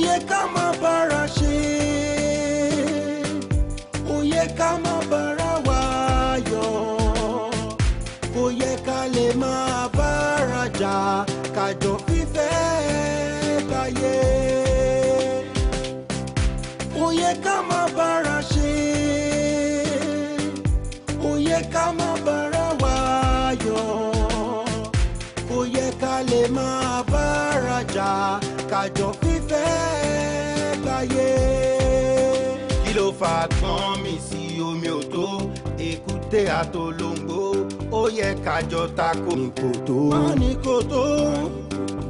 yẹ ká má bára ṣe ó yẹ ká má bára wá yọ ó yẹ ká lè máa bára jà kájọ fífẹ́ báyé ó yẹ ká má bára ṣe ó yẹ ká má bára wá yọ ó yẹ ká lè máa bára jà kájọ fífẹ́. fagbọ́n mi sí omi òtó èkúté àtolóńgbò ó yẹ kájọ tako ní kòtó. wọ́n ní kòtó.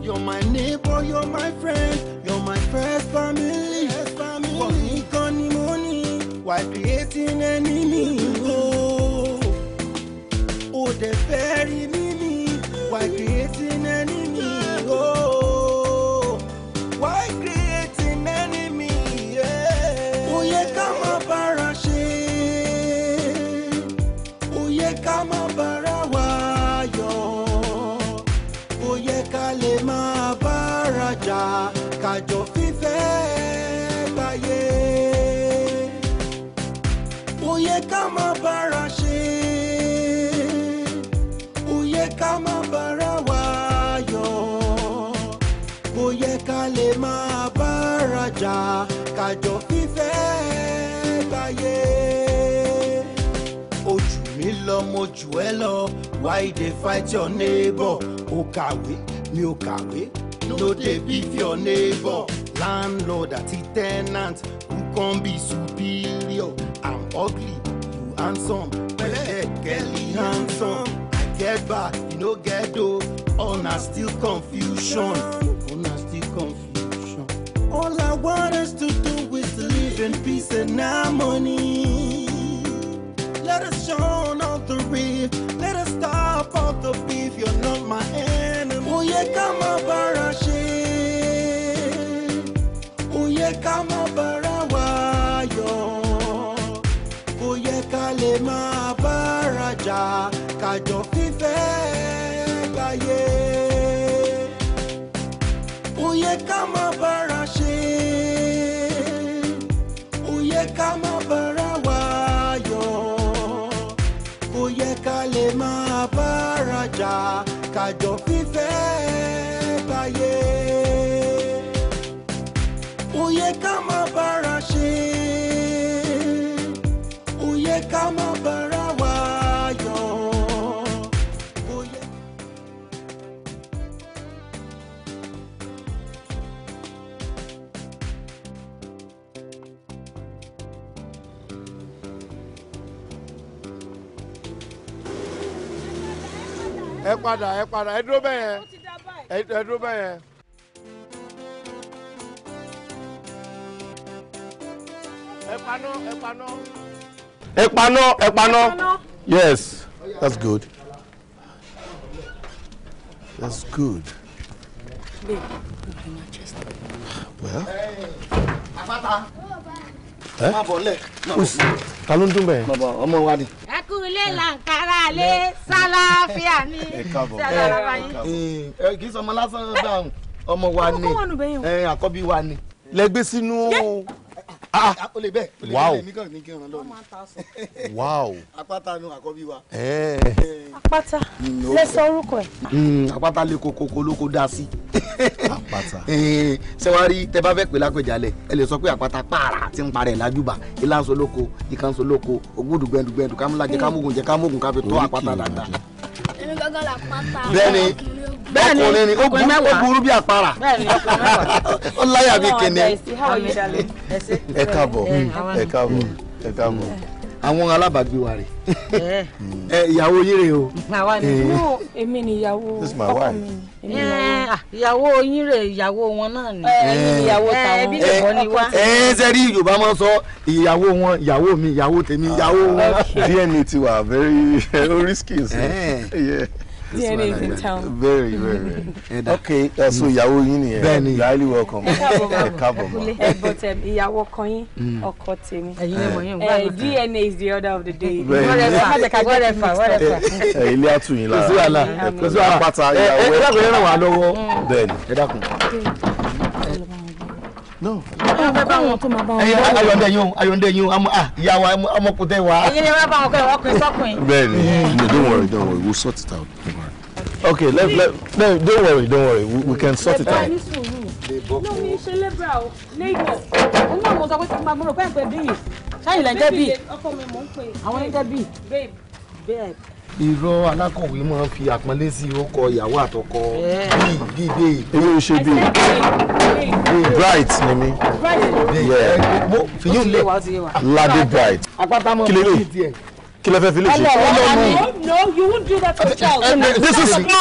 You're my neighbor, you're my friend, you're my first family. First family. For me, money, why creating enemy? well up why you dey fight your neighbor o kàwé mi ò kàwé no dey beef your neighbor landlord àti tenant who come be superior i'm ugly you handsome pẹ̀lẹ́ kelly handsome i get back you no get o una still confusion una still confusion all i want us to do is to live in peace and harmony. Let us shone on the reef. Let us stop all the beef. You're not my enemy. Ó yẹ ká má bára ṣe. Ó yẹ ká má bára wa yọ̀. Ó yẹ ká lè máa bára jà. Kájọ fífẹ́ kájọ ẹ padà ẹ padà ẹ dúró bẹ́ẹ̀ yẹn ẹ dúró bẹ́ẹ̀ yẹn. ẹ paná ẹ paná. yes oh, that's good that's good. Well. Hey, Eh? má bọ̀ lẹ̀. ta ló ń dún bẹ́ẹ̀. bàbá ọmọ wa ni. ẹ kú ilé làǹkàrà lé sálàáfíà ni sálàáfíà yín. ẹ kì í sọmọ lásán dáhùn ọmọ wa ni àkọ́bí wa ni. lẹ gbé sínú ah o ah, wow mm, orúkọ ẹ̀. apáta mm, lè kokoko ló kó sí. apáta. sẹ́wárí eh, tẹ bá ẹ lè sọ pé apáta pààrà ti ń parẹ́ lájúbà ìlànà olóko ìkànnì olóko ògùdùgbẹ́ndùgbẹ́ndù kámúlájẹ kámúgùnjẹ kámúgùn káfí tó apáta dáadáa èmi gángan là pátá bẹ́ẹ̀ni ọkùnrin ni ó burú ó burú bí àpárá ó láyà bí kìnìún ẹ káàbọ̀ ẹ káàbọ̀ ẹ káàbọ̀ àwọn alábàágbé wa rè ẹ eh. eh, ìyàwó yín rè o. àwa ni eh. no èmi ni ìyàwó ọkọ mi ah, ìyàwó yín rè ìyàwó wọn náà ni ìyàwó tàwọn ẹbí ni wá. ẹ ẹ sẹ́rí yorùbá máa ń sọ ìyàwó wọn ìyàwó mi ìyàwó tèmi ìyàwó wọn. Ah, DNA ti wà very risky. DNA is in town. Very very. okay uh, so ìyàwó yín nìyẹn. Bẹ́ẹ̀ni. You are highly welcome. Ẹ káàbọ̀ ma. Ẹ bọ̀tẹ̀ ìyàwó ọkọ yín mm. ọkọ tèmi. Eh, DNA is the order of the day. Bẹ́ẹ̀ni. Wọ́rẹ́fà wọ́rẹ́fà. Ẹ ilé àtúnyìn la. Kòsí àlà. Kòsí àpáta ìyàwó. Ẹ dákun yẹn ràn wá lọ́wọ́. Mm. Bẹ́ẹ̀ni. Ẹ dákun. No. ayọ̀ndé yín o ayọ̀ndé yín o ah, ìyá wa ọmọkùnrin wa. ẹ̀yin ni wọ́n bá wọn kọ́ ẹ̀ wọ́n pín sọ́kùnrin. bẹ́ẹ̀ni no don't worry don't worry we'll sort it out okay let let no don't worry don't worry we, we can sort it out. no mi ṣe labor o labour òun náà mo sọ pé kí n máa gbọ́dọ̀ pẹ́ẹ́pẹ́ bí yìí ṣáyìn lẹ́jẹ́ bí àwọn lẹ́jẹ́ bí babe. irọ́ alákọ̀wé máa ń fi àpọ́nlé sí orúkọ ìyàwó àtọkọ bíi bíi bíi. èmi ò ṣe bíi bíi bright ni mi. bright ni mi. fìyún lè ládé bright kí lè lè kí ló fẹ́ fi lè ṣe. ọlọ́run no you won't do that to eh, eh, eh, the child. this is no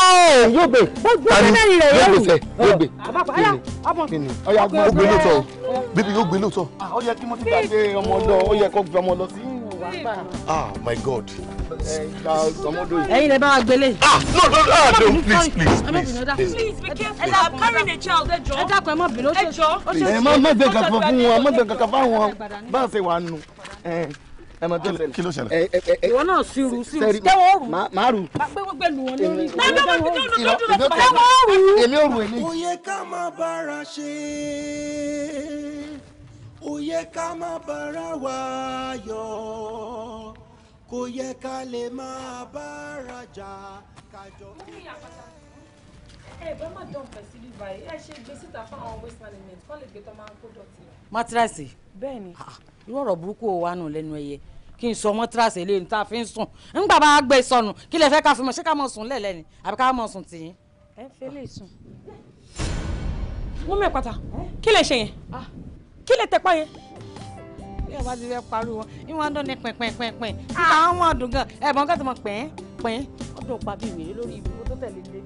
yóò gbé tani yóò gbé fẹ yóò gbé kíni ọyà gbọ́n gbé lóòótọ́ bíbí yóò gbé lóòótọ́. Ah, ó yẹ kí mo ti gbàgbé ọmọ ọ̀dọ̀ ó yẹ kó gbé ọmọ lọ sí. ah my god. ẹ̀yin lè bá wa gbélé. ah no no ah no please please please please be careful ẹ dàpọ̀ carrying a child ẹ jọ ẹ dàpọ̀ ẹ má bínú ẹ jọ. ẹ má gbé kankan fún wọn má gbé kankan fún wọn bá a ṣe wà nù ẹ mọ tó ṣẹlẹ̀ kí ló ṣẹlẹ̀. ìwọ náà sírù sírù tẹwọ rù máa rù. pé wọ́n gbẹ̀lú wọn lórí. náà bẹ́ẹ̀ bá ti dé olùdókòwò tẹwọ rù. èmi ò rù èmi. ó yẹ ká má bára ṣe ó yẹ ká má bára wá yọ kò yẹ ká lè máa bára jà kájọ. ẹ bẹ́ẹ̀ má dán ọ̀fẹ́ sí bíbá yìí ẹ ṣe gbé síta fún àwọn waste management kọ́ lè gbé tọ́ máa ń kó dọ̀tí. matirasi. bẹ́ẹ̀ ni. Ah, irú ọ̀rọ̀ burúkú ò wà nù lẹ́nu ẹ̀yẹ kí n sọ mọ́tírasì eléyìí tá a fi ń sùn ńgbà bá gbé e sọnù kí lè fẹ́ ká fi mọ̀ ṣé ká mọ̀ sùn lẹ́lẹ́ ni àbí ká mọ̀ sùn tìyín. ẹ fẹ́ lè sùn. wọ́n mẹ́ pátá kí lè ṣe yẹn ah. kí lè tẹpá yẹn. bí ọba ti fẹ́ pariwo ìwọ̀n ọdún ni pẹ̀pẹ̀pẹ̀pẹ̀ ah. àwọn ọmọ ọdún gan ẹ̀bọ̀n kan ti mọ̀ pẹ̀ẹ́ pẹ̀ẹ́ ọdún pa bíi wèrè lórí ibùdó tó tẹ̀lé lé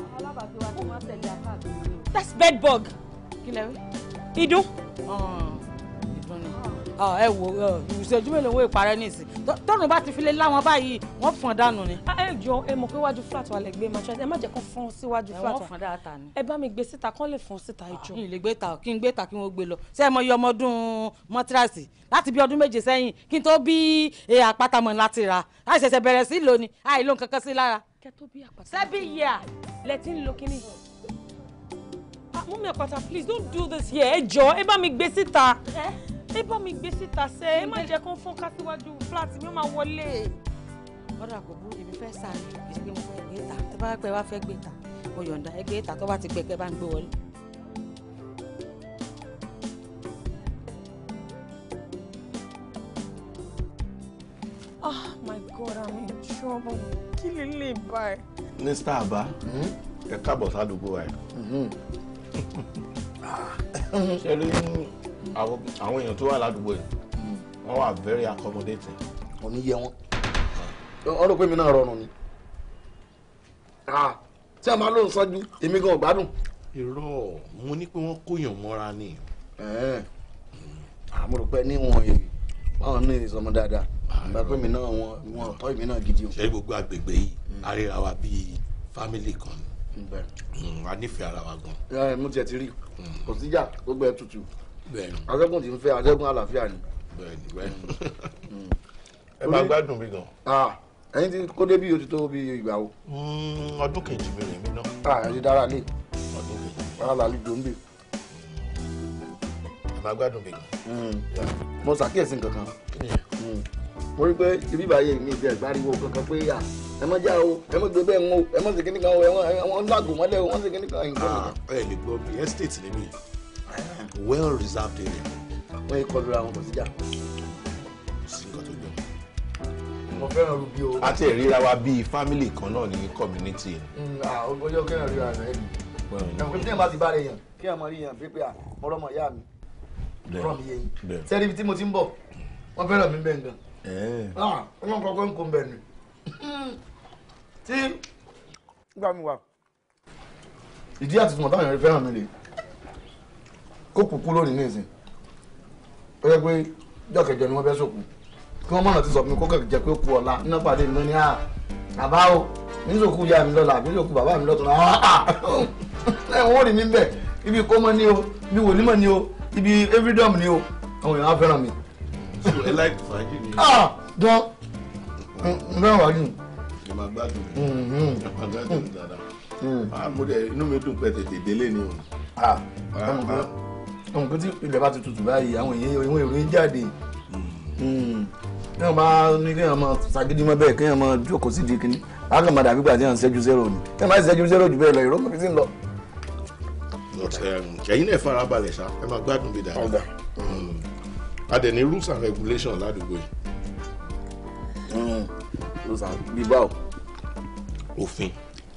àwọn alábàágbé wa ti wọ́n tẹ̀lé àkáàkiri. that's ẹ wò ìṣẹ́jú mélòó wo ìparẹ́ nísìn tọ́nù bá ti fi lé láwọn báyìí wọ́n fọ́n dànù ni. ẹ jọ ẹ mọ̀ pé wájú flat wa lè gbé maṣẹ́ ẹ má jẹ́ kó fọ́n síwájú flat wa ẹ wọ́n fọ́n dáadáa ni. ẹ bá mi gbé síta kán lè fọ́n síta ìjọ. kí n lè gbé ta kí n gbé ta kí n ó gbé lọ ṣé ẹ mọ iye ọmọ ọdún mọ́tírasì láti bí ọdún méje sẹ́yìn kí n tó bí eh, àpáta mọ̀ láti ra àìṣẹ̀ṣẹ̀ bẹ̀rẹ̀ sí lónìí àìló nǹkan kan ah, mú mi àpáta please don't do this here ẹ jọ ẹ bá mi gbé síta ẹ bá mi gbé síta sẹ ẹ má jẹ́ kó fún ká fúláàtì mi ó máa wọlé. ọ̀dà kò burú èmi fẹ́ sáré ìṣègbè mo fẹ́ gbé ta tó bá pẹ́ wá fẹ́ gbé ta mo yọ̀ǹda ẹ gbé ta tó bá ti pẹ́ bá ń gbé wọlé. Oh my God, I'm in trouble. Kí lè lè bá ẹ? Mr. Aba, hmm? ẹ káàbọ̀ sádùúgbò hmm. ẹ. Ṣé rí àwọn èèyàn tó wà ládùúgbò yìí hmm. wọ́n wà very accommodating. òní yẹ wọn ọ rò pé mi náà rọrùn ni tí a máa lóun sọ́jú èmi gan ọ̀gbádùn. irọ́ mo ní pé wọ́n kóyàn mọ́ra ni. àmọ́ rò pé níwọ̀n yìí báwọn ní ìsọmọ dáadáa bá ah, pé mi náà wọn wọn ọ̀tọ́ èmi náà gidi o. ṣé gbogbo àgbègbè yìí àríra wa bíi fámìlì kan ni hmm, a nífẹ̀ẹ́ ara wa gan. mo tiẹ̀ ti rí hmm. kò síjà gbogbo ẹ̀ tutù atẹ́gùn tí ń fẹ́ atẹ́gùn àlàáfíà ni. ẹ máa gbádùn mi gan. ẹyin tí kó débi o ti tó bí ìgbà o. Hmm, ọdún kejì mi rèé mi náà. ẹ ti dára lé ọdún kejì. wàhálà lálejò ń bè. ẹ máa gbádùn mi gan. Hmm. mo ṣàkíyèsí nǹkan kan hmm. mo rí pé ibi ìbáyé mi ìbí ẹ̀gbáriwo kankan pé à ẹ mọ já o ẹ mọ gbé bẹ́ẹ̀ ń o ẹ mọ ṣe kíní kan o ẹ mọ ń lágùn mọ́lẹ̀ o wọ́n ṣe kíní kan. ẹ lè gbọ́ bí estate níbí well reserved area wọ́n yìí kọlu ra wọn kò síjà kò sí nǹkan tó jọ. mo fẹ́ràn rúbí o. a ti ríra wa bíi family kan náà ní community. ọjọ́ mm, kẹ́hìn ríra rẹ̀ ni ẹ̀kọ́ tí yẹn bá ti bá rẹ̀ yàn kí ẹ̀ mọ̀ rí yàn fi pé à mọ̀rọ̀ mọ̀ ìyá mi mọ̀rọ̀ mi yẹn sẹ́ni ibi tí mo ti ń bọ̀ wọ́n fẹ́ràn mi bẹ́ẹ̀ gan. wọ́n kọ́kọ́ ń kó bẹ̀ ni tí gbà ìdí àti tùmọ̀ táwọn èèyàn fẹ́ràn mi rèé kó kúkú lónìí nìsín ó yẹ pé jọ́kẹjọ ni wọ́n fẹ́ sòkú kí wọ́n mọ̀nà ti sọ fún mi kó kẹ̀kẹ́ jẹ́ pé kú ọ̀la iná pàdé mi ní à ah, bàbá o nísòkú ya mi lọ́la àbí nísòkú bàbá mi lọ́tọ̀ náà wọ́n rí mi bẹ̀ ibi kọ́mọ ni o ibi wòlímọ̀ ni o ibi everydom ni o àwọn èèyàn á fẹ́ràn mi. ẹ láì fàájì ni. Ah, dán n fẹ́ràn wájú. ẹ máa gbádùn mm-hmm. ẹ máa gbádùn dáadáa. Mm. Ah, mo dẹ̀ inú mi dùn pé tètè délé ni o nǹkan tí ilẹ̀ bá ti tutù báyìí àwọn èèyàn ìwọ̀n ìròyìn jáde kéèyàn hmm. bá ní kéèyàn máa ṣàgídí mọ́ bẹ́ẹ̀ kéèyàn máa jókòó sí di kínní àgbà máa dàbí tí yàn ṣẹ́jú zero ni kéèyàn bá ṣẹ́jú zero jù bẹ́ẹ̀ lọ ìró kọ́kí sí lọ. Um, ẹ̀yin náà fara balẹ̀ ṣá ẹ máa gbádùn bí dáadáa hmm. a ní rules and regulations ládùúgbò yìí. Hmm. rules and bíbá o. òfin.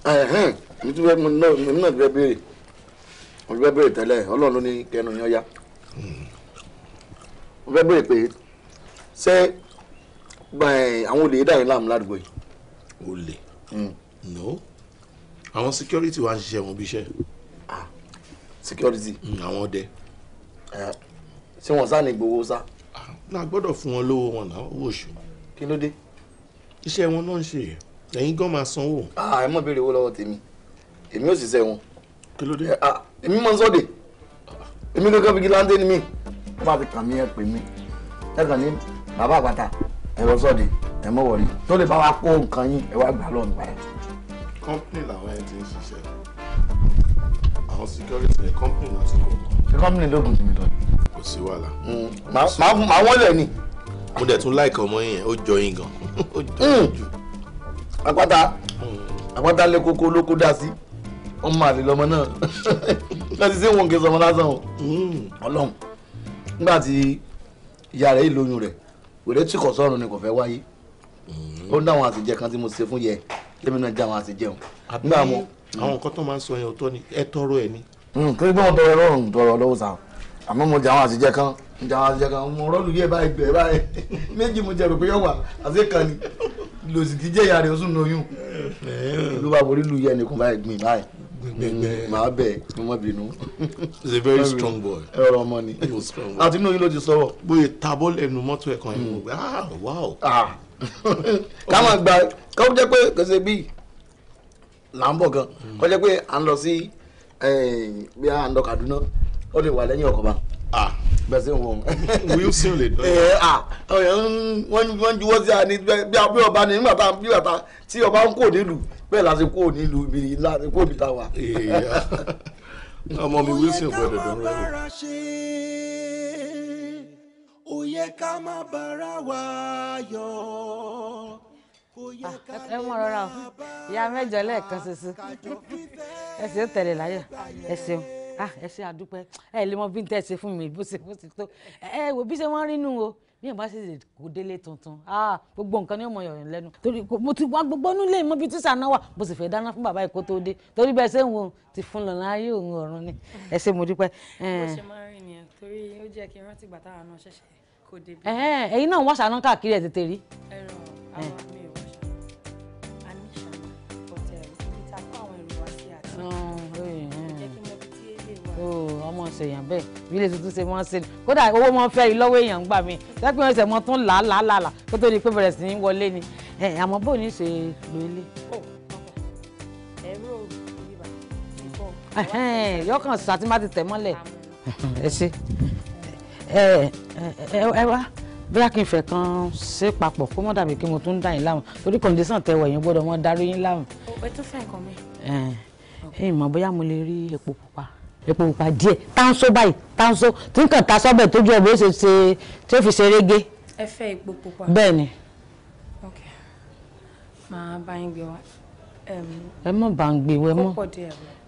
ẹ̀hẹ́n mi tún fẹ́ mi náà mi fẹ́ béèrè mo fẹ́ bèrè tẹ́lẹ̀ ọlọ́run ló ní kẹnu yan ya mo fẹ́ bèrè pé ṣé àwọn olè dà yín láàmú ládùúgbò yìí. olè hmm. no àwọn security wa ń ṣiṣẹ́ wọn bí iṣẹ́. security. Hmm, àwọn ọdẹ. ṣé wọn sáà ní gbowó sá. náà gbọ́dọ̀ fún wọn lówó wọn náà owó oṣù. kí ló dé. iṣẹ́ wọn náà ń ṣe ẹ̀yin gan máa sanwó. ẹ mọ̀ béèrè owó lọ́wọ́ tèmi èmi ò ṣiṣẹ́ wọn. kí ló dé èmi mọ̀ ń sọ̀dẹ̀ èmi kankan fìgìláńtẹ́ ni mí bá fi kàn mí ẹ pè mí ẹ kàn ní bàbá àpáta ẹ lọ sọ̀dẹ̀ ẹ mọ̀ wọ̀rí tó lè bá wa kó nǹkan yín ẹ wá gbà lọ́nù báyìí. kọ́ńpìnì làwọn ẹ ti ń ṣiṣẹ́ àwọn security ẹ̀ kọ́ńpìnì láti kọ́. ṣé kọ́ńpìnì lóògùn tèmi lọ. kò sí wàhálà. Mm, màá wọ́n lẹ̀ ni. mo dẹ̀ tún láìka ọmọ yẹn ó jọ yín gan ó jọ yín mm. jù. àpáta mm. àpáta lé kókó lóko dá sí ọmọ àlè lọmọ náà lọ́sí sí wọn kì í sọmọ lásán o hmm, ọlọ́run nígbà tí ìyá rẹ̀ ìlóyún rẹ̀ wèrè tí kò sọ̀rọ̀ ni kò fẹ́ wáyé hmm. ó ń dáwọn àtijẹ kan tí mo ṣe fún yẹ tèmi náà já àwọn àtijẹun. àbí àwọn nǹkan tó máa ń sọ yẹn ọ̀tọ̀ ni ẹ tọrọ ẹ ni. torí pé wọn tọrọ Ọlọ́run tọrọ lọ́wọ́ sàn àmọ́ mo jà àwọn àtijẹ kan mo àwọn àtijẹ kan mo rọlù yẹ báyìí bẹ́ẹ̀ báyìí méjì mo jẹ rò pé yọ wà àti kan ni lòsì kìí jẹ ìyá rẹ oṣù nìyún ló borí lu yẹ nìkan báyìí gbìn báyìí gbẹgbẹgbẹ. Mm, màá bẹ ọmọ bínú. he's a very strong boy. ẹ ọ̀rọ̀ ni. he was strong boy. àti inú yín ló ti sọ̀rọ̀. bóyá tabọ́ lẹ́nu mọ́tò ẹ̀kan yìí mo mm. gbé ah wow. Ah. ká máa gba kó jẹ́ pé kẹsẹ̀ bíi là ń bọ̀ gan mm. kó jẹ́ pé à ń lọ sí eh, bí à Kaduna ó lè wà lẹ́yìn ọkọ̀ bá. Ah bẹ̀sẹ̀ wọ̀ wọn. wilson lè dọ́ ẹ à wọ́n juwọ́ sí àní bí ọba ní nígbà tá bí bàtà tí ọba ń kó nílùú bẹ́ẹ̀ láti kó nílùú ibi láti kó ibi tá a eh, ọmọ mi wilson gbọ́dọ̀ dán rẹ o. ó yẹ ká má bára wa yọ ah, ẹ mọ rọra o ìyá mẹ́jọ lẹ́ẹ̀kan ṣoṣo ẹ sì ń tẹ̀lé láyọ̀ ẹ ṣeun. Ah, ẹ ṣe àdúpẹ́ ẹ lè mọ bí n tẹ́ ṣe fún mi bó ṣe bó ṣe tó ẹ wò bí ṣe wọ́n rí o bí ẹ̀ bá ṣe lè kó délé tuntun ah, gbogbo nǹkan ni ọmọ yọ̀yàn lẹ́nu torí mo ti wá gbogbo nílé mọ́ bí tíṣà náà wà mo sì fẹ́ dáná fún bàbá ìkó tó dé torí bẹ́ẹ̀ ṣé ń wo ti fún lọ láyé òun ọ̀run ni ẹ ṣe mo dúpẹ́. bó ṣe máa ń rìn yẹn torí ó jẹ́ kí n rántí ìgbà táwa ṣẹ̀ṣẹ̀ kó débi. ẹ̀yin náà wọ́n ṣàánú ọmọ ọ̀sẹ̀ èèyàn bẹ́ẹ̀ bí ilé tuntun ṣe wọ́n ṣe ni kódà owó mọ́ fẹ́ ìlọ́wọ́ èèyàn ń gbà mí sẹ́pẹ́ ọ̀sẹ̀ mọ́ tún là á là á là á kó tó di pé bẹ̀rẹ̀ sí ní wọlé ni àmọ́ bó ní ṣe lo ilé. yọkàn sàtí má ti tẹ̀ mọ́lẹ̀ ẹ ṣe ẹ wá bí akínfẹ́ kan ṣe papọ̀ kó mọ́ dàbí kí mo tún dà yín láwọn torí kọ̀ǹdẹ́sàn tẹ̀wọ̀ yín gbọ́dọ̀ mọ́ darí yín láwọn. ẹ tún fẹ́ nǹkan mi. ẹ ẹ mọ̀ bóyá mo lè rí epo pupa epo pupa díẹ̀ táńsó báyìí táńsó tí nǹkan ta sọ́bẹ̀ tójú ẹ̀ bó ṣe ṣe tí ó fi ṣe rége. ẹ fẹ́ epo pupa. bẹ́ẹ̀ ni. ok màá bá yín gbé wá. ẹ mọ̀ bá ń gbé wá ẹ mọ̀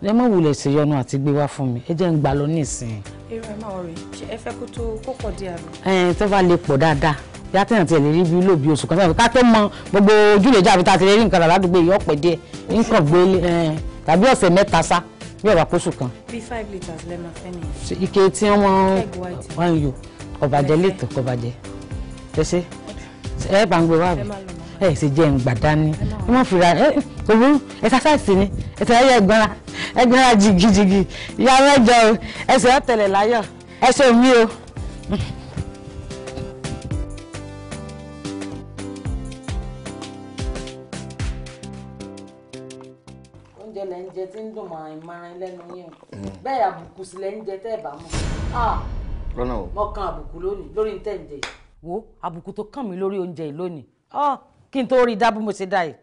ẹ mọ̀ wulẹ̀ sí yọnu àti gbé wá fún mi ẹ jẹ́ ń gbà lọ nísìnyí. irú ẹ máa rè ṣe ẹ fẹ́ kó tó kó pọ̀ díẹ̀ rẹ. ẹ tó bá lè pọ̀ dáadáa yàtọ̀ àti ẹ̀lérí bíi lóbi oṣù kan sábà ká tó mọ gbogbo ojúlẹ̀ jáde tá a ti lè rí nǹkan rà ládùúgbò yìí ọ̀pẹ̀ díẹ̀ nǹkan gbélé tàbí ọ̀sẹ̀ mẹ́ta sá ní ọ̀bà pósù kan. bí five litres lẹ́nu afẹ́ nìyẹn. ike tí wọ́n wọ́n yò ọ̀bàjẹ́ lẹ́tọ̀ kọ̀bàjẹ́ tẹ́sẹ̀ ẹ bá ń gbé wá bọ̀ ẹ ṣe jẹ́ ìgbà dání ẹ má fìlà ẹ òwú ẹ ṣàṣàṣì ni ẹ ṣe ẹyẹ ẹgbẹ́ra ẹgbẹ́ra jìgìjìgì ìyá mẹ́jọ ẹsẹ̀ ọ̀tẹ̀lẹ̀ láyọ̀ ẹsẹ̀ mi o. jẹ tí ń dùn mọ̀ràn lẹ́nu yẹn mm. bẹ́ẹ̀ àbùkù sílẹ̀ ń jẹ tẹ́ ẹ̀ bá mọ̀ ah! lọ́nà o mo kan àbùkù lónìí lórí tẹ́ ń jẹ yìí. wo àbùkù tó kàn mí lórí oúnjẹ yìí lónìí ah! kí n tó rí i dá bí mo ṣe dá yìí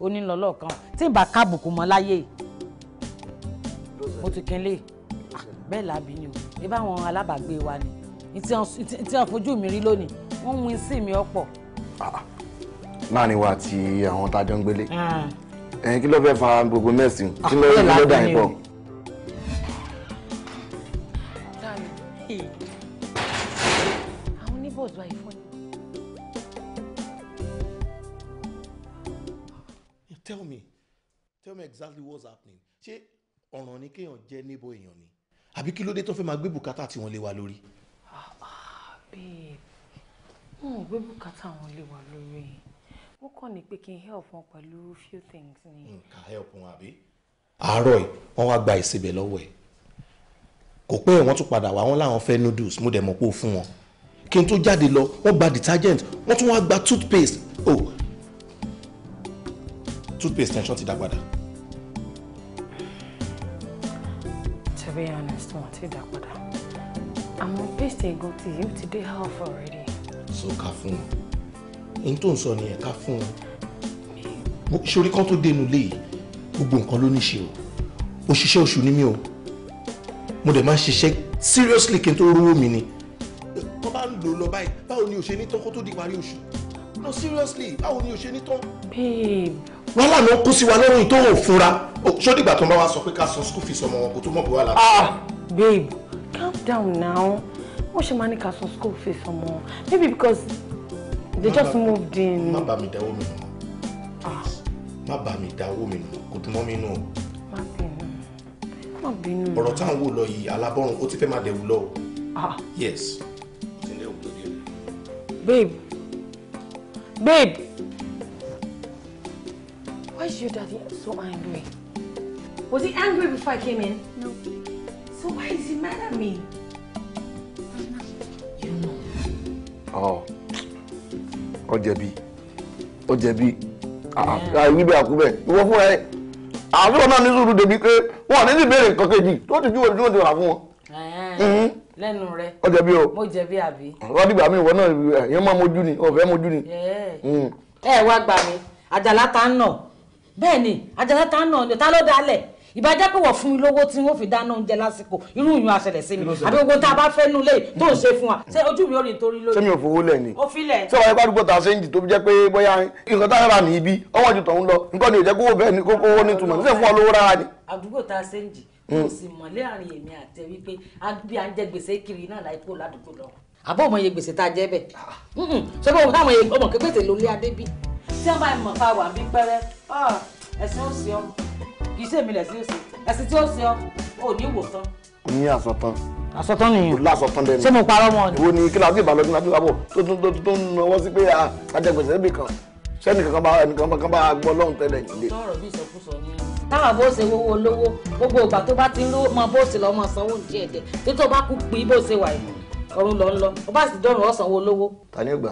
onílọ́lọ́ kan tí n bá ká àbùkù mọ́ láyé yìí mo tún kí n lè ah! bẹ́ẹ̀ làbí ni o ẹ bá àwọn alábàágbé wa ni tí wọn fojú mi rí lónìí wọn ń win sí mi ọ̀pọ̀. láàrin wa àti àwọn tá a jọ ń gbélé ẹ̀yin kí ló fẹ́ fa gbogbo mẹ́sìn kí ló rí ah, lọ́dà yín tell me tell me exactly what's happening ṣé ọ̀ràn ni kéèyàn jẹ́ níbo èèyàn ni àbí kí ló dé tó fẹ́ máa gbé bùkátà tí wọ́n lé wa lórí. Ah, ah, babe wọn ò gbé bùkátà wọn lé wa lórí ó kàn ní pé kí n help wọn pẹ̀lú few things ni. nǹkan help wọn àbí. àárọ̀ yìí wọ́n wá gba ìsebẹ̀ lọ́wọ́ ẹ̀ kò pé wọ́n tún padà wá wọ́n láwọn fẹ́ noodles mú dẹ̀ mọ́ pò fún wọn kí n tó jáde lọ wọ́n gba detergent wọ́n tún wá gba toothpaste oh toothpaste tension ti dá padà. to be honest wọn ti dá padà àmọ́ paste egun ti yìí ti dé half already. so ká fún wọn ẹni tó ń sọ nìyẹn ká fún un sórí kan tó dénú lé yìí gbogbo nǹkan ló ní ṣe o òṣìṣẹ́ oṣù ni mí o mo dẹ̀ máa ń ṣiṣẹ́ seriously kí n tó rówó mi ni tó bá ń lò lọ báyìí báwo ni o ṣe ní tán kó tó di parí oṣù no seriously báwo ni o ṣe ní tán. babe. wàhálà náà kó sí wa lọ́rùn tó ò fura sódìgbà tó ń bá wa sọ pé ká san school fees ọmọ wọn kó tó mọ̀ bí wàhálà. ah babe calm down now wọ́n ṣe máa ní ká san school fees ọmọ maybe because they just moved in. má bá mi dáwọ́ ah. mi nù má bá mi dáwọ́ mi nù kò dùn mọ́ mi nù. má bínú má bínú. ọ̀rọ̀ táwọn wò lọ yìí alábọ́rùn ó ti fẹ́ máa dẹ̀wù lọ o. Ah. yes ó ti babe babe why is your daddy so angry was he angry before I came in. no. so why is he mad at me. you know. oh ó jẹ̀bi ó jẹ̀bi àìwíbẹ̀ ah, ah, àkúbẹ̀ ìwọ fúnra ẹ̀ àwọn ọ̀nà ní sùúrù débi pé wọn ò ní ní ìbéèrè nǹkan kejì tó ti júwèé tí wọ́n ti rà fún wọn. Mm-hmm. lẹ́nu rẹ̀ ó jẹ̀bi o mo jẹ̀bi àbí. wọ́n dìgbà mi ìwọ náà ìyẹn máa mojú ni ọ̀fẹ́ mojú ni. Mm. ẹ wá gbà mí àjàlá ta ń nà bẹ́ẹ̀ ni àjàlá ta ń nà ta ló dalẹ̀ ìbájá pé wọ́n fún mi lówó tí wọ́n fi dáná oúnjẹ lásìkò irú ìyún àṣẹlẹ̀ sí mi àbí gbogbo tá a bá fẹ́ nulẹ̀ tó ń ṣe fún wa ṣé ojú mi ò rìn torí lórí. sẹ́mi ò fowó lẹ̀ ni. ó filẹ̀. ṣé a gbàdúgbò ta ṣéǹjì tó jẹ́ pé bóyá nǹkan tá a rà ní ibi ọwọ́ ju tọ̀hún lọ nǹkan ni ò jẹ́ kówó bẹ́ẹ̀ ni kówó ní túmọ̀ níṣẹ́ fún ọ lówó rárá ni. àdúgbò ta a kò hmm. sì mọ̀ láàrin èmi àti ẹ wípé bí à ń jẹ gbèsè kiri náà láì kó ládùúgbò lọ. àbọ̀ ọmọ iye gbèsè tá a jẹ́ bẹ̀. Hmm, ṣé bọ́ọ̀ káwọn ọmọ kékeré ló lé adé bí. tí wọ́n bá mọ̀ fáwọn àbí pẹ́rẹ́ ah, ẹ̀sìn òsì ọmọ kì í ṣe èmi lẹ̀sìn òsì ẹ̀sìn tí ó ṣe ọ ò ní ìwòsàn. ní àsọtán. àsọtán nìyẹn. kò lásọtán dẹnu. ṣé mo parọ́ mọ́ ni. ìwo ni kíláàsì ìbàlọ́dún láti wábọ̀ tó tó tó ń nawọ́ sí pé àjẹgbèsè níbì kan sẹ́ni kankan bá ẹnìkan kan bá gbọ́ lọ́hùn tẹ́lẹ̀ nílé. ọrùn lọ lọ ó sì dọrùn ọsànwó lówó. ta ni ó gbà.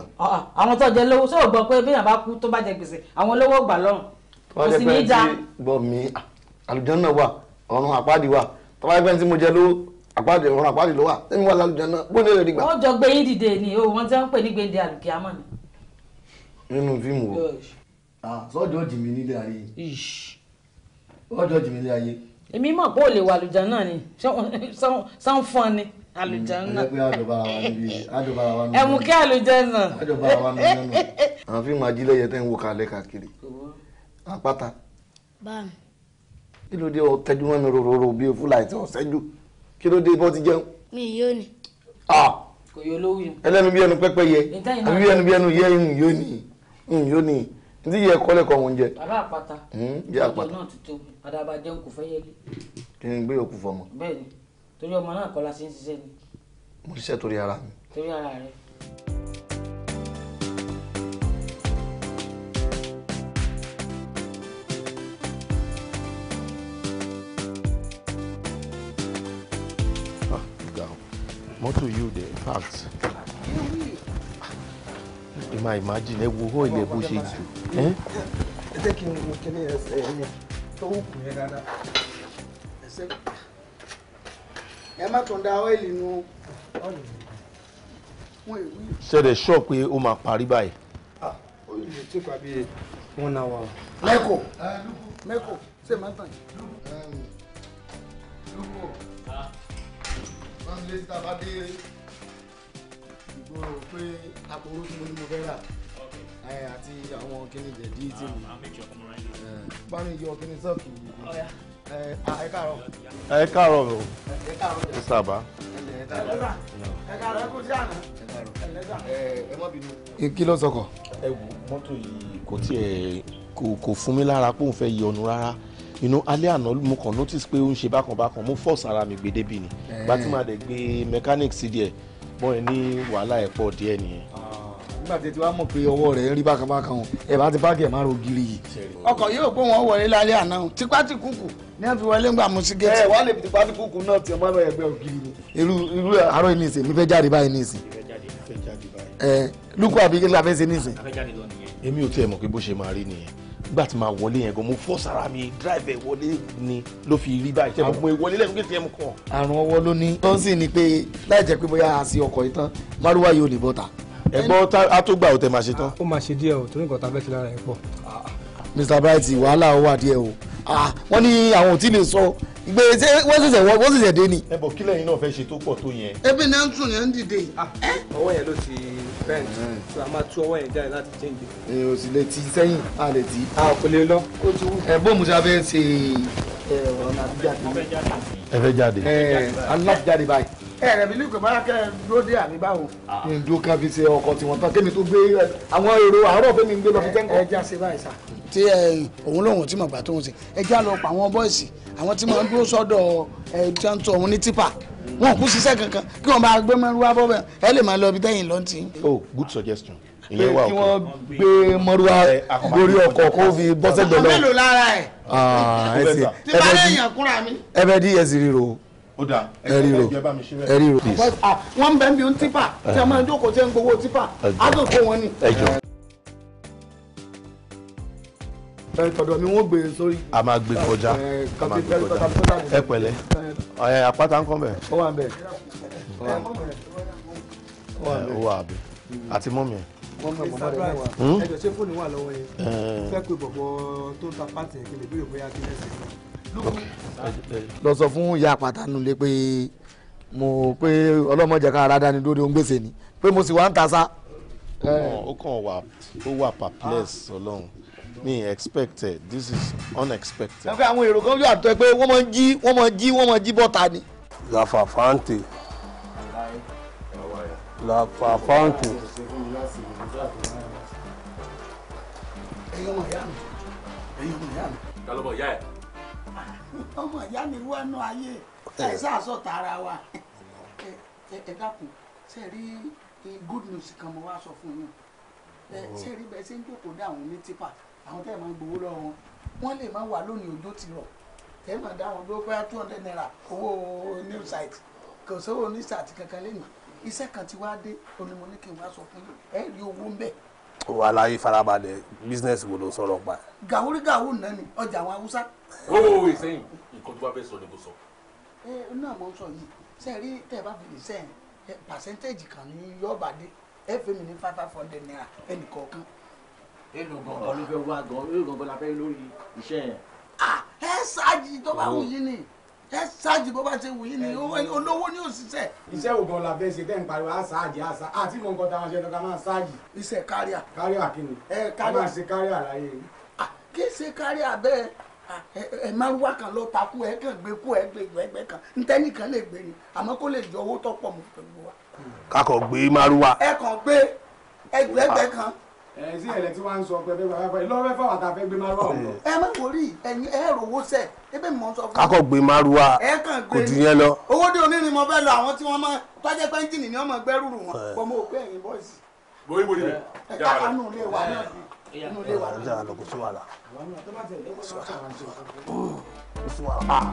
àwọn tó jẹ lówó sóò gbọ́ pé bí bá kú tó bá jẹ gbèsè àwọn lówó gbà lọ́rùn kò sì ní í da. bọ́ mi àlùjánnà wà ọ̀run àpáàdì wà tọ́ba ẹgbẹ́ tí mo jẹ ló àpáàdì ọ̀run àpáàdì ló wà tẹ́mi wà lálùjánnà bó ní èrè gbà. wọ́n jọ gbé yín dìde ni o wọ́n ti ń pè ní gbèǹde àlùkìyámọ̀ ni. nínú fíìmù wo. sọ́jọ́ jì mí nílé ayé sọ́jọ́ jì mí nílé ayé. èmi mọ̀ pé ò lè wà àlùjánnà ni sánfọ́n ni àlùjánnà. ẹ̀mú kí àlùjánnà. àwọn fíìmù ajílẹ̀ yẹn tẹ́ ń wo kalẹ̀ káàkiri àpáta. báàmù kí ló dé ọtẹjú mọ́ mi rororo bí o fúlà ìtẹ ọ̀sẹ́jú kí ló dé bọ́ ti jẹun. mi yóò ní. kò yóò lówó yìí. ẹlẹ́nu bí ẹnu pẹ́pẹ́ yẹ àbí ẹnu bí ẹnu yẹ ń yóò ní ń yóò ní ní yẹ kọ́lẹ̀kọ́ oúnjẹ. bàbá àpáta yẹ náà ti tóbi àdàbà jẹun kò fẹ́ yẹlé. kí ni gbé òkú fọmọ. bẹ́ẹ̀ni torí ọmọ náà kọ́ la ṣe ń ṣiṣẹ́ ni. mo ṣiṣẹ́ torí ara mi. torí ara rẹ. mọ́tò yìí ò dẹ̀ fact ẹ máa imagine ẹ wo oil ẹ bó ṣe jù. ẹ jẹ́ kí n wo kíní ẹsẹ̀ yẹn tó wù pé ó máa parí báyìí. ó lè tí kò àbí wọn náà wà. mẹ́kọ̀ọ́ mẹ́kọ̀ọ́ ṣé máa tàn sọ́sílẹ̀ tí tàbá dé ìgboro pé aporó tí mo ní mo fẹ́ rà àti àwọn kíní jẹ̀dí tí ah, mo bá yọ kíní sọ́ọ̀kì ẹ káàárọ̀. ẹ káàárọ̀ o ẹ sábà. ẹ káàárọ̀ ẹ kú sí àná ẹ má bínú. kí ló sọkọ. ẹ wo mọ́tò yìí kò tiẹ̀ kò fún mi lára pé òun fẹ́ yọnu rárá you know alẹ́ àná mo kàn notice pé ó ń ṣe bákan bákan mo force ara mi gbé débi ni eh. gba tí màá dẹ̀ gbé mechanic sí díẹ̀ bọ́n ẹ ní wàhálà ẹ̀ pọ̀ díẹ̀ nìyẹn. Ah, nígbà tí tí wàá mọ̀ pé ọwọ́ rẹ̀ ń rí bákan bákan o ẹ̀ bá ti báàgì ẹ̀ máa ro giri yìí. ọkọ̀ yóò pé wọ́n wọlé lálẹ́ àná o tipá ti kúkù ní ẹ̀ fi wọlé ń gbà mú sí gẹ́tì. ẹ wàá lè fi ti kúkù náà tiẹ̀ máa lọ ẹ̀gbẹ́ ògiri ni. irú irú àárọ̀ yìí nìsín mi fẹ́ jáde báyìí nìsín. ẹ eh, lukú àbí kí la fẹ́ ṣe nìsín. èmi ò tiẹ̀ mọ̀ pé bó ṣe máa rí nìyẹn nígbà tí màá wọlé yẹn gan mo fọ́ sára mi drive wọlé ni ló fi rí báyìí tẹ́ mo mọ ìwọlé lẹ́nu kí tẹ́ mo kàn. àrùn ọwọ́ ló ní. tó ń sìn ni pé láì jẹ́ pé bóyá a sí ọkọ̀ yìí tán márúwá yóò ní bọ́ta. ẹ̀gbọ́n a tó gbà ó máa ṣe tán. ó máa ṣe díẹ̀ o torí nǹkan tá a fẹ́ ti lára ẹ̀ pọ̀. Mr Bright wàhálà ó wà díẹ̀ o Ah, wọ́n ní àwọn ò tí lè sọ gbé ṣé wọ́n ṣẹ̀ṣẹ̀ wọ́n ṣẹ̀ṣẹ̀ dé ni. ẹ bọ kílẹ̀ yín náà fẹ́ ṣe tó pọ̀ tó yẹn. ebi náà ń sùn yẹn ń dìde. Ah, ọwọ́ yẹn ló ti bend hmm. so a máa tú ọwọ́ yẹn jáde láti change. ẹ o sì lè ti sẹ́yìn a lè ti. a kò lè lọ kó tu. ẹ bó musa fẹ́ ṣe ọ̀nà àbíjáde. ẹ fẹ́ jáde. ẹ alájáde báyìí ẹ̀rẹ̀ mi lùkọ̀ bá kẹ́ dúró dé àmì báwo. Ah. kí n dúró ká fi ṣe ọkọ̀ tiwọn tán kémi tó gbé àwọn èrò àárọ̀ fẹ́mi ń gbé lọ fi tẹ́ńkọ̀. ẹ já ṣe báyìí sá. tí òun lòun tí mo gbà tóun ṣe ẹ já lọ pa àwọn bọ́ìsì àwọn tí mo ń dúró sọ́dọ̀ ẹ tí wọ́n ń ní tipa wọn kú ṣiṣẹ́ kankan kí wọ́n bá gbé mọ́rú wá bọ́bẹ̀ ẹ lè máa lọ ibi tẹ́yìn lọ́ntì. oh good suggestion ìyẹn wà kí wọ́n gbé mọ́rúwá lórí ọkọ̀ kó fi bọ́sẹ̀ gbẹ̀lọ́. ọkọ̀ mélòó lára ẹ̀. Ah, ẹ bẹ di ẹ ríro ẹríro ẹríro. wọ́n bẹ̀ ń bí típà tí a máa ń jókòó tí a ń gbowó típà á tó kó wọn ni. tọ̀dọ̀ mi wọ́n gbé e sórí. a máa gbé e kọjá a máa gbé e kọjá ẹ pẹ̀lẹ́ ẹ àpáta ń kọ́ bẹ̀. ó wà bẹ̀ ó wà bẹ̀ àti mọ́mì ẹ̀ ẹjọ hmm? ṣé fóònù wà lọ́wọ́ yẹn fẹ́ pé bọ̀bọ̀ tó ń ta pàtì ẹ̀kẹ́lẹ̀ bí òbí akílẹ̀ sí i lọ sọ fún ìyá pàtàkì nulẹ̀ pé mo pé ọlọ́mọdé ká ara dání lórí ohun gbèsè ni pé mo sì wá ń ta sá. ó kàn wá ó wà perplex ah. ọlọ́run mi expected this is unexpected. ẹ pé àwọn èrò kan yóò àtọ́ ẹ pé wọ́n máa jí wọ́n máa jí wọ́n máa jí bọ́ta ni. lafafante lafafante. ẹyin ọmọ ìyá mi ẹyin ọmọ ìyá mi. ta ìyá ẹ̀ ọmọ ìyá mi wọ́n nú ayé ẹ̀ sáàsọ tààrà wa ẹ dákun ṣe rí good news kan mo wá sọ fún yín ṣe rí bẹ́ẹ̀ ṣe ń jókòó dá àwọn onítìpà àwọn tẹ́ ẹ̀ máa ń gbowó lọ́wọ́ wọn wọ́n lè má wà lónìí ọjọ́ ti rọ̀ ẹ máa dá àwọn gbogbo bóyá two hundred naira owó new site kò sówó new site kankan lẹ́nu iṣẹ́ kan ti wá dé onímọ̀ ní kí n wá sọ fún yín ẹ rí owó ń bẹ̀ wà láyé business wo ló sọ̀rọ̀ pa. gàwúrí gàwúrí náà ni ọjà àwọn haúsá owó ìsẹ́yìn nǹkan tó bá fẹ́ sọ ni kò sọ. ẹ ẹ náà mo ń sọ yìí ṣe rí tẹ ẹ bá fi lè sẹ́yìn pàṣẹ́ntéèjì kan ní yọ̀ọ̀bà dé ẹ fẹ́ mi ní five five hundred naira ẹnì kọ̀ọ̀kan. èlò gangan ló fẹ́ wá gan èlò gangan la fẹ́ lórí iṣẹ́ yẹn. ẹ ṣáàjì tó bá wù yín ni ẹ ṣáàjì bó bá ṣe wù yín ni olówó ni òṣìṣẹ́. iṣẹ́ wo gan la fẹ́ ṣe tẹ́ ń pariwo á ṣáàjì á ṣáàjì àti mọ̀ nǹkan táwọn ṣe lọ́ka máa ṣáàjì. iṣẹ́ káríà. káríà kí ni. ẹ káríà ṣe káríà láyé. kí ṣe káríà bẹ́ẹ̀ ẹ máa wá kan lọ takú ẹ kàn gbé kú ẹ gbé kan ntẹnikan lè gbé ni àmọ́ kó lè yọ owó wa. kakọ gbé maruwa ẹ kàn gbé kan. ẹ sí tí wàá ń sọ pé bẹ́ẹ̀ bá fẹ́ lọ́wọ́ fẹ́ wà tá a fẹ́ gbé márúwá hmm. ẹ má ebe sọ fún. kakọ gbé kò ti yẹn lọ. owó tí wọ́n máa ni wọ́n inú ilé wa ló dára lọ kò sí wàhálà kò sí wàhálà kò sí wàhálà ah,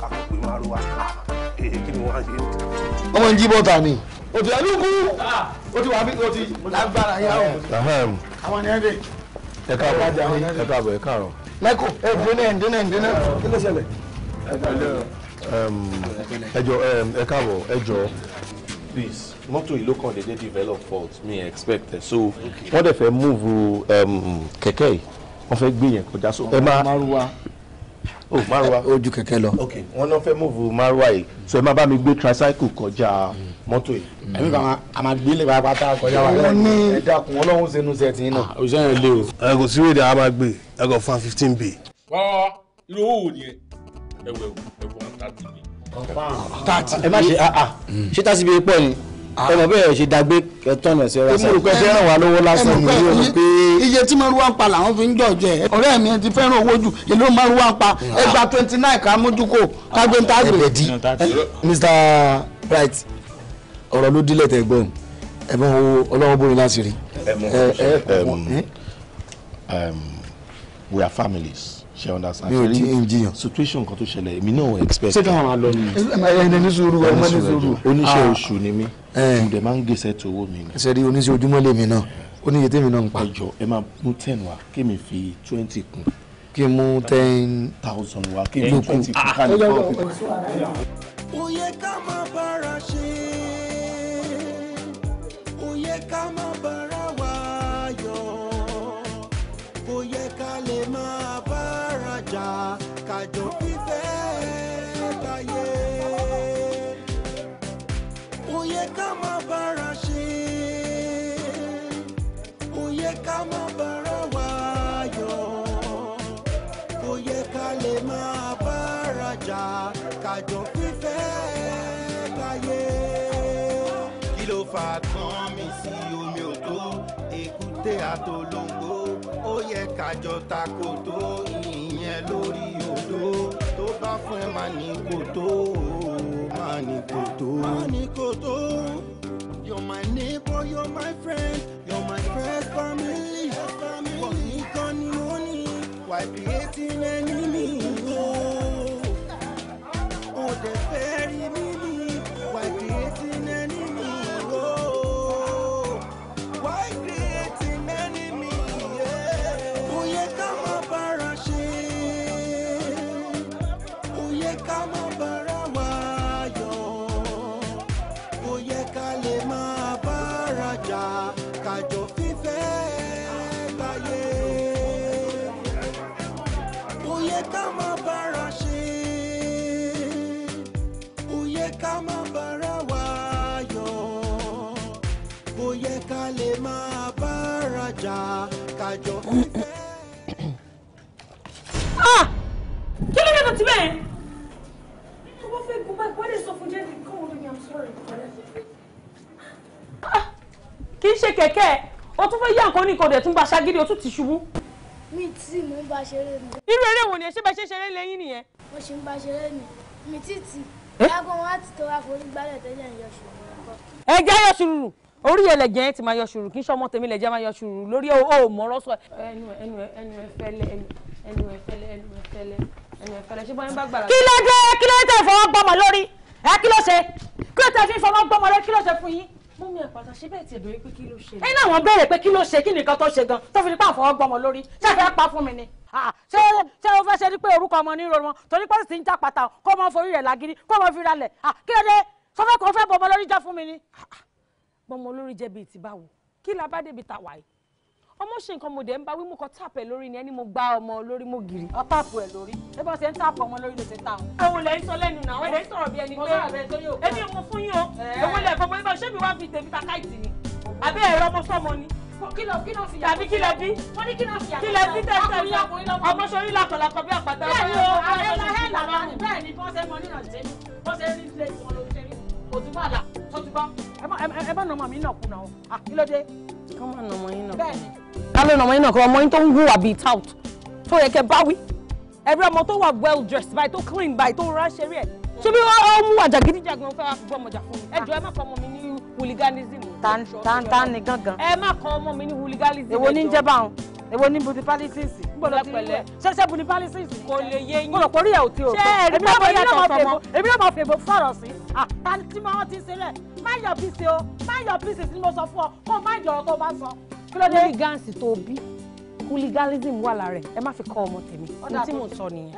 kàkùpé máa ro wa èyí ah, eh, kí ni wọ́n á ṣe. ọmọ ń jí bọ́ta ni. òtù ẹni kú òtù wà bí òtù lágbára yá o. àwọn ni ẹ dé. ẹ káàbọ̀ ẹ káàbọ̀ ẹ káàrọ̀. mẹ́kù ẹ dínà ẹ dínà ẹ dínà kí ló ṣẹlẹ̀. ẹ jọ̀ọ́ ẹ káàbọ̀ ẹ jọ̀ọ́ please mọ́tò yìí ló kàn déédéé develop fault mi expect so wọ́n dẹ̀ fẹ́ move um, kẹ̀kẹ́ yìí wọ́n fẹ́ gbé yẹn kọjá so ẹ máa márùwá Oh márùwá ojú kẹ̀kẹ́ lọ ok wọ́n náà fẹ́ move márùwá yìí so ẹ máa bá mi gbé tricycle kọjá mọ́tò yìí. ẹ̀mí kan a máa gbé lè pàápàá kọjá wa lẹ́yìn ní ẹ̀dàkùn ọlọ́run ṣe nu sẹ́ẹ̀tì yín náà. Ah, òṣìṣẹ́ yẹn lé o. ẹ kò sí wèdè a máa gbé ẹ kò fa fifteen bay. ọ irú owó wo nìyẹn ẹ wẹ ẹ wọ thirty bay. thirty ẹ má ṣe ah, ah. Hmm. ṣé tásìbí pọ̀ ni ọmọ ah. bẹ́ẹ̀ ṣe dàgbé tọ̀nà sí ọ̀rọ̀ sẹ́yìn. èmi rò pé fẹ́ràn lówó lásán mi yóò rò pé. iye tí márùwá ń pa làwọn fi ń jọ̀jọ̀ ẹ̀. ọ̀rẹ́ mi ti fẹ́ràn owó jù èló márùwá ah. ń pa ẹgbàá twenty nine ká mójú kó kágbé ń tàgbé. ẹ̀bẹ̀ di Mr. Right, ọ̀rọ̀ ló dílẹ̀ tẹ̀ gbọ́n ẹ̀bọ̀n owó ọlọ́wọ́ bóyin láti rí. Um, we are families ṣe understand. mi ò tí situation kan tó ṣẹlẹ̀ èmi náà expect. ṣé káwọn máa lọ ni. ẹni ní sùúrù ọmọ ní sùúrù. oníṣẹ́ oṣù ni mí. mo dẹ̀ máa ń gbèsè tó owó mi ni. ṣe rí oníṣẹ́ ojúmọ́ lèmi náà ó tèmi náà ń pa. ẹjọ ẹ máa mú ten wá kí mi fi twenty kún. kí mú ten thousand wá kí mi twenty kún ká ká má bára ṣe ó ká má bára kájọ fífẹ́ káyé. Ó yẹ ká má bára ṣe, ó yẹ ká má bára wá yọ̀, ó yẹ ká lè máa bára jà kájọ takò tó ìyá fẹ́ máa ní kòtó máa ní kòtó máa ní kòtó. You're my neighbor, you're my friend, you're my first family. Kò ní kan ni mo ní, why creating enemy? kẹ̀kẹ́ o tún fẹ́ yá nǹkan ní ìkọ̀dẹ̀ tún gba ṣagídí o tún ti ṣubú. mi tí mò ń bá ṣeré mi. irú eré wo ni ṣé bẹ ṣe ṣeré lẹ́yìn nìyẹn. mo ṣì ń bá ṣeré mi mi tí tì lágbo eh? wọn á ti tó àforí gbálẹ̀ tẹ́lẹ̀ ń yọ ṣùrù. ẹ jẹ́ yọ ṣùrù orí ẹ lẹ̀jẹ̀ yẹn ti máa yọ ṣùrù kí n ṣọmọ tèmi lẹ̀jẹ̀ máa yọ ṣùrù lórí ẹ ò mọ̀rọ̀ sọ ẹnu ẹnu ẹnu ẹ fẹ́lẹ́ ẹnu ẹ fẹ́lẹ́ ẹnu ẹ fẹ́lẹ́ ẹnu ẹ fẹ́lẹ́ ṣé kí ló dé kí ló tẹ fọwọ́ gbọ́mọ lórí ẹ kí ló ṣe kí ló tẹ fi fọwọ́ gbọ́mọ lórí kí ló ṣe fún yín mọ́mí àpàtà ṣe bẹ́ẹ̀ tiẹ̀ béèrè pé kí ló ṣe. ẹ náà wọ́n béèrè pé kí ló ṣe kí nìkan tó ṣe gan tó fi ní pàǹfọ̀ ọgbọ́mọ lórí ṣé ẹ fẹ́ pa fún mi ni. ṣé ṣé o fẹ́ ṣe ni pé orúkọ ọmọ ní ìrọ̀rùn torí pé sì ń jà pàtà kó mọ forí rẹ̀ lágiri kó mọ fira lẹ̀ kí ló dé sọfẹ́ kò fẹ́ bọ lórí jẹ́ fún mi ni. bọ́mọ lórí jẹ́ bíi ti báwo kí la bá débi tàwa yìí ọmọ ṣe nǹkan mo dẹ̀ ń bá wí mo kọ tap ẹ̀ lórí ni ẹni mo gbá ọmọ lórí mo gìrì. ọ tap ẹ lórí ẹ bá ṣe ń tap ọmọ lórí ló ṣe ta o. ẹ̀wọ̀n lẹ̀ ń sọ lẹ́nu náà ẹ̀dẹ̀ ń sọ̀rọ̀ bí ẹni pé ẹni mo fún yín o ẹ̀wọ̀n lẹ̀ fọmọ ibà ṣé mi wá fi tèmi ta káìtì ni àbí ẹ̀rọ ọmọ sọmọ ni. kìlọ̀ kìlọ̀ fìyà tàbí kìlọ̀ bí kìlọ̀ bí tẹ̀sẹ̀ ọmọ sọ yín làkọ̀làkọ̀ bí àpàtà bẹ́ẹ̀ ni bọ́sẹ̀ mọ kò sí wàhálà tó ti bọ́. yín náà. bẹ́ẹ̀ni. ọmọ yín tó ń hùwà bíi tout tó yẹ kẹ́ bá wí ẹ̀rí ọmọ tó wà well dressed báyìí tó clean báyìí tó ránṣẹ́ rí ẹ̀ ṣé bí wọ́n mú àjà gidijagun fẹ́ wá gbọ́ ọmọjà fún mi ẹ jọ̀ọ́ ẹ má kọ ọmọ mi ní hooliganism. tan tan ni gangan. ẹ má kọ ọmọ mi ní hooliganism. èwo ní jẹ́ báwọn èwo ní municipalities gbọ́dọ̀ ti rí ẹ ṣẹṣẹ bu ni balisi kò lè yé yín gbọ́dọ̀ kórìí ẹ ò ti o ṣe èmi náà èmi náà mọ fèbò náà mọ fèbò fọ̀rọ̀ sí. tí mo ti ṣe rẹ má yọ bíṣe o má yọ bíṣe tí mo sọ fún ọ kó má yọ ọ bá sọ. hooligans tó bí hooliganism wà lára ẹ ẹ má fi kọ́ ọmọ tèmi ní tí mo sọ nìyẹn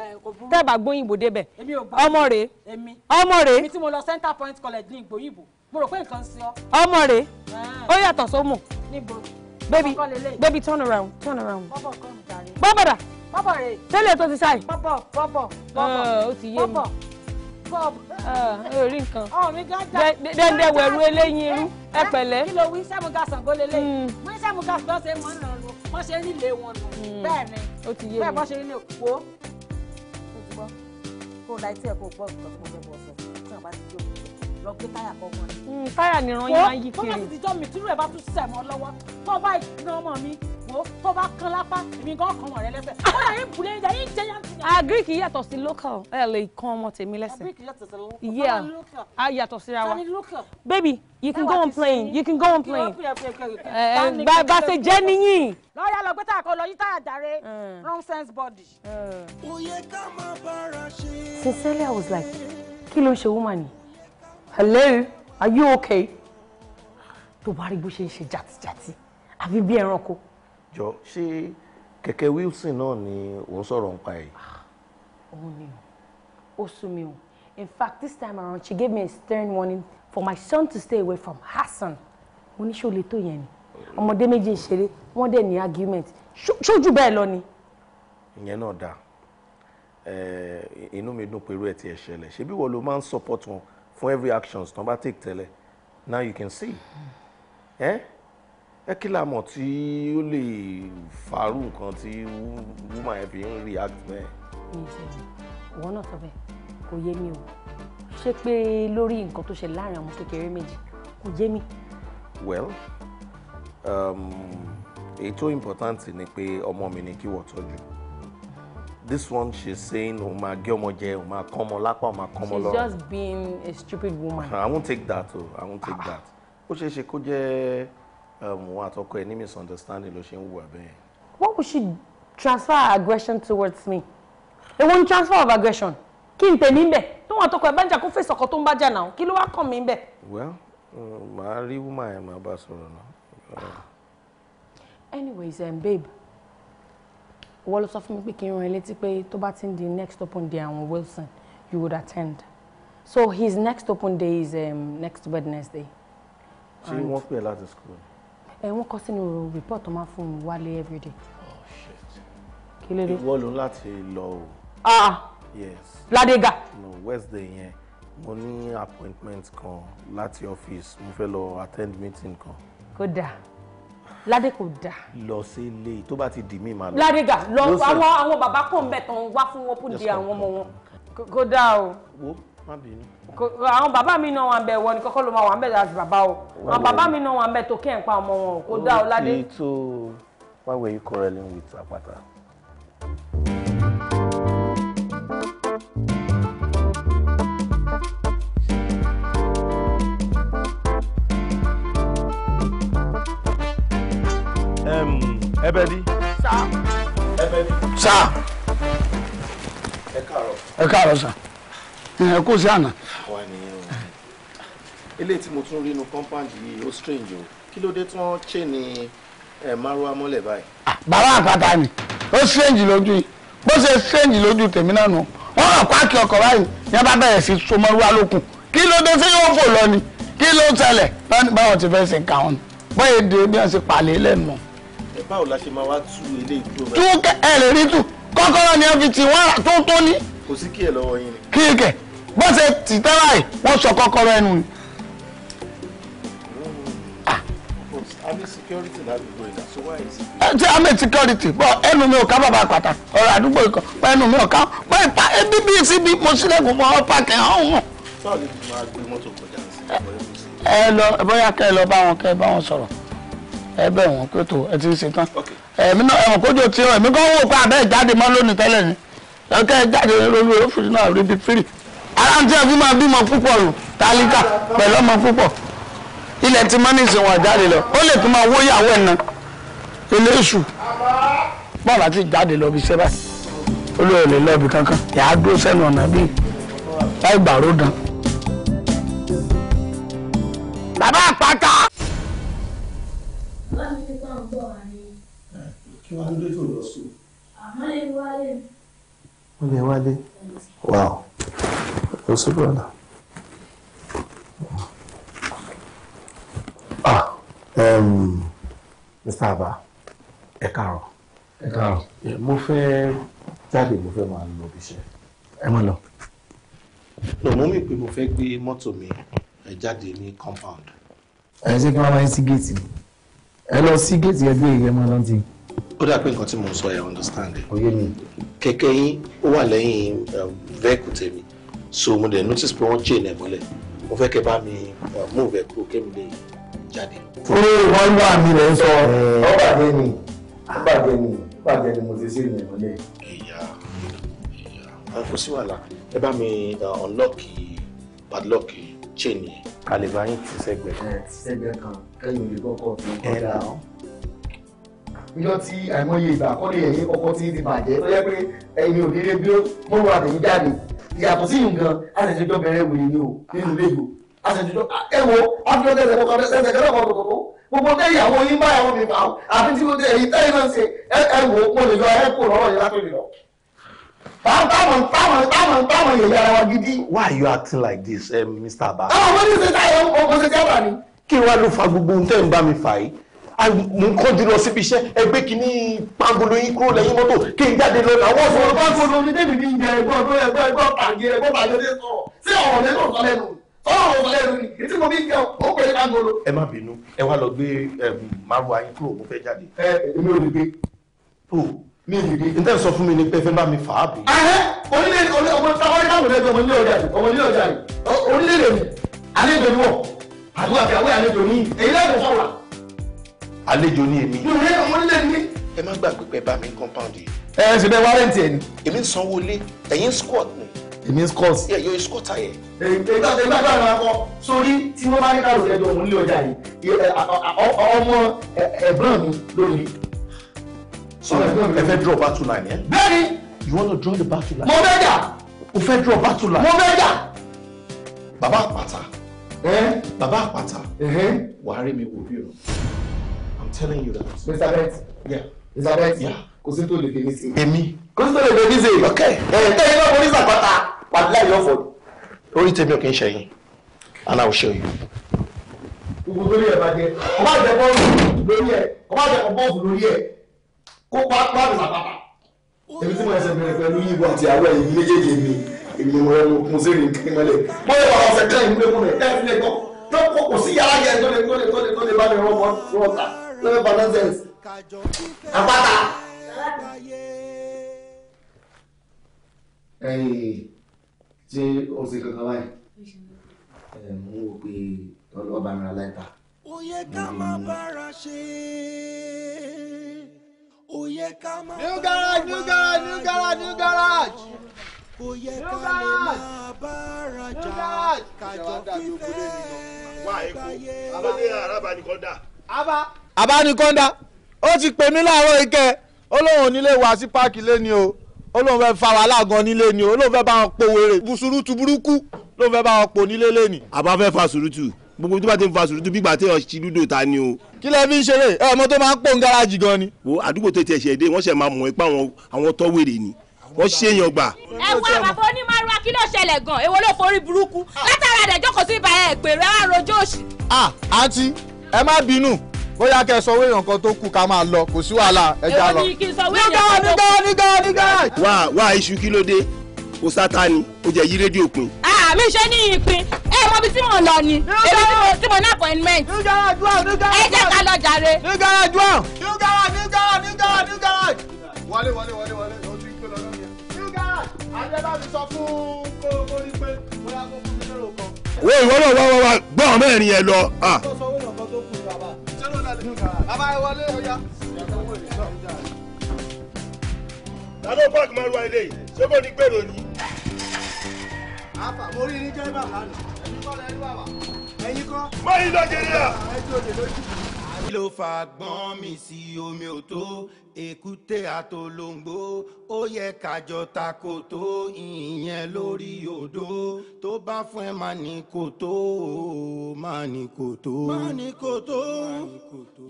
tẹ́ ẹ bá gbóyìnbó débẹ̀ ọmọ rẹ̀ ọmọ rẹ̀. èmi tí mo lọ Center Point College ní ìgbòyìnbó mo rò pé nǹkan ń ṣe ọ. ọmọ rẹ̀ ó yàtọ̀ sómù baby baby turn around turn around. bọ́bọ̀ dà. bọ́bọ̀ rè. tẹ́lẹ̀ tó ti ṣáì. bọ́bọ̀ bọ́bọ̀ bọ́bọ̀. Ah, ó ti yé mi. bọ́bọ̀. Ah, ẹ rí nǹkan. ọ̀ mi gan jà. dẹ́ndẹ́ wẹ̀rù eléyìn irú eh, ẹ pẹ̀lẹ́. kí ló wí sẹ́mu gàsàn kó lélẹ̀ yìí. Hmm. mo ní sẹ́mu gàsàn tó ṣe mọ́ nà lọ wọ́n ṣe nílé wọn nù. Hmm. bẹ́ẹ̀ ni bẹ́ẹ̀ bọ́ ṣe nílé kó. kó o la etí ẹ̀ kó o lọ gbé táyà kọ̀ọ̀kan ni. Mm, táyà ni ìran yín máa ń yí kiri. tó bá sì ti jọ́ mi tírú ẹ̀ bá tún sẹ̀ mọ́ lọ́wọ́ tó bá ìdíná ọmọ mi wò tó bá kán lápá èmi gan kan wọ̀n rẹ lẹ́sẹ̀. ó dà yín bulẹ̀ ìjà yín jẹ́ yá. agric yàtọ̀ sí local ẹ lè kan ọmọ tèmi lẹ́sẹ̀. Ah, local. a ah, yàtọ̀ síra wa. baby you can go on plane. you can go on plane. gba eh, gba ṣe jẹ́ níyìn. lọ́ọ̀yà lọ gbé táyà kan lọ yí táyà dáre wrong mm. sense body. Mm. sincerely I was like kí ló ń ṣe woman yìí hello are you okay tó bá rí bó ṣe ń ṣe jàtijàti àfi bí ẹranko. jọ ṣé kẹ̀kẹ́ wilson náà ni ò ń sọ̀rọ̀ nípa ẹ̀. Ah, òun ni o ó sún mi o in fact this time around she gave me a stern warning for my son to stay away from Hassan mo ní ṣó lè tó yẹn ni ọmọdé méjì ń ṣeré wọ́n dẹ̀ ní argument ṣojú bẹ́ẹ̀ lọ ni. ìyẹn náà dáa inú mi dùn pé irú ẹ̀ ti ẹ̀ ṣẹlẹ̀ ṣebí wọ́n ló máa ń support wọn fún every action, tó bá take tẹ́lẹ̀ now you can see ẹ ẹ kí la mọ̀ tí ó lè fàárù nǹkan tí woman ẹ̀ fi ń react bẹ́ẹ̀. ìwọ náà sọ bẹ́ẹ̀ kò yé mi o ṣé pé lórí nǹkan tó ṣẹlẹ̀ láàrin ọmọ kékeré méjì kò yé mi. well um, èyí tó important ni pé ọmọ mi ni kí wọ́n tọ́jú this one she's saying "Uma máa gé ọmọ jẹ ó máa she's just being a stupid woman. i won't take that Oh, i won't take that. ó ṣeé ṣe kó jẹ́ um, òun àtọkọ misunderstanding ló ṣe what would she transfer aggression towards me? It won't transfer of aggression? kí n tèmi bẹ̀ tó wọn àtọkọ ẹ̀ bá ń jà kó fèsì ọkọ tó ń bá well mm, màá rí woman yẹn màá anyways um, babe wọ́n ló sọ fún mi pé kí n rán ẹ létí pé tó bá ti ń di next open day àwọn Wilson you would attend so his next open day is um, next Wednesday. ṣé wọ́n pè láti school. ẹ wọ́n kọ sínú report tó máa fún mi wálé everyday. oh shit kí ló dé. ìwọ ló láti lọ o. ah, ah. yes. Ladega. no Wednesday yẹn mo ní appointment kan láti office mo fẹ́ lọ attend meeting kan. kódà ládé kò dáa. lọ sí ilé tó bá ti dì mí màá lọ. ládé lọ àwọn àwọn bàbá kò ń bẹ̀ tán wá fún wọn di àwọn ọmọ wọn kò dáa o. wo má bínú. àwọn bàbá mi náà wà ń bẹ wọ ni kọ́kọ́ ló máa wà ń bẹ láti bàbá o àwọn bàbá mi náà wà ń bẹ tó kẹ́ ń pa ọmọ wọn kò dáa o ládé. o ti tó why were you quarreling with Apata. ẹbẹ di. sá. ẹbẹ di. sá. ẹ káàárọ̀. ẹ káàárọ̀ sá. ẹ kó sí àná. wà á nìyẹn o tí mo tún rí inú compound yìí ó strange o kí ló dé tí wọ́n ṣe ní márùá mọ́lẹ̀ báyìí. bàbá àpáta ni ó strange lójú yìí bó ṣe strange lójú tèmi náà nù wọ́n rà páàkì ọkọ̀ báyìí ní abá bẹ̀rẹ̀ sí so márùá lókun kí ló dé sí yóò fò lọ ni kí ló ṣẹlẹ̀ báwọn ti fẹ́ ṣe kà bóyá èdè bí wọ́n ṣe pàlẹ́ lẹ́nu báwo la ṣe máa wá tú ilé ìtú ọba. tú ẹ lè rí tù kọ́kọ́rọ́ ni wọ́n fi tì wọ́n tó tó ní. kò sí kí ẹ lọ́wọ́ yín ni. kí bó ṣe tì tẹ́lá ẹ̀ wọ́n sọ kọ́kọ́rọ́ ẹnu ni. army ah, security ládùúgbò ìdá so why is it. ẹ ti army security bọ ẹnu mi ò ká bàbá pàtà ọ̀rọ̀ àdúgbò ikọ bọ ẹnu mi ò ká bọ ìpa ẹbí bíi síbi mo sílẹ̀kùn mọ ọpá kẹ ọhún. báwo ni mo máa gbé mọ́tò kọjá sí ẹ lọ bóyá kẹ lọ bá wọn kẹ bá wọn sọ̀rọ̀ ẹ bẹ̀ wọ́n pé tó ẹ ti ṣe tán ẹ̀mí náà ẹ̀wọ̀n kójó tí ẹ̀mí kan wò pé àbẹ́ ìjáde mọ́ lónìí tẹ́lẹ̀ ni ẹ̀kẹ́ ìjáde lórí òfin náà rí bí fírì ara tí ẹ̀fí máa bímọ púpọ̀ rù tálíkà pẹ̀lú ọmọ púpọ̀ ilẹ̀ tí mọ́ ní ìsìn wọn jáde lọ ó lè tún máa wó ìyàwó ẹ̀ náà ilé èṣù bọ́ọ̀ láti jáde lọ bí iṣẹ́ báyìí olóòlè lọ́ọ̀bì kankan ìyá dúró sẹ́nu ọ̀nà bíi láì gbàrú dán. wọ́n dúdú tó lọ lè wálé. wow ó sì bọ̀dà. ah um, Mr. Aba ẹ káàárọ̀. ẹ káàárọ̀. mo fẹ́ jáde mo fẹ́ máa lọ ibiṣẹ́. ẹ máa lọ. lọ́mọ mi pé mo fẹ́ gbé mọ́tò mi jáde ní compound. ẹ ṣe kí wọ́n máa ń sí géètì ẹ lọ sí géètì ẹgbẹ́ ìyẹn máa lọ́ntì ó dà pé nǹkan tí mo sọ ẹ understand ẹ. oyè mi. kẹ̀kẹ́ yín ó wà lẹ́yìn um, vẹ́ẹ̀kù tèmi so mo dẹ̀ notice pé wọ́n chain ẹ̀ mọ́lẹ̀ mo fẹ́ kẹ́ bá mi um, move ẹ̀ kúrò kémi lè jáde. ó wọ́n gbà mí rẹ̀ sọ ọ̀bàjẹ́ eh. ni ọ̀bàjẹ́ ni ọ̀bàjẹ́ ni mo ti sí ìrìn ìmọ̀lẹ̀. ìyá ìyá ah, kò sí wàhálà ẹ bá mi uh, unlock padlock chain yẹn. kàlẹ́ bá yín ti sẹ́gbẹ̀ẹ́ kan. sẹ́gbẹ̀ẹ́ kan kẹ́yìn olè kọ́kọ́ fi kọ́ dáa bíjọ́ tí àìmọye ìgbà àkọ́lé ẹ̀yẹ kọ́kọ́ tí ti bàjẹ́ tó yẹ pé ẹ̀yin ò bí ó wà lẹ́yìn jáde ìyàtọ̀ sí nǹkan àṣẹjọ́ bẹ̀rẹ̀ wòye ni o nínú ilé ìlú àṣẹjọ́ ẹ wo àfihàn tẹ̀sẹ̀ kọ́kọ́ tẹ̀sẹ̀ kẹ́lẹ́ kọ́kọ́ kọ́kọ́ gbogbo tẹ ìyàwó yín bá ìyàwó mi fà ó àfi tí mo tẹ èyí tẹ́yìn náà ṣe ẹ wò ó you acting like this eh, Mr. Abba mo ń kánjú lọ síbi iṣẹ́ ẹgbẹ́ kìíní pangolo yín kúrò lẹ́yìn mọ́tò kí n jáde lọ làwọn sọ. ọ̀rọ̀ pangolo ní débi ní ìgbà ẹ̀gbọ́n ẹ̀gbọ́n ẹ̀gbọ́n ẹ̀gbọ́n pàgẹ́ ẹ̀gbọ́n pàgẹ́ sọ̀rọ̀ sí ọ̀rọ̀ lẹ́nu ọ̀sán lẹ́nu ọ̀rọ̀ ọ̀sán lẹ́nu ni ètí mo ní kẹ́ ó pè é pangolo. ẹ má bínú ẹ wá lọ gbé márùn ayín kúrò mo fẹ́ jáde. èmi ò lè gbé. o mi ò lè gbé. n tẹ́ sọ fún mi ni pé fẹ́ bá mi fà á bì. onílé ọmọ táwọn ẹ̀dáwọ̀ lẹ́gbẹ̀ẹ́ ọmọ ilé ọjà ọmọ ilé ọjà onílé lèmi àlejò ni wọ̀ àbúrò àbí àwẹ̀ àlejò ni èyí lẹ́gbẹ̀ẹ́ fọwọ́ àlejò ni èmi. yóò rẹ àwọn ilé mi. ẹ má gbàgbé pé bá mi compound yìí. ẹ ẹ ṣe bẹ wárẹ́ǹtì ẹ ni. èmi ń sanwó ilé ẹ̀yin squat ni. èmi ń squat. yẹ yóò squat ayẹ. ìgbà tó ìgbà tó àwọn akọ sórí tí wọ́n bá ní káàró ẹjọ́ òun lé ọjà yìí ọmọ ẹ̀gbọ́n mi lónìí. so ẹ fẹ́ draw battle line yẹn. bẹ́ẹ̀ni. you wanna draw the battle line. mo fẹ́ jà. o fẹ́ draw battle line. mo fẹ́ jà. bàbá àpáta. bàbá àpáta. wàá rí mi wò bí o telling you that. Mr. Bent. Yeah. Mr. Bent. Yeah. Kò sí tó lè fi mí sí. Èmi. Kò sí tó lè fi mí sí. Ok. Ẹ̀ẹ́dẹ́gbẹ́ náà mo ní sàkọ́ta. Pàdé láì lọ́fọ̀ọ́. Orí tèmi ò kì í ṣẹ̀yìn. And I will show you gbogbo lórí ẹ̀ bàjẹ́ ọba jẹ bọ́ọ̀lù lórí ẹ̀ ọba jẹ bọ́ọ̀lù lórí ẹ̀ kó pa pa mi sàpàpà. èmi tí mo ẹsẹ̀ bẹ̀rẹ̀ pẹ̀lú yíbo àti àwọn ẹ̀yìn méjèèjì mi èmi ni mo rẹ mo kún sínú kí n mọ́lẹ̀. wọ́n yẹ wàá ọ̀sẹ̀ kan ìlú lẹ́kùn rẹ̀ tẹ́ ẹ̀ fi lè gbọ́ tó kò sí yàrá yẹn tó lè tó lè tó lè bá mi rọ́ọ̀mọ́ rọ́ọ̀ta lọ́wọ́ bọ̀ àpáta. ṣé o ṣe kankan báyìí mo ń wò pé ọlọ́ba ń ra láìta. ó ká máa bára ṣe ó ká máa bára wá new garage new garage new garage kò ká lè máa bára jà kájọ fífẹ́ gbáyé. àbá àbánikọ́ńdá ó ti pè mí láàárọ̀ ìkẹ́ ó lóun ò nílé wá sí páàkì lẹ́ni o ó lóun fẹ́ fa wàhálà gan nílé ni o ó lóun fẹ́ bá wọn po wèrè busurutu burúkú lóun fẹ́ bá wọn po nílé lẹ́ni. àbá fẹ́ fa sùrùtù gbogbo tó bá ti ń fa sùrùtù bí gbà tí ọ̀sì lúdò ta ni o. kí lẹ fi ń ṣeré ẹ ọmọ tó máa ń pò ń gáràjì gan ni. wo àdúgbò tó ti ẹ̀ṣẹ̀ dé wọ́n ṣẹ̀ máa mọ̀ ẹ́ pé àwọn tọ́wèrè ni wọ́n ṣèyàn gbà. ẹ wo àbàfọ onímọ̀rúwa kí ló ṣẹlẹ̀ gan èwo ló forí burúkú látara rẹ̀ jókòó sí ibà ẹ̀ pèrè ẹ̀ wá rojọ́ ah, àǹtí ẹ má bínú bóyá kẹ́ ẹ sọ owó èèyàn kan tó kù ká máa lọ kò sí wàhálà ẹja lọ. nígbà nígbà nígbà nígbà. wá wá iṣu kí ló dé kò sáta ni ó jẹ yí rédíò pin. àmì iṣẹ́ ní ìpín ẹ mọ ibi tí mò ń lọ ni ibi tí mo tí mo ní appointment. ní garage one ní garage one. ẹ jẹ́ ká lọ jàre. ní garage one. ní garage lọ wá wá wá gbọ́ ọ̀mẹ́rin yẹn lọ bàbá ẹ wọlé ọjà. ta ló park máa ru àìlè yìí ṣé kò ní gbèrò ni. àfà mo rí ní jẹ́ bàbá nù ẹ̀yin kọ́ lẹ́rú bàbá ẹ̀yin kọ́. mọ́ ìlọ jẹ́rìí à. ẹ jòjè lójú kí ló fa gbọ́n mi sí omi ò tó èkúté àtolóńgbò ó yẹ kájọ ta ìyẹn lórí odò tó bá fún ẹ máa ní kòtó máa ní kòtó. máa ní kòtó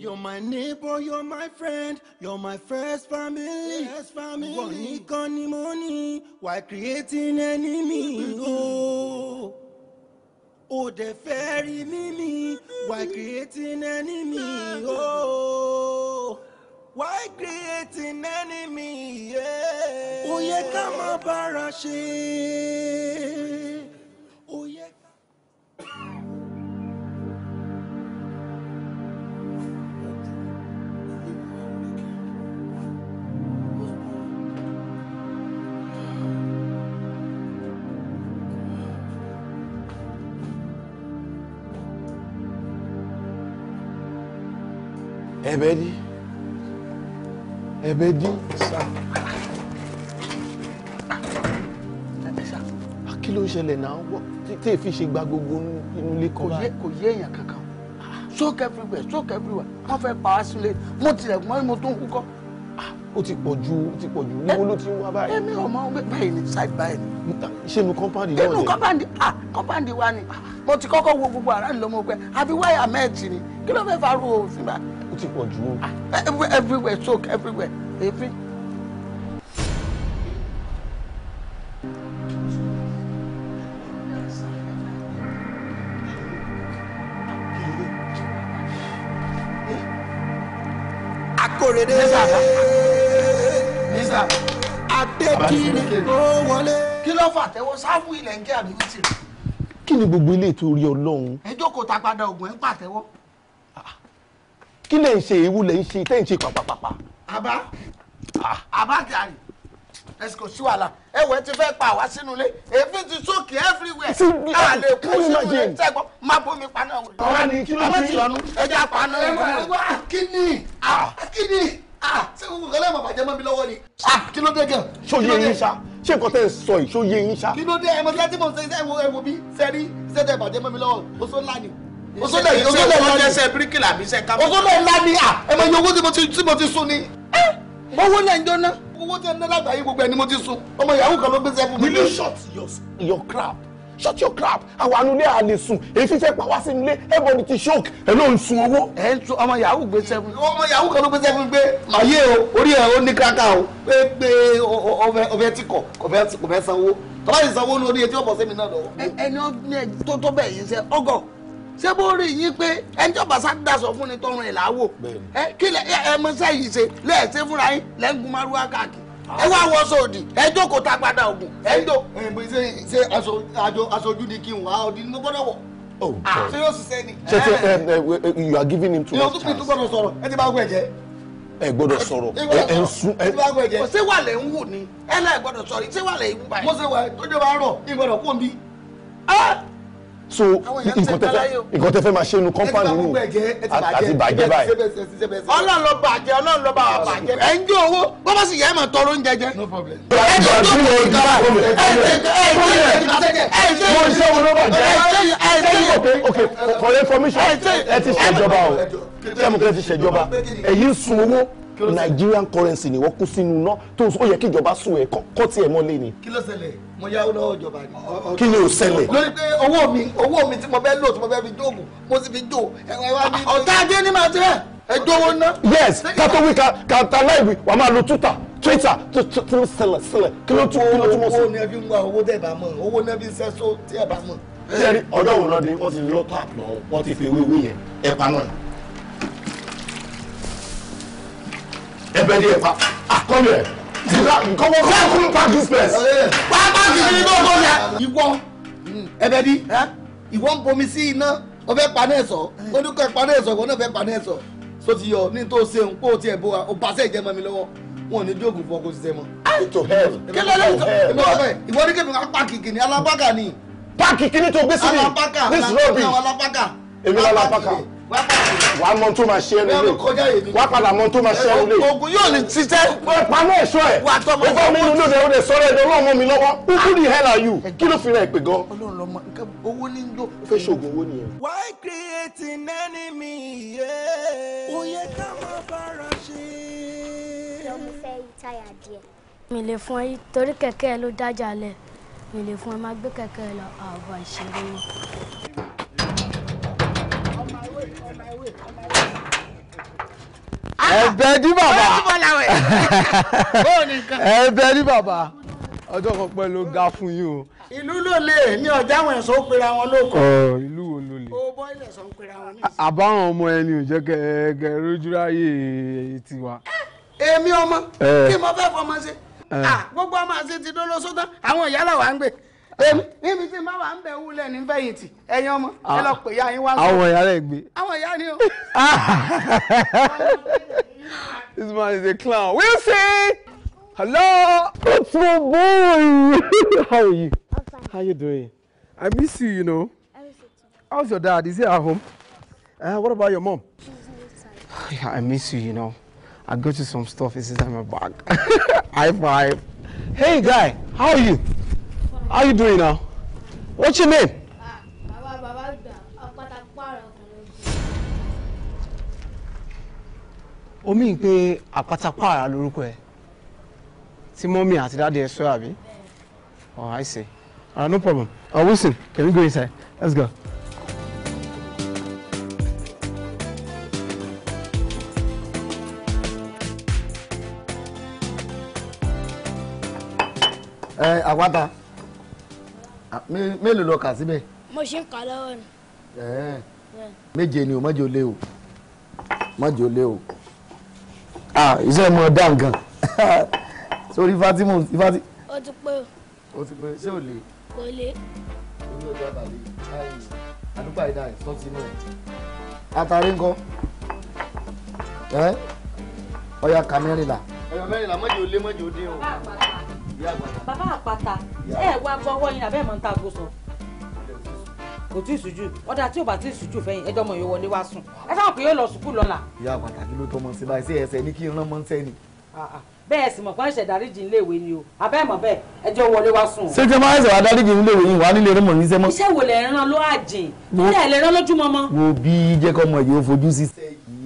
you're my neighbor you're my friend you're my first family first family wọ́n nìkan ni mo ní why creating enemy. Oh. ò dẹ̀ fẹ́ rí mímí why creating enemy oh why creating enemy yeah. ó yẹ ká máa bára ṣe. ẹ̀bẹ̀ dí ẹ̀bẹ̀ dí sá sá ah, kí ló ń ṣẹlẹ̀ náà wọ́ tí èéfì ṣe gba gbogbo inú ilé kan báyìí. kò yé èèyàn kankan soak everywhere soak everywhere wọ́n fẹ́ pa á sílé mo tilẹ̀ mọ́ ni mo tún kú kọ́. Ah, ó ti pọ̀ ju ó ti pọ̀ ju níbo ló ti ń wá báyìí. èmi ò mọ bẹ́ẹ̀ ni side by ni. ṣé inú kọ́mpáàdì náà ni. inú kọ́mpáàdì ah kọ́mpáàdì wa ni mo ti kọ́kọ́ wo gbogbo àrà ńlọmọ pé àbí wáyà mẹ́ẹ̀tì ni kí ló fẹ́ fa ru òfin báyìí ó ti pọ̀ jù o. Ah, everywhere soak everywhere every. akorede adekiri ó wọlé. kí ló fà tẹ́wọ́ sáfù ilẹ̀ ń jẹ́ àbí wítìrì. kí ni gbogbo ilé ìtòrí ọlọ́run. ẹ jókòó ta padà ògùn ẹ ń pàtẹ́wọ́ kí lè ń ṣe ewu lè ń ṣe tẹ́ ń ṣe pàpàpàpà. àbá ah. àbá jàre ẹsìkò sí wàhálà ẹwẹ ti fẹ́ pa àwa sínú ilé èéfín ti sókè everywhere a lè kú sínú ilé tẹgbọ má bómi paná wò. ọ̀rọ̀ ni kí ló fi ọ̀nù ẹja paná wò. kíni ah. ah, kíni ṣé kókò kẹlẹ́ mọ̀ bàjẹ́ mọ́ mi lọ́wọ́ ni. kí ló dé gan. ṣó yé yín ṣá ṣé nǹkan tẹ́ ẹ sọ yìí ṣó yé yín ṣá. kí ló dé ẹ mọ̀ sí ẹ tí mo ṣe ẹ wo ẹ wo bí sẹ́rí ṣẹ́tẹ̀ bàjẹ́ mọ́ mi lọ́wọ́ oṣó ńlá ni òsódà yìí òsódà ńlá ni ẹsẹ̀ bíríkìlà àbí iṣẹ́ kápẹ́. òsódà ńlá ni à ẹ mọ iye owó tí mo ti sún ni. owó náà ń jóná. owó tí ẹ ná lágbàáyé gbogbo ẹni mo ti sún ọmọ ìyàwó kan ló gbé sẹ́fún mi. will you shut your, your crap shut your crap àwọn anulẹ̀ à lè sùn èyí fífẹ́ pa wá sí ilé everybody ti shock ẹ ló ń sun owó. ẹ ń sun ọmọ yahoo gbé sẹ́fún ọmọ yahoo kan ló gbé sẹ́fún pé màyé o orí ẹ ó ní káká o pé pé ọbẹ̀ tí kọ̀ kò fẹ́ sanwó tọ́lá ìsanwó lórí etí ọ̀pọ̀ sẹ́mi náà lọ. ẹni tó bẹ̀ yìí ṣe ọgọ́ ṣé bó rí yín pé ẹni tí ọba fún ni tọrùn ẹ láwò ẹ kí lẹ ẹ mọ iṣẹ́ yìí ṣe lẹẹsẹ fúnra yín lẹńgùn márùwá káàkiri ẹ wá wọ sóòdì ẹ jókòó tá a padà ògùn ẹ ń ṣe aṣojú ni kí n wá ọdí ni mo gbọ́dọ̀ wọ. Oh, ah, ṣé yóò ṣiṣẹ́ ni. ṣe ṣe you are giving him too much chance. ìyókù gbọ́dọ̀ sọ̀rọ̀ ẹ ti bá ẹ ẹ ń sún ẹ. ṣé wà lẹ̀ ń wù ni ẹ náà gbọ́dọ̀ sọ̀rọ̀ ṣé wà lẹ̀ ń wù báyìí. mo ṣe wà tó dé bá rọ̀ ìgbọ́dọ̀ kó mi. Ah! so nǹkan tẹ fẹ́ nǹkan tẹ fẹ́ máa ṣe inú compound nù àti bàjẹ́ báyìí. ọlọ́run ló bàjẹ́ ọlọ́run ló bá wa bàjẹ́ ẹ̀ ń jó owó bó bá sì yẹ ẹ̀ máa tọrọ oúnjẹ jẹ. ẹ jẹ́ tó tó ìgbà ẹ̀ ṣe ẹ̀ ṣe for information ẹ ti ṣèjọba o ẹ ti ṣèjọba èyí ń sun owó. Nigerian currency ni wọ́n kú sínú náà tó ó yẹ kí ìjọba sùn ẹ̀ kọ́ tiẹ̀ mọ́lé ni. kí ló ṣẹlẹ̀ mo yáwó lọ́wọ́ ìjọba ni. kí ni ò ṣẹlẹ̀. lórí pé owó mi owó mi tí mo fẹ́ lò tí mo fẹ́ fi dóògùn mo sì fi dò ẹ̀wọ̀n wa ni. ọ̀tá ajé ni màá tẹ́ ẹ jọ̀wọ́ ná. yes kátó wí ká kàtà láìwí wàá máa lo tútà twitter tó tó tó ṣẹlẹ̀ ṣẹlẹ̀ kí ló tún kí ló tún mọ̀ sí. owó ni ẹ fi ń wá owó tẹ́ ẹ bá mọ̀ owó ni ẹ fi ń ṣẹ́ṣó tẹ́ ẹ bá mọ̀. ṣé ọjọ́ wo lọ́dún wọ́n ti lọ́ọ́ tààpù lọ́wọ́ wọ́n ti fi ewé ewé yẹn ẹ̀ pa náà. ẹbẹ di ẹpa akọni ẹ tila nkọwọ fẹẹkùn pàkì spẹs. pápá kìíní ní ọkọ yẹ. ìwọ ẹbẹ di ìwọ ń bomi sí iná o fẹ́ paná ẹ̀ sọ o ní kọ́ ẹ̀ paná ẹ̀ sọ ìwọ náà fẹ́ paná ẹ̀ sọ so ti yọ ní tó ṣe ń pò tí ẹ̀ bó wa o pàṣẹ ìjẹ́ mọ́ mi lọ́wọ́ wọn ò ní dí ògùn fún ọkọ̀ ṣiṣẹ́ mọ́. Ah! to hell to hell ìwọ ní kébì ká pàkì kìíní alápákà ni. pàkì kìíní tó gbé sí mi this rubbish èmi lálápákà wà á mọ tó máa ṣe ẹnu lé wà á padà mọ tó máa ṣe ẹnu lé. oògùn yóò ní ṣiṣẹ́. wọ́n pa mọ́ ẹ̀ṣọ́ ẹ̀ o kọ́ mi nínú lóde òde sọ́rọ́ ẹ̀dọ́ ọlọ́run mi lọ́wọ́ ah. who the hell are you kí ló fi rẹ̀ pè gan. owó ní ló. fẹ́ ṣoògùn owó nìyẹn. why creating enemy yẹ́ ó yẹ ká má bára ṣe. ìjọ fẹ́ yí díẹ̀. mi lè fún ẹ torí kẹ̀kẹ́ ló dájà lẹ̀ mi lè fún ẹ má gbé kẹ̀kẹ́ lọ àbọ̀ ìṣeré ẹ̀bẹ̀ ní Baba. ẹ̀bẹ̀ ní Baba. ọjọ́ kan pẹ́ ló ga fún yín o. ìlú ló lè ní ọjà àwọn ẹ̀sọ́ pera wọn lóko. ọ ìlú wo ló lè. o. bọ́ ilẹ̀ sọ ń pera wọn ní ìsìn. àbáwọn ọmọ ẹni ò jẹ́ kẹ́ẹ̀kẹ́ rójúráyè tiwa. Ah, èmi ọmọ eh. kí mo fẹ́ fọmọ ṣe eh. ah, gbogbo ọmọ àti ti dó lóṣó àwọn ìyálà wa ń gbé èmi níbi ah. tí máa ń bẹ̀ wúlẹ̀ ní fẹ̀yìntì ẹ̀yin ọmọ ẹ lọ ah. pè ya yín wá. àwọn ìyá rẹ̀ gbé. àwọn ìyá ni o. this man is a clown we'll see hello it's my boy how are you how you doing i miss you you know how's your dad is he at home uh, what about your mom yeah i miss you you know i got you some stuff it's inside my bag high five hey guy how are you. How you doing now? What's your name? omi ń pe àpátápàrà lórúkọ ẹ tí mọ́mí àti dáadé ẹ sọ àbí oh i see uh, no problem uh, Wilson can we go inside let's go. eh àpáta. Uh, Ah, mélòó lọ kà síbẹ̀. mo ṣe ń kà lọ́wọ́ ni. méje ni o mọ́jọ lé o mọ́jọ lé o ah, iṣẹ́ mi ò dá nǹkan sórí Fatima Fatima. ó ti pé o. ó ti pé ṣé o lè. kò lè. èmi ò dábàá lè àdúgbò àìdá ẹ̀ sọ sínú ẹ̀. àtàrí ńkọ́ ọya kà mẹ́rìnlá. ọya mẹ́rìnlá mọ́jọ lé mọ́jọ dín o. bàbá àpáta. bàbá àpáta ẹ wá gbọ́wọ́ yín abẹ́ mọ̀ ń ta àgbo sọ kò tí ì sùjú ọ̀dà tí ò bá tí ì sùjú fẹ́yìn ẹjọ́ mọ̀ yóò wọlé wá sùn ẹ sáwọn pé yóò lọ sùkúù lọ́la. ìyá pàtàkì ló tọmọ sí báyìí sí ẹsẹ ní kí n rán mọ́ ń sẹ́ni. bẹ́ẹ̀ sì mọ̀ pé ẹ̀ṣẹ̀ dáríjì ń léèwé ni o abẹ́ mọ̀ bẹ́ẹ̀ ẹjọ́ wọlé wá sùn. ṣé jẹ́ máa ń ṣèwà dáríjì ń léèwé yìí wà nílé rẹ̀ mọ̀ ní sẹ́mọ́. iṣẹ́ wo lẹ̀ ń rán ló àjìn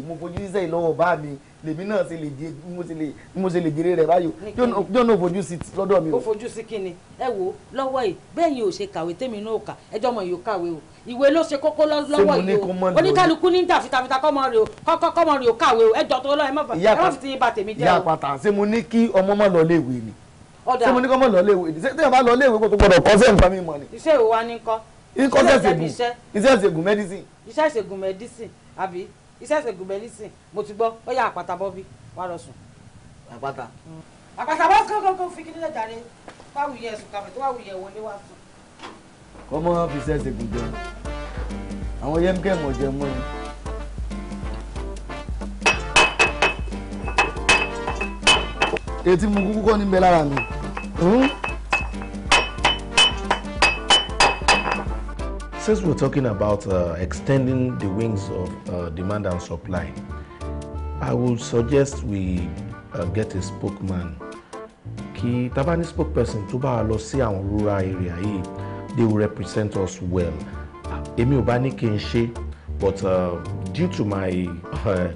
mo fojú sísẹ́ ìlọ́wọ́ bá mi lèmi náà ṣe lè jẹ mo ṣe lè jèrè rẹ̀ báyò yóò náà fojú sí lọ́dọ̀ mi o. ó fojú sí kínni ẹ wo lọ́wọ́ yìí bẹ́ẹ̀ yìí ò ṣe kàwé tèmi náà ò kà ẹjọ́ mọ̀ yìí ò kàwé o ìwé ló ṣe kókó lọ́wọ́ yìí o oníkálukú ní tàfitàfità kọ́mọ rẹ̀ o kọ́mọ rẹ̀ ò kàwé o ẹjọ́ tó lọ o. ìyá pàtà ṣé mo iṣẹ́ ìṣègùn iṣẹ́ àbí iṣẹ́ ìṣègùn bẹ́ẹ̀ nísìn mo ti gbọ́ ó yá àpáta bọ́ bí wà lọ sùn. àpáta. Hmm. àpáta bọ́ kókókó fi kí nílẹ̀ jàre wá wùyẹ ẹ̀sùn kàfẹ́ tó wá wùyẹ wọlé wá sùn. kọ́mọ fi iṣẹ́ ìṣègùn jẹun àwọn yẹ́mkẹ́ mọ̀ jẹun mọ́ ni. etí mu kúkú kọ́ ní bẹ lára mi. Hmm? since we're talking about uh, extending the wings of uh, demand and supply, I would suggest we uh, get a spokesman. Kí tá bá ní spokesperson tó bá lọ sí àwọn rural area yìí, they will represent us well. Èmi ò bá ní kí n ṣe but uh, due to my uh,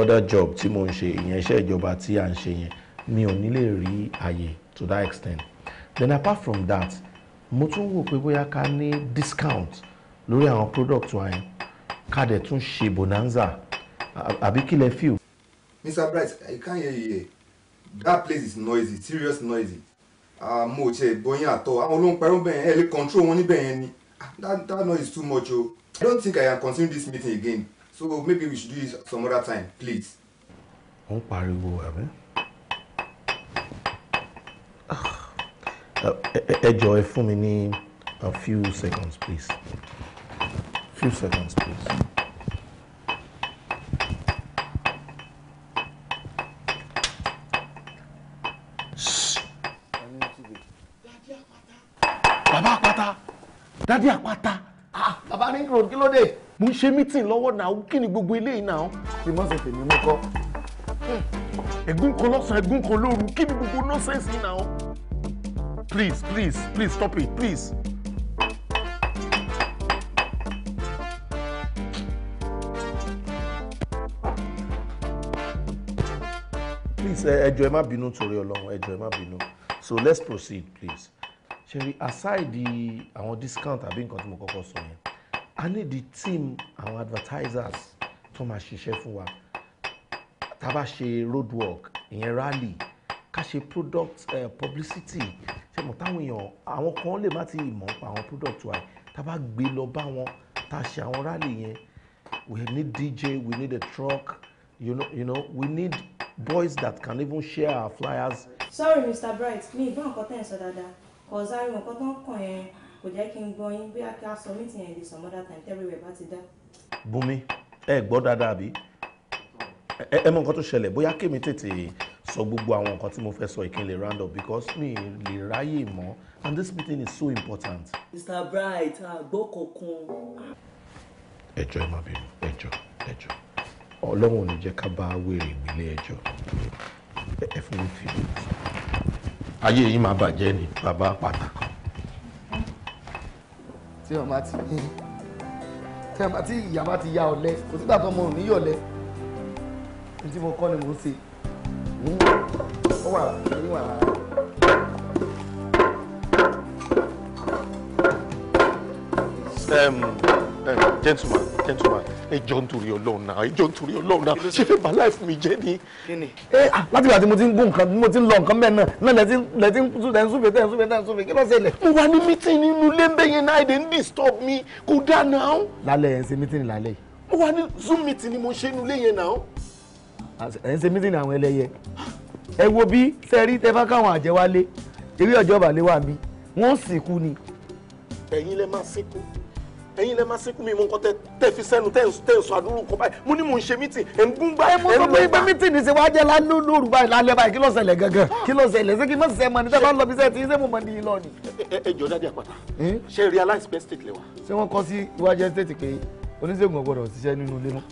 other job tí mo ń ṣe ìyẹn iṣẹ́ ìjọba tí à ń ṣe yẹn mi ò ní rí àyè to that extent. Then apart from that mo tún wò pé bóyá ká ní discount lórí àwọn product wa yẹn ká dẹ̀ tún ṣe bonanza àbí kí lẹ feel. Mr. Bright I can't hear you here that place is noisy serious noisy mo ò tiẹ̀ bọyín àtọ àwọn olóhùn pẹ̀lú bẹ́ẹ̀ ẹ lè control wọn níbẹ̀ yẹn ni that noise is too much o I don't think I can continue this meeting again so maybe we should do this some other time please. wọ́n pariwo ẹ̀mí ẹ jọ̀ọ́ ẹ fún mi ní a few seconds please few seconds please. bàbá àpáta dádì àpáta. Ah, bàbá ring kilo kí ló dé. mo ń ṣe meeting lọ́wọ́ náà kí ni gbogbo eléyìí náà. kí mọ̀ ṣe tèmi mú kọ́. Hmm, ẹ̀gún kan lọ́sàn-án ẹ̀gún kan lóru kí ni gbogbo nọ́ọ̀sẹ̀sì náà. Please, please, please stop it, please. Please, ẹ jọ̀ọ́ ẹ má bínú torí Ọlọ́run, ẹ jọ̀ọ́ ẹ má bínú. So let's proceed, please. Sherry, aside the our discount àbí nǹkan tí mo kọ́kọ́ sọ yẹn, a the team àwọn advertisers tó máa ṣiṣẹ́ fún wa. Tá a bá ṣe roadwork, rally, cash a product uh, publicity mọ̀ táwọn èèyàn àwọn kan lè má ti mọ̀ pa àwọn product wa tá bá gbé lọ bá wọn tá ṣe àwọn rally yẹn we need DJ we need a truck you know, you know we need boys that can even share our flyers. sorry Mr. Bright mi ìgbọ́n nǹkan tẹ̀ ń sọ dáadáa ọ̀zárí nǹkan tó ń kàn yẹn kò jẹ́ kí n gbọ́ yín bí a kí a sọ meeting yẹn di some other time tẹ́lẹ̀ rẹ̀ bá ti dá. Bùnmi ẹ gbọ́ dáadáa bí ẹ mọ nǹkan tó ṣẹlẹ̀ bóyá kémi tètè sọ gbogbo àwọn nǹkan tí mo fẹ́ sọ ìkíni round up because mi lè ráyè mọ́ and this meeting is so important. Mr. Bright àgbọ̀ kankan. ẹjọ́ ẹ má bínú ẹjọ́ ẹjọ́ ọlọ́run ò ní jẹ́ ká bá wèrè mi lé ẹjọ́ ẹ fún mi fi ayé yìí máa bàjẹ́ ni bàbá pàtàkì. tí wọn ti tí wọn ti ìyá bá ti ya ọ̀lẹ kò sígbà tó ọmọ ò ní yọ̀lẹ ní tí mo kọ́ ni mo ń ṣe ó wà gentleman, lára. gentleman gentleman ẹjọ́ nítorí ọlọ́run náà ẹjọ́ nítorí ọlọ́run náà ṣe fẹ́ bà láìfún mi jẹ́ ni. Jenny. láti ìgbà tí mo ti ń gún nǹkan mo ti ń lọ nǹkan bẹ́ẹ̀ náà náà lẹ́tí lẹ́tí ń súnfẹ́ tẹ́ ń súnfẹ́ tẹ́ ń súnfẹ́ kí ló ṣẹlẹ̀. mo wà ní mítìn nínú ilé bẹ́yẹn náà èdè ń disturb mi kò dáa náà. lálẹ́ ẹ̀ ń ṣe mítìn lálẹ́ yìí. mo wà ní zoom mítìn ni mo ṣe nínú ilé yẹn náà ẹ̀ ń ṣe mítìnì àwọn ẹlẹ́yẹ ẹ wo bí sẹ́rí tẹ bá káwọn àjẹ́ wá lé eré ọjọ́ ìbàlẹ̀ wà mí wọ́n sìnkú ni. ẹ̀yin lẹ máa sìnkú ẹ̀yin lẹ máa sìnkú mi mo nǹkan tẹ fi sẹ́nu tẹ ń sọ àdúró kan báyìí mo ní mò ń ṣe mítìn ẹ̀ ń gún gbá ẹ̀ ń lọ ẹ mo sọ pé pé mítìn ní ṣe wá jẹ́ lálóòrù báyìí lálẹ́ báyìí kí ló ṣẹlẹ̀ gangan kí ló ṣẹlẹ̀ ṣé kí n má ṣiṣẹ́ mọ́ ni tẹ́ bá ń ṣé mo mọ̀ ní lọ ni. ẹ jọ dáadé àpáta ṣé realize best state lè ṣé wọ́n kọ́ sí iwájú estate pé oníṣègùn ọ̀gbọ́dọ̀ ṣiṣẹ́ nínú ilé mọ́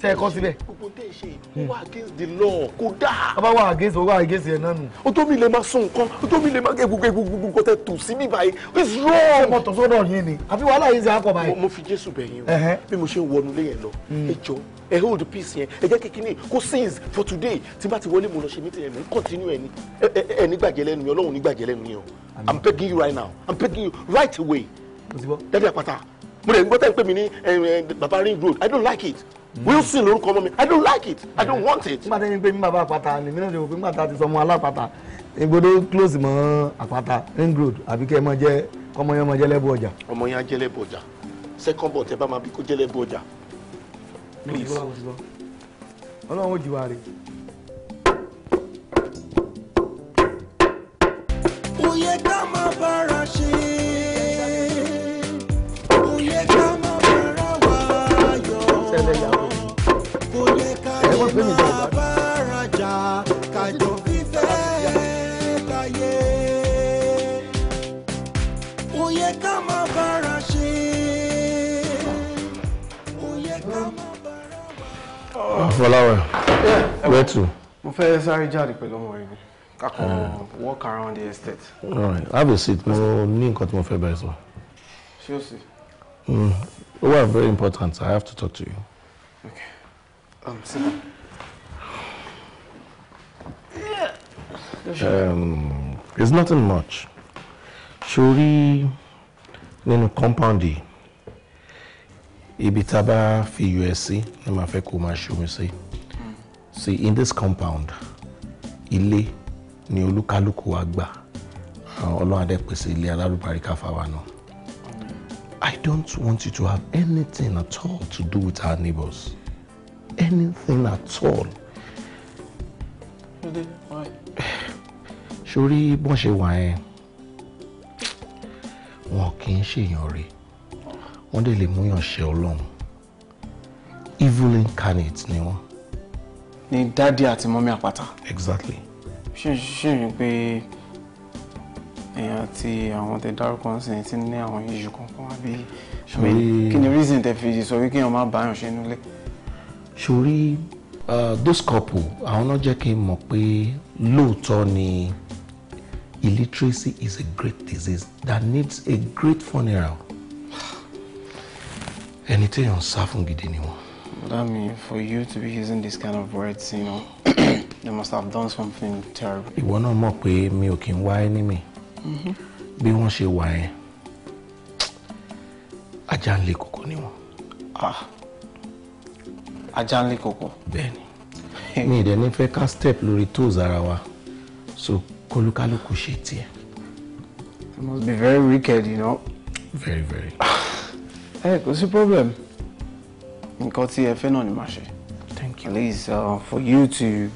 ṣe ẹ̀kọ́ síbẹ̀. gbogbo tẹ̀ ó wà against the law kò dáa. bàbá wà against ó wà against ẹ̀ náà nù. o tó mi lè máa sún nǹkan o tó mi lè máa egungun egungun kò tẹ tù sí mi báyìí it's wrong. ṣé mo tọ̀ sọ́dọ̀ yín ni àfi wàhálà yìí ṣe akọ báyìí. mo fi jésù bẹ̀ yín o bí mo ṣe ń wọnú lé yẹn lọ hmm. ẹ jọ ẹ hold peace yẹn ẹ jẹ́ kékeré kó sins for today tí bá ti wọlé mo lọ ṣe meeting ẹ̀mí continue ẹni ẹni gbàjẹ́ lẹ́nu yẹn ọlọ́run ní lẹ́nu yẹn o i'm begging you right now i'm begging you right away. dádì àpáta mo lè gbọ́ tẹ́ ń pè mí ní eh, eh, baba ring road i don't like it. Mm. Wilson lórúkọ ọmọ mi I don't like it I don't want it. nígbà tí pé mi bàbá àpáta ni mi náà lè wò pé nígbà tá a ti sọmọ alápàtà ìgbòdo close mọ́ àpáta ring road àbí kẹ́ ẹ mọ jẹ́ ọmọ yẹn mọ jẹ́ ọjà. ọmọ yẹn á jẹ́ ọjà second ball tẹ bá máa bí kó jẹ́ ọjà ọlọ́run ó jù rè. kò ká máa bára ṣe é. máa bára jà kájọ fífẹ́ láyé. ó yẹ ká máa bára ṣe. ó yẹ ká máa bára wà. Ah, Fọláwẹ̀ where to. mo fẹ́ sáré jáde pẹ̀lú ọmọ rẹ̀ ni kakọ ah. walk around the estate. all right have a seat mo ní nǹkan tí mo fẹ́ bẹ̀rẹ̀ sọ. ṣé o sì. Hmm. ó wà very important I have to talk to you. okay. Um, sit down. Um, it's nothing much. Ṣorí nínú compound yìí, ibi tá a bá fi iyọ̀ ẹ̀ sí ni màá fẹ́ kó máa ṣomi sí. See, in this compound, ilé ni olúkálùkù wa gbà. Ọlọ́run adé pèsè ilé alárùbáríkà fáwa náà. I don't want you to have anything at all to do with our neighbors anything at all. sórí bọ́n ṣe wà yẹn wọn kì í ṣèyàn rí wọ́n dẹ̀ lè múyàn ṣe ọlọ́run evil incarnate ni wọ́n. ni dádì àti mọ́mí àpáta. exactly. ṣé ṣé mi pé èèyàn àti àwọn tẹ dárúkọ ń sìn tí ní àwọn iṣu kankan wá kí ni reason tẹ fi sọ wí kí èèyàn má bàyàn ṣe nílé ṣorí those couple àwọn náà jẹ́ kí n mọ̀ pé lóòótọ́ ni illiteracy is a great disease that needs a great funeral ẹni téèyàn sá fún gidi ni wọn. mean for you to be using this kind of words, you know, they must have done something terrible. Ìwọ náà mọ̀ pé mi ò kí ń wá ẹni mi. Mm-hmm. Bí wọ́n ṣe wà yẹn, ajá ń le kókó ni wọ́n. Ah ajá ńlé kòkó. mi ì dẹ̀ ní fẹ́ ká step lórí toes ara wa so kólúkálùkù ṣe tiẹ̀. you must be very wicked you know. very very. ẹ kò sí problem nǹkan tí ẹ fẹ́ náà ni màá ṣe. thank you. at least uh, for you to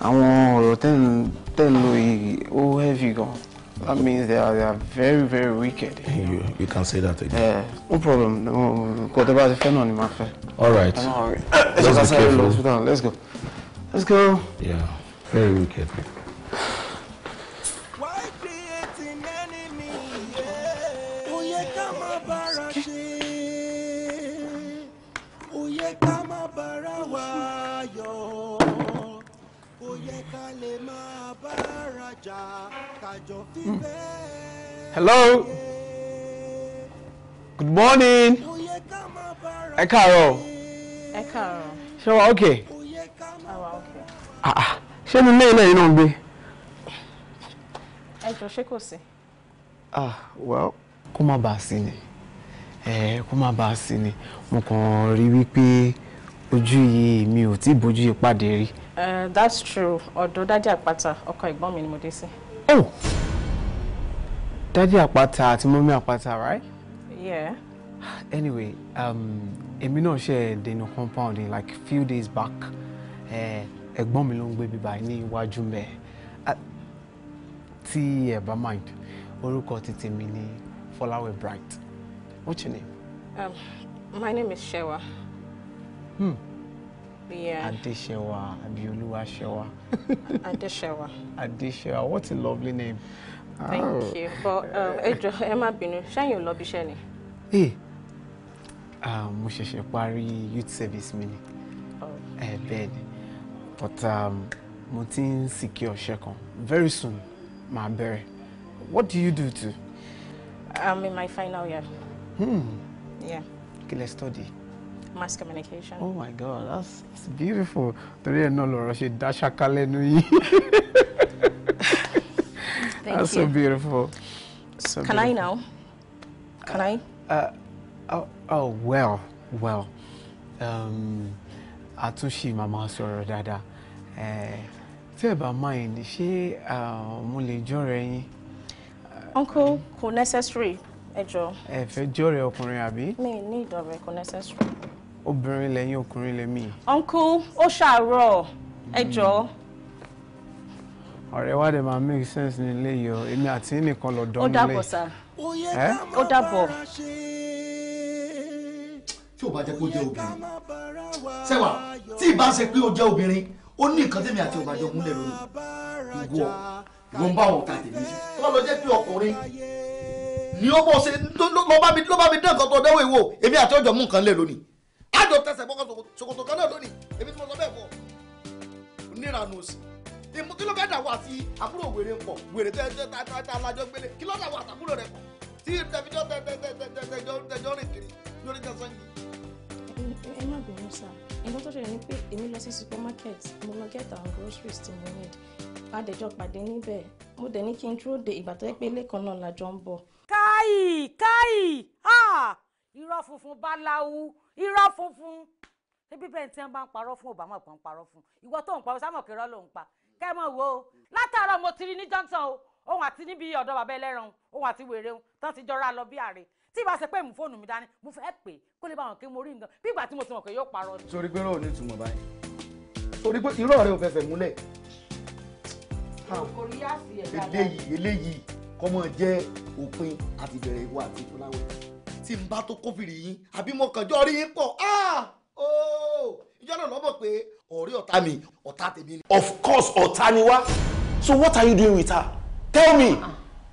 àwọn ọ̀rọ̀ tẹ́ ń lò yìí ó heavy gan-an. That means they are, they are very, very wicked. You, you can say that again. Yeah, no problem. No, whatever the phone on All right. Let's, Let's be Let's go. Let's go. Yeah, very wicked. Mm. Hello. Good morning. Ẹ káàárọ̀. Ẹ káàárọ̀. Ṣé wà ókè? Àwa ah, ah. Ṣé mi lẹ́yìn lẹ́yìn náà ń gbé? Ẹ jọ ṣé kò sí? Ah, well, kó má bàa sí ni. Ẹ kó má bàa sí ni. Mo kàn rí wípé ojú yìí mi ò tí ì bójú yìí pàdé rí. Eh, that's true. Ọ̀dọ̀ Dádì Àpáta, ọkọ ẹ̀gbọ́n mi ni mo dé sí. Oh! Daddy Apata, àti mọ́mí Àpáta, right? Yeah. Anyway, um, èmi náà ṣe dènà compound in like few days back. Eh, ẹ̀gbọ́n mi ló ń gbé bíbá ní iwájú mẹ́. Ah, tí ẹ bá mind, orúkọ ti tèmi ni Fọláwẹ̀ Bright. What's your name? Um, my name is Shewa. Hmm. Yeah. Adeshewa, Abioluwasewa. Adeshewa. Adeshewa, what a lovely name. Thank oh. you. But um, ẹ jọ̀ọ́ ẹ má bínú, ṣẹ́yìn ò lọ bí iṣẹ́ ni? Ee, eh. mo ṣẹ̀ṣẹ̀ parí youth service mi ni. Oh. Ẹ bẹ́ẹ̀ ni. But um, mo ti ń sìnkì ọ̀ṣẹ́ kan. Very soon, màá bẹ̀rẹ̀. What do you do too? I'm in my final year. Hmm. Yeah. Kí lẹ study? mass communication. oh my god that's, that's beautiful torí ẹ̀ náà lọ̀rọ̀ ṣe dá ṣáká lẹ́nu thank that's you. so beautiful. So can beautiful. I now? Can I? Uh, uh, oh, oh well well um, àtúnṣe màmá sọ̀rọ̀ dáadáa tí ẹ bá mind ṣé mo lè jọ̀rọ̀ ẹ̀yin. uncle kò necessary ẹ jọ. ẹ fẹ́ jọ̀rọ̀ ọkùnrin àbí. mi ní ìdọ̀rẹ́ kò necessary obìnrin lẹ́yìn ọkùnrin lẹ́mí. uncle ó ṣàárọ̀ ẹ jọ̀ọ́. ọ̀rẹ́ wa dẹ̀ máa make sense ní ilé yìí o èmi àti nìkan lọ dán nílé. ó dàbọ̀ sá ó dàbọ̀. tí o bá jẹ́ pé o jẹ́ obìnrin sẹ́wà tí ì bá ṣe pé o jẹ́ obìnrin ó ní nǹkan tẹ̀mí àti ọ̀bàjọ́ ògúnlẹ̀ lónìí ìwọ ló ń bá wọn ta tèmi jù tó bá lọ jẹ́ pé ọkùnrin ni ó bọ́ ṣe ló bá mi dán nǹkan tó dánwò ìwò èmi àti ọjọ́ mú nǹkan lẹ̀ lónìí àjọ tẹsẹ̀ bọ́kọ̀ ṣòkòtò kan náà lónìí èmi tí mo sọ bẹ́ẹ̀ fọ nira nù sí ìmú kí ló fẹ́ dà wá àbúrò wèrè ń pọ̀ wèrè tẹ́ tẹ́ tẹ́ tẹ́ alájọ gbélé kí ló dà wá àtàbúrò rẹ pọ̀ tí tẹ̀fíjọ́ tẹ́ tẹ́ tẹ́ tẹ́ tẹ́jọ́ tẹ́jọ́ rìn kiri lórí tẹ̀sán yìí. ẹ má bínú sá nǹkan tó ṣẹlẹ̀ ni pé èmi lọ sí supermarket mo lọ get our groceries To mo need adẹjọ pàdé níbẹ̀ mo dẹ̀ ní kí n dúró de ìgbà tó yẹ pé lẹ́kọ̀ọ́ náà la jọ ń bọ̀. káì káì ah irọ́ funfun báláwú irọ́ funfun ṣébí bẹ́ẹ̀ tí wọ́n bá ń parọ́ fún Obama kan ń parọ́ fún ìwọ tó ń parọ́ sámọ̀ kí irọ́ ló ń pa kẹ́ mọ̀ wo látàárọ̀ mo ti rí ní Johnson o òun àti níbi ọ̀dọ̀ bàbá ẹlẹ́ran òun àti wèrè òun tán ti jọra lọ bí àrè tí ìbá ṣe pé mú fóònù mi dání mo fẹ́ pè kó lè bá wọn kí mo rí nǹkan bí ìgbà tí mo ti mọ̀ pé yóò parọ́ ni. sori pé irọ́ ò ní ìtumọ̀ báyìí sori pé irọ́ rẹ ò fẹsẹ̀ múlẹ̀. kò rí àṣìyẹ dáadáa eléyìí eléyìí kọ́mọ jẹ́ òpin àti bẹ̀rẹ̀ ìwà àti ìfúláwẹ̀ tí n bá tó kófìrí yín àbí mo kàn jọ rí yín pọ̀ ah! oh! ìjọ náà lọ́mọ̀ pé ọ̀rẹ́ ọ̀tá mi ọ̀tá tèmi ni. of course ọ̀tá ni wá so what are you doing with her tell me ah.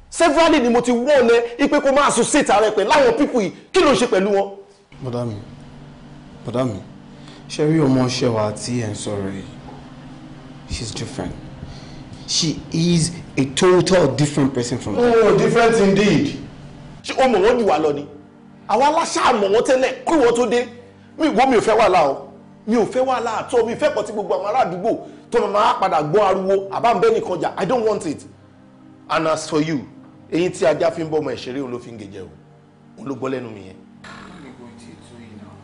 severally ni mo ti wọ́n lẹ ipe kó máa sùn síta rẹ pẹ̀ láwọn pípù yìí kí ló ń ṣe pẹ̀lú wọn. bọ́dà mi bọ́dà mi ṣe rí ọmọ ṣẹwà tí ẹ̀ ń sọ̀rọ̀ yìí she's different she is a total different person from. oh different indeed. ṣé o mọ̀ wọ́n jù wá lọ ni àwa aláṣà àmọ̀ wọn tẹ́lẹ̀ kó ìwọ tó dé mi ìwọ mi ò fẹ́ wàhálà o mi ò fẹ́ wàhálà àtọ́ mi fẹ́ kọ́ tí gbogbo àwọn ará àdúgbò tó máa padà gbọ́ ariwo àbámbẹ́ nìkan jà I don't want it and as for you eyín tí ajá fi ń bọ́ ọmọ ìṣeré òun ló fi ń gèjẹ o òun ló gbọ́ lẹ́nu mi yẹn. ìgò tí ì tú yìí náà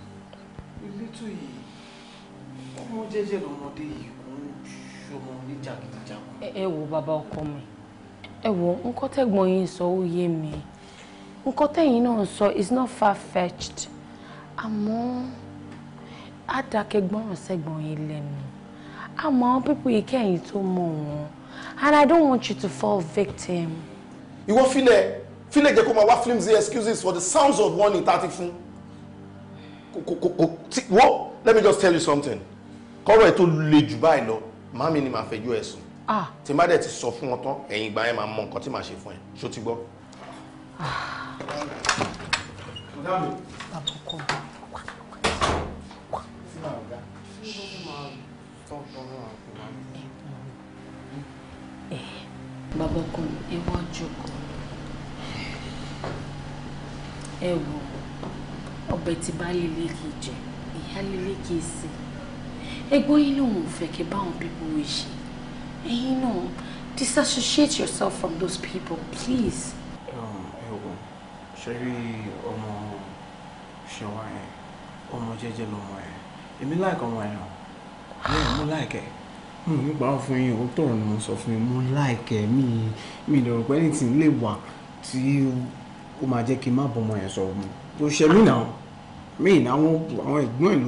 ilé tú yìí ọmọ jẹ́jẹ́ lọ́mọdé yìí kò ń ṣọmọ ní jàgídíjàgùn. ẹ wo bàbá ọkọ mi ẹ wo nǹkan tẹ́gbọ́n yín sọ ó yé mi nǹkan tẹ̀yìn náà ń sọ is not far fetched àmọ́ á dákẹ́ gbọ́ràn sẹ́gbọ̀n yín lẹ́nu àmọ́ àwọn pípọ̀ yìí kẹ́yìn tó mọ̀ wọ́n and I don't want you to fall victim. ìwọ filẹ filẹ jẹ kó máa wá flimsy excuses for the sounds of one in thirty fún wọ́n let me just tell you something kọ́rọ̀ ẹ̀ tó le jù báyìí lọ màmí ni màá fẹjọ́ ẹ̀ sùn ah. tí ti sọ fún wọn tán ẹ̀yìn ìgbà yẹn máa mọ nǹkan tí màá ṣe fún ẹ ṣó ti gbọ́. Baboko. Baboko, ẹ wá jókòó. Ẹ wò, ọbẹ̀ tí bá lílé kì í jẹ, ìyá lílé kì í sè. Ẹgbọ́n yín náà ò fẹ́ kí báwọn ṣe. Ẹ̀yin disassociate yourself from those people, please ṣẹ́rí ọmọ ṣẹ̀wá yẹn ọmọ jẹ́jẹ́ lọmọ yẹn èmi láìka ọmọ yẹn náà mo láìka ẹ̀ mo ní pa fún yín o tọ̀rọ̀ ni mo sọ fún yín mo láìka mi mi lè rò pé anything lè wà tí ó máa jẹ́ kí n má bọ́mọ yẹn sọ̀rọ̀ mu tó ṣe mí náà mí náà àwọn ẹ̀gbọ́n ẹ̀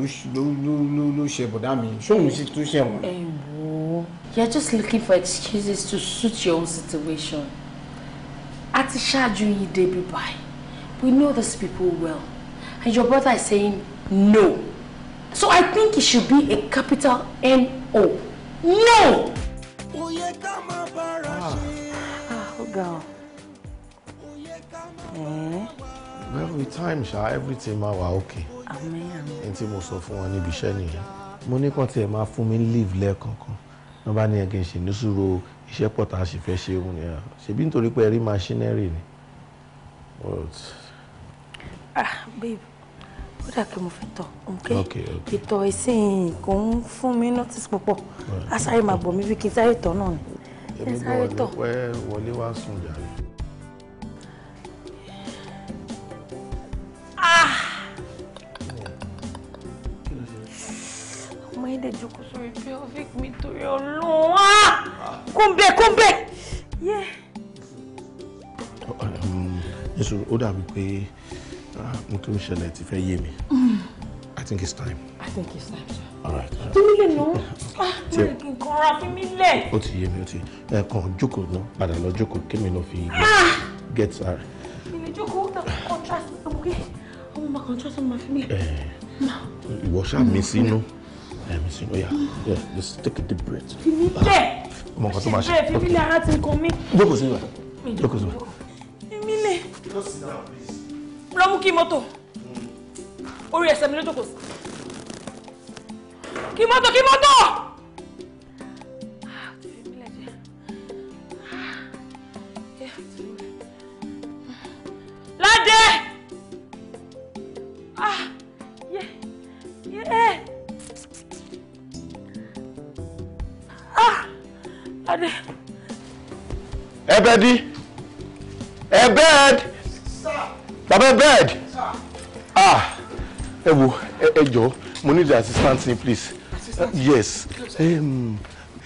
ló ṣe bọ̀dá mi ṣóun sì tún ṣe wọ́n. ẹ wo you're just looking for excuses to suit your own situation a ti ṣáájú yìí débi báyìí We know these people well. And your brother is saying no. So I think it should be a capital N-O. No! Ah. ah, oh girl. Eh? Well, with time, ṣá, everything ma wa okay. Amen. Enti tí mo sọ fún wọn níbi iṣẹ́ nìyẹn. Mo ní kàn tiẹ̀ máa fún mi leave lẹ́ẹ̀kọ̀ọ̀kan. Wọ́n bá ní ẹ̀kẹ́ ṣe ní sùúrù iṣẹ́ pọ̀ tá a sì fẹ́ ṣe òun nìyẹn. Ah, Ṣèbí nítorí pé ẹ rí machinery ni. But ah babe ó dà pé mo fẹ́ tọ̀ ok ìtọ̀ ìsìn kò ń fún mi notice púpọ̀ a sáré máa bọ̀ mí bí kí n sáré tọ̀ náà ni kí n sáré tọ̀. èmi náà wẹ́ wọlé wá sùn jàre. Ah! ọmọ yẹn dẹ̀ jókòó sórí pelvic mi torí ọlọ́wọ́ ah! kúnbẹ̀ kúnbẹ̀ yẹ. Mm, ó dàbí pé. Ah, mo tó if ṣẹlẹ̀ hear me, I think it's time. I think it's time sir. all right. Ah, kí you lè nù. You ẹ kì í kọra fi mí lẹ̀. ó ti yé mi ó ti ẹ kàn jókòó náà padà lọ jókòó kémi náà fi ah! get her. ìlẹ̀ jókòó tàbí contrast ọmọkẹ́ àwọn ọmọ contrast ọmọ fi mí. ìwọ ṣáà mi sínú ẹ̀mí sínú yà just take a deep breath. fi mí lẹ̀ ọmọ nǹkan tó máa ṣe. fi mí lẹ̀ ara ti ń kan mí. jókòó sí wa jókòó sí wa. fi mí lẹ̀ lọ mú kí mọ́tò orí ẹsẹ̀ mi ló jókòó sí kí mọ́tò kí mọ́tò. Ládé. Ah, yeah, yeah. Ah, Ládé. Ebedi. Ebed. Sir. Baba bed ah ẹ wo ẹ jọ mo need assistance ni please uh, yes um,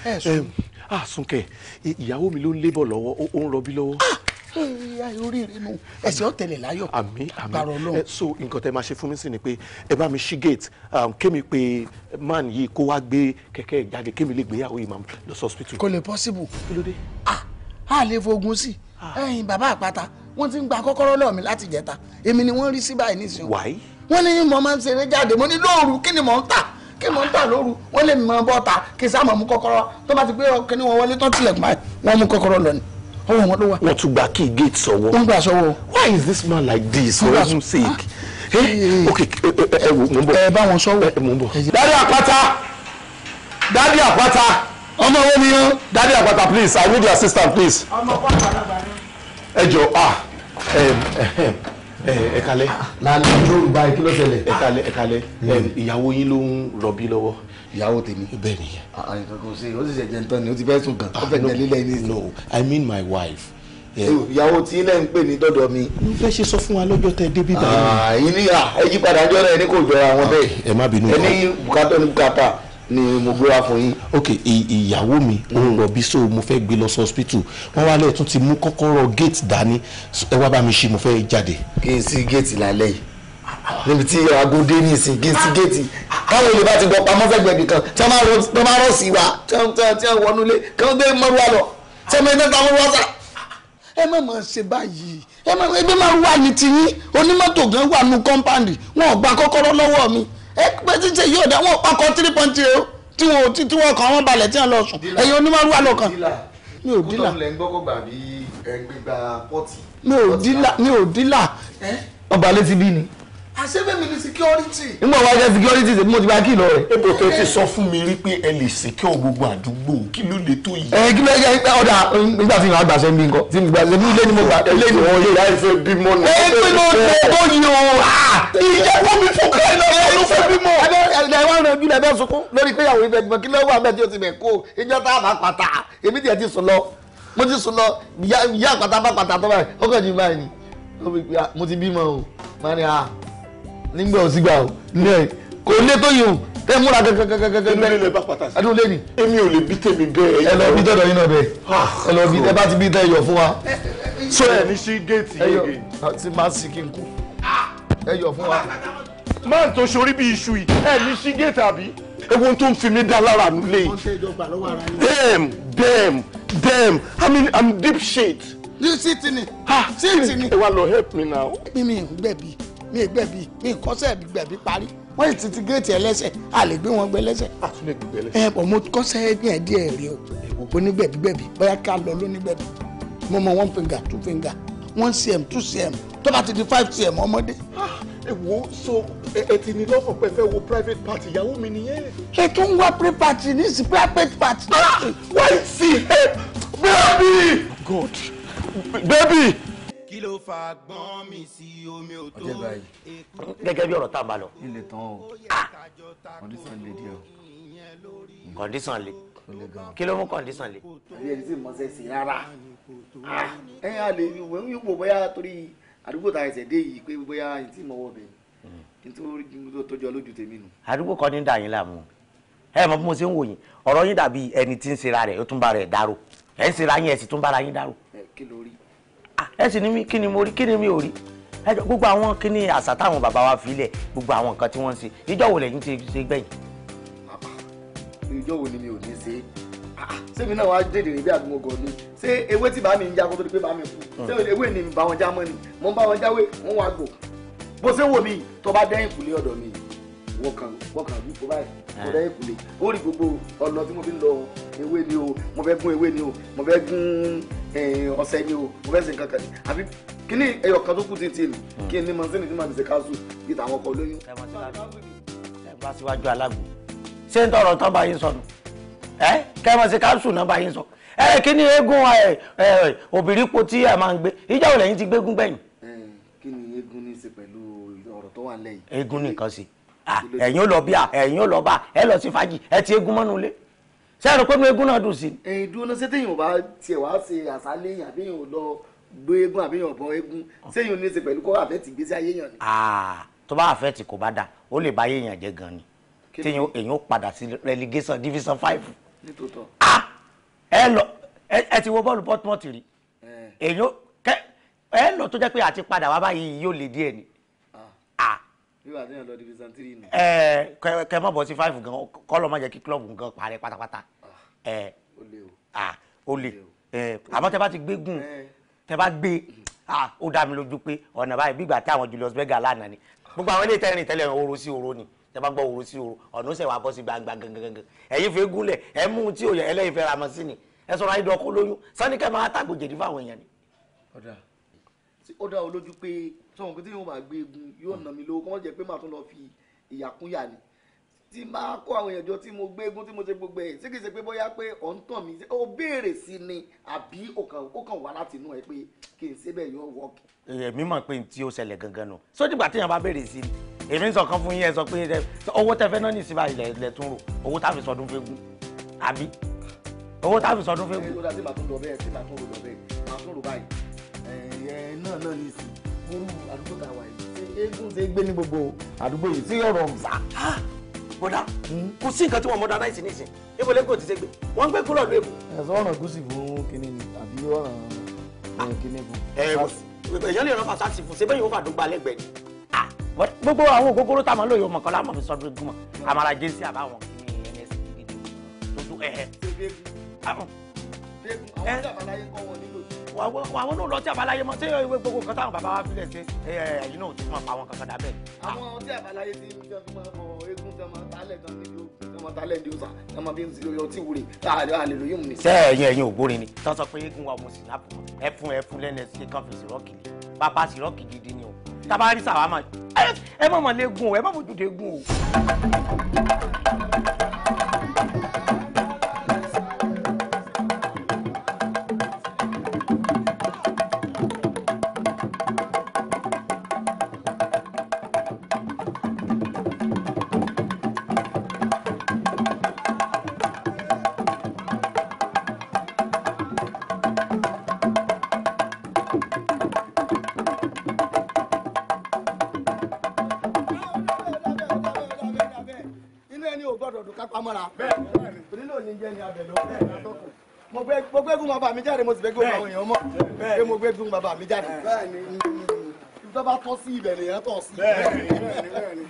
um, ah Súnkẹ́ ìyàwó mi ló ń lébọ̀ lọ́wọ́ ó ń rọbí lọ́wọ́ ah, oríire nu ẹsẹ ọtẹlẹ láyọ̀ àmín àmín eh, so nǹkan tẹ máa ṣe fún mi sí ni pé ẹ bá mi ṣí gate um, kémi pé man yìí kó wá gbé kẹ̀kẹ́ jáde kémi lè gbéyàwó yìí máa lọ sí kò lè possible. kí ló dé. Ah, a lè f'oògùn sí i ẹ̀yin bàbá àpáta wọ́n ti ń gba kọ́kọ́rọ́ lọ́ọ̀ mi láti jẹta èmi ni wọ́n rí sí báyìí nísìnyí. wàyí. wọ́n ní mo máa ń ṣeré jáde mo ní lóòrù kí ni mò ń tà kí mò ń tà lóru wọ́n lè mọ bọ́ta kí sáà mọ̀ mú kọ́kọ́rọ́ tó bá ti gbé kíní wọn wọlé tán tilẹ̀kùn báyìí wọ́n mú kọ́kọ́rọ́ lọ ni ọwọ́ wọn ló wà. wọ́n tún gba kí gate sọ̀wọ́. wọ́n gbà sọ́wọ́. why is this man like this for his sake. Eh, ok eh, eh, ẹ wo mo ń bọ̀. ẹ bá wọn sọ́wọ́. mo ń bọ̀. dádì àpáta dádì àpáta ọmọ wo ni yan dadi àpáta please i need your assistant, please. ọmọ kọ́ àgbàlagbà ni. ẹ jọ ah eh, eh, eh, ẹ kalẹ̀. lálẹ́ ojú ń gba kí ló ṣẹlẹ̀. ẹ kalẹ̀ ẹ kalẹ̀ hmm. ìyàwó yín ló ń rọbí lọ́wọ́. ìyàwó tèmi. bẹ́ẹ̀ ni. àyìnkan ah, ah, kò sí o sì ṣe jẹun tán ni o ti fẹ́ sùn gan. ọbẹ̀ ní ẹlẹ́lẹ́ ní. no i mean my wife. ìyàwó tí ilẹ̀ ń pè ní dọ́dọ̀ mi. mo fẹ́ ṣe sọ fún wa lọ́jọ́ tẹ débi báyìí. ẹyin ah, ni ẹyí padà jọ́ra ẹni kò jọra wọn bẹ́ẹ̀. ẹ má bínú. ẹni bùkátà ni bùkátà ni mo gbé fún yín. ok ìyàwó mi ó ń rọbí mm. so mo fẹ́ gbé lọ sí hospital wọ́n wá lẹ́ẹ̀ tún ti mú kọ́kọ́rọ́ gate dání ẹ wá bá mi ṣe mo fẹ́ jáde. kì í sí gate lálẹ́ yìí níbi tí aago dé ní ìsìn kì í sí gate káwọn olè bá ti gbọ́ pamọ́ fẹ́ gbẹ̀bì kan tí wọ́n máa rọ̀ sí wa tí wọ́n wọnú ilé kí wọ́n gbé mọ́rú wa lọ tí wọ́n máa tẹ́ta mọ́rú wa sà. ẹ má máa ṣe báyìí ẹ má ẹgbẹ́ máa wà ní tiyín onímọ́tò gan wà nù kọ́ńpáàndì wọn ò gba kọ́kọ́rọ́ lọ́wọ́ mi pé títí yóò dá wọn ọkọ̀ three point zero tí wọn ò tí wọn kàn wọn balẹ̀ tí wọn lọ sùn ẹ̀yin onímọ̀rúwà lọ́kàn mi ò dílà mi ò dílà mi ò dílà ọ̀bàlẹ̀ ti bí ni àṣẹ́fẹ́ mi ni security. nígbà wàá jẹ́ security ṣe mo ti gba kí lọ rẹ̀. ebo tó ti sọ fún mi rí pé ẹ lè secure gbogbo àdúgbò kí ló lè tó yìí. ẹ kí ló yẹ ẹ ọ̀dà nígbà tí màá gbàṣẹ mi nǹkan tí gbàṣẹ mi lé ni mo gbà lé ni mo lé. ìyá ìfẹ́ bímọ ni. ẹ pé mo tó tó yìí o. Ah! ìyàwó mi fún ká iná wọn ló fẹ́ bímọ. ẹ wá rẹ bí lẹbẹ sunkún lórí pé ìyàwó ibẹ gbọn kí ló wà bẹ́ẹ̀ tí o ti bẹ kó ìjọ tá a bá pàtà èmi tiẹ̀ ti sùn lọ mo ti sùn lọ ìyá àpàtà bá pàtà tó báyìí ó kàn jí báyìí ni ah, mo ti bímọ o máa ní a ah, nígbà ò sígbà ò lẹ kò lé tó yìí o tẹ múra gẹgẹgẹgẹgẹ. inú ilé bá pàtàkì. adúlé ni. èmi ò lè bí tèmi bẹ́ẹ̀. ẹ lọ bí tọ̀dọ̀ yín náà bẹ́ẹ̀. ẹ lọ bí tẹ bá ti bí tẹ yọ fún wa. so ẹ ní sí géètì yege. ti máa sì kí n kú. ẹ yọ fún wa. máa tó sori bí iṣu yìí ẹ ní sí géètì àbí. ewu tó ń fi mi dá lára mi lé. damn damn damn i mean i'm deep shit. you see tini. see tini. help me now. mímí mi ì gbẹ̀bí mi ì kọ́sẹ̀ gbẹ̀bí parí wọ́n sì ti ti géètì ẹlẹ́sẹ̀ a lè gbé wọn gbẹ lẹ́sẹ̀. a tún lè gbẹ lẹ́sẹ̀. ẹ bọ̀ mo kọ́sẹ̀ yẹn díẹ̀ rí o onígbẹ̀bígbẹ̀bí bóyá ká lọ lónígbẹ̀bí mo mọ one finger two finger one cm two cm tó bá ti di five cm ọmọdé. ẹ wo so ẹ e, e ti ní lọ́fọ̀ pé fẹ́ wo private party ìyàwó mi nìyẹn. ẹ tún wá pre party ní sí private party. wáyé sí ẹ bẹ́ẹ̀ bí. God baby kí ló fa gbọ́n mi sí omi ò tó. gẹ́gẹ́ bí ọ̀rọ̀ tá a bá lọ. ilé tán o condition le díẹ̀ o. condition le kí ló mú condition le. ẹyẹ ti mọ̀ọ́sẹ̀ sí rárá ẹ̀yin a lè wẹ̀ ń bóyá torí àdúgbò tá a dé yìí pé bóyá ẹ̀yin ti mọ̀ọ́wọ́ bẹ̀ nítorí tó jọ lójú tèmi nù. àdúgbò kan ní dàyín làmú ẹ mọ bí mo ṣe ń wò yín ọ̀rọ̀ yín dàbí ẹni tí ń ṣera rẹ̀ ó tún bá rẹ̀ dárò ẹ̀ ń ṣera yín ẹ̀ sì tún bára yín dárò. ẹ kí ló ẹ sì ní mi kí ni mo rí kí ni mi ò rí ẹjọ gbogbo àwọn kí ni àṣà táwọn bàbá wa fi lẹ̀ gbogbo àwọn nǹkan tí wọ́n ń ṣe ìjọ wo lẹ́yìn ti ṣe gbẹ̀yìn. ìjọ wo ni mi ò ní ṣe sẹ́mi ah, ah, náà wàá dèdè rẹ̀ bí àgbọ̀ngàn ni ṣé ewé tí bá mi ń já kó tó di pé bá mi kú ṣé hmm. ewé ni bá wọn já mọ́ ni mo ń bá wọn jáwé wọ́n wá gbò bó ṣe wò mí tó bá dẹ́yìn kùlé ọ̀dọ̀ mi wọ́n kàn wọ́n kàn wí báyìí mo dẹ́ ìkùlé ó rí gbogbo ọ̀nà tí mo fi ń lọ ewé ni o mo fẹ́ gún ewé ni o mo fẹ́ gún eh, ọ̀sẹ̀ ni o mo fẹ́ ṣe nǹkan kan àbí kí ni ẹyọ kan tó kù tí ń tì mí kí ni màsínì tí màá fi ṣe káṣù bí tàwọn ọkọ̀ lóyún. ẹ bá síwájú alágbó ṣé ń tọrọ tán bá yín sọnù ẹ kẹ́ ẹ mọ̀ sí káṣù náà bá yín sọ ẹ kí ni eégún obìnrin po tí ẹ máa ń gbé ìjà òlẹ̀yìn ti gbégún gbẹ̀yìn. Eh, kí ni eégún ní í ṣe pẹ̀lú ọ̀rọ̀ tó wà lẹ́yìn. eégún nìkan sí Ah, ẹ̀yin ó lọ bí a ah, ẹ̀yin ó lọ bá ẹ lọ sí fàájì ẹ ti eégún mọ́nu ilé ṣé ẹ rò pé inú eégún náà dùn sí. èyí eh, dúró ṣé téèyàn bá tiẹ̀ wá ṣe àṣálẹ́ àbí èèyàn lọ gbé eégún àbí èèyàn bọ eégún séèyàn ní í ṣe pẹ̀lú kó àfẹ́tì gbé sí ayé èèyàn ni. Ah, tó bá àfẹ́tì kò bá dà ó lè bá ayé èèyàn jẹ gan ni téèyàn èèyàn ó padà sí relegation division five. nítòótọ́. ẹ lọ ẹ ti wo bọ́ọ̀lù Portsmouth rí eh. èèyàn ẹ lọ tó jẹ́ pé àti padà wá báyìí yóò lè díẹ̀ ni bíbá tí yàn lọ division three nù. ẹ kẹ kẹ mọ bọ sí five gan kọlọ má jẹ kí klọọbù gan parẹ́ pátápátá. Ah, ẹ o lè o. a o lè ẹ àmọ́ tẹ bá ti gbé gùn tẹ bá gbé a ó dá mi lójú pé ọ̀nà báyìí bígbà tí àwọn Julius Berger lánàá ni gbogbo àwọn ilé tẹ́rìn tẹ́lẹ̀ oró sí oró ni tẹ bá gbọ́ oró sí oró ọ̀nà ó sẹ̀ wá bọ́ sí gbangba gangan ẹ̀yin fẹ́ gúnlẹ̀ ẹ̀ mú un tí ò yẹ ẹlẹ́yin fẹ́ ra mọ́ sí ni ẹ sọ̀rọ̀ ayé dọ̀kọ́ lóyún sanni kẹ́ máa tàgbò jèdí fáwọn èèyàn ni. ó dà olójú pé sọ̀rọ̀ pé tí yóò máa gbé egun yóò hmm. nà mí lówó kọ́ mọ́ jẹ́ pé màá tún lọ fi ìyàkúnyà ni tí máa kó àwọn èèyàn jọ tí mo gbé egun tí mo ṣe gbogbo ẹ̀ ṣé kìí ṣe pé bóyá pé ọ̀ ń tàn mí ó béèrè sí ni àbí ó kàn wá láti inú ẹ pé kì í ṣe bẹ́ẹ̀ yóò wọ́ọ̀kì. èmi mọ̀ pé tí ó ṣẹlẹ̀ gangan nù sódìgbà téèyàn bá béèrè sí ni èmi ń sọ kan fún yín ẹ sọ pé owó tẹ fẹ́ náà ní ìsinmi ilẹ̀ tún rò owó tá a fi sọdún fẹ́gun àbí owó tá a fi sọdún fẹ́gun. ẹ ló dá sí màtún lọ bẹ́ẹ̀ sí màtún lọ bẹ́ẹ̀ màtún náà náà ní ìsìn gbogbo àdúgbò tá a wà yìí ṣe eégún ṣe gbé ní gbogbo àdúgbò yìí sí ọ̀rọ̀ ọ̀sà. bọ̀dá kò sí nǹkan tí wọ́n mọ́dá láìsí nísìn níbo lẹ́gùn ti ṣe gbé wọ́n ń gbé kúrò lóògùn. ẹ̀sọ́ ọ̀nà gúúsì fún kínní ni àbí ọ̀nà kínní fún. èèyàn lè rán fàṣà sí fún ṣé bẹ́ẹ̀ yóò fàdúgbò alẹ́ gbẹ̀ni. gbogbo àwọn ògógóró tá a máa lò yóò mọ̀ mọ̀ fi sọ́dún gúnmọ̀ àmàlà jẹ́sí àbáwọn kínní ẹ̀ẹ́dẹ́sì àwọn náà lọ tí àbáláyé mọ ṣé ìwé gbogbo nǹkan táwọn bàbá wa fílẹ̀ ṣe ẹ̀yìn náà ò tún mọ̀ pa àwọn kankan dábẹ́. àwọn tí àbáláyé ti fi mọ eégún tí ọmọ tálẹ̀ gan níbi ọmọ tálẹ̀ di ọ̀sà ọmọ bí n ti yọ ọtí wúre àlèlò yóò mú mi. ṣé ẹ̀yin ẹ̀yin ògbórin ni tán sọ pé eégún wa mo sì lápò ẹ fún ẹ fún lẹ́nu kan fi sìrọ́ọ̀kì ni bàbá sìrọ́ọ̀kì gidi ni o tábà sàwámà ẹ mọ̀ mọ̀ lé mi jáde mo sì fẹ́ gbé àwọn èèyàn mọ̀ pé mo gbé fún bàbá mi jáde bàbá tọ́ sí ibẹ̀ nìyẹn tọ̀ sí. bẹ́ẹ̀ni bẹ́ẹ̀ni bẹ́ẹ̀ni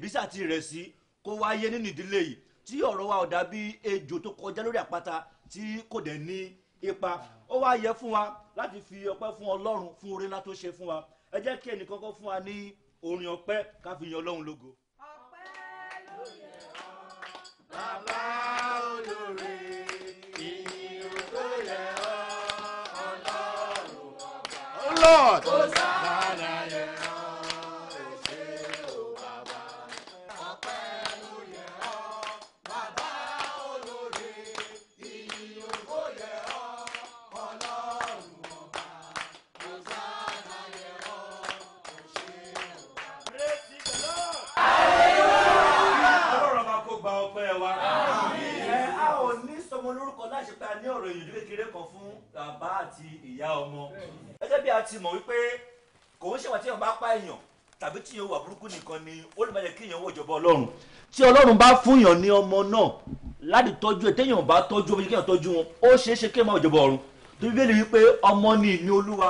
ìbísà ti rẹ̀ sí kó wáyé nínú ìdílé yìí tí ọ̀rọ̀ wa ò dàbí ejò tó kọjá lórí àpáta tí kò dẹ̀ ní ipa ó wá yẹ fún wa láti fi ọpẹ́ fún Ọlọ́run fún oore ńlá ṣe fún wa ẹ jẹ́ kí ẹnì kọ́kọ́ fún wa ní orin ọpẹ́ ká fi yan Ọlọ́run lógo. Lord. Hosanna. àwọn ìyànjú kékeré kan fún bàbá àti ìyá ọmọ gẹ́gẹ́ bí a ti mọ̀ wípé kò ń ṣèwà tí èèyàn bá pa èèyàn tàbí tí èèyàn wà burúkú nìkan ni ó lè má jẹ́ kí èèyàn wọ ìjọba ọlọ́run tí ọlọ́run bá fún èèyàn ní ọmọ náà láti tọ́jú ẹ̀ téèyàn bá tọ́jú ọmọ kéèyàn tọ́jú wọn ó ṣeé ṣe kéèyàn má ìjọba ọ̀run tó bí bẹ́ẹ̀ ni wípé ọmọ ni ìní olúwa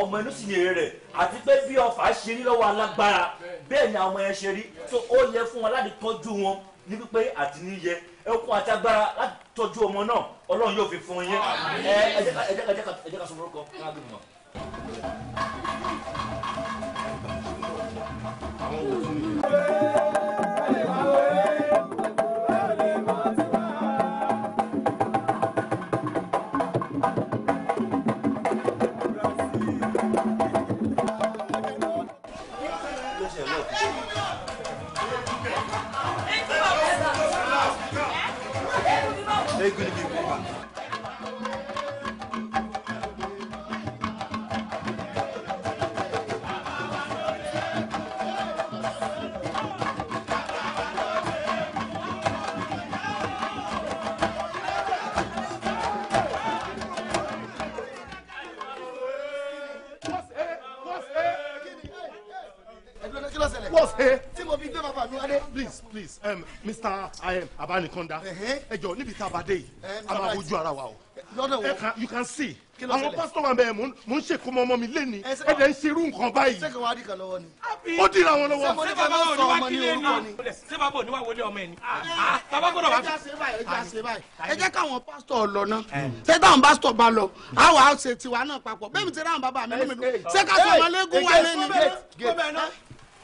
ọmọ inú sì yèrè rẹ̀ àti pé bí ọfà ṣe rí lọ́wọ́ alágbára bẹ́ẹ̀ ni àwọn ẹ̀ ṣe rí tó ó yẹ fún wọn láti tọ́jú wọn ní pípé àti níyẹ ẹkún àti agbára láti ọmọ náà ọlọ́run yóò fi fún yín ẹ ẹ jẹ́ ká sọ fún náà gbé mọ́. àwọn mr abanikanda ẹ jọ níbi tá a bá dé yìí a máa wojú ara wa o ẹ kan you can see àwọn pásítọ̀ wa bẹ́ẹ̀ mò ń ṣèkómọ ọmọ mi lẹ́ni ẹ dẹ̀ ń ṣe irú nǹkan báyìí. ṣé kò wá di kan lọ́wọ́ ni. ó dira wọn lọ́wọ́. ṣé bàbá oníwà kílé ni ṣé bàbá oníwà wọlé ọmọ ẹ ni. bàbá gbọ́dọ̀ wá. ẹ jẹ́ káwọn pásítọ̀ lọ náà ṣé táwọn pásítọ̀ bá lọ àwọn àṣetìwá náà papọ̀ bẹ́ẹ̀ mi ti ráhùn bàbá mi lómi ṣé ká sọ ọmọ lẹ́gùn wálé ni.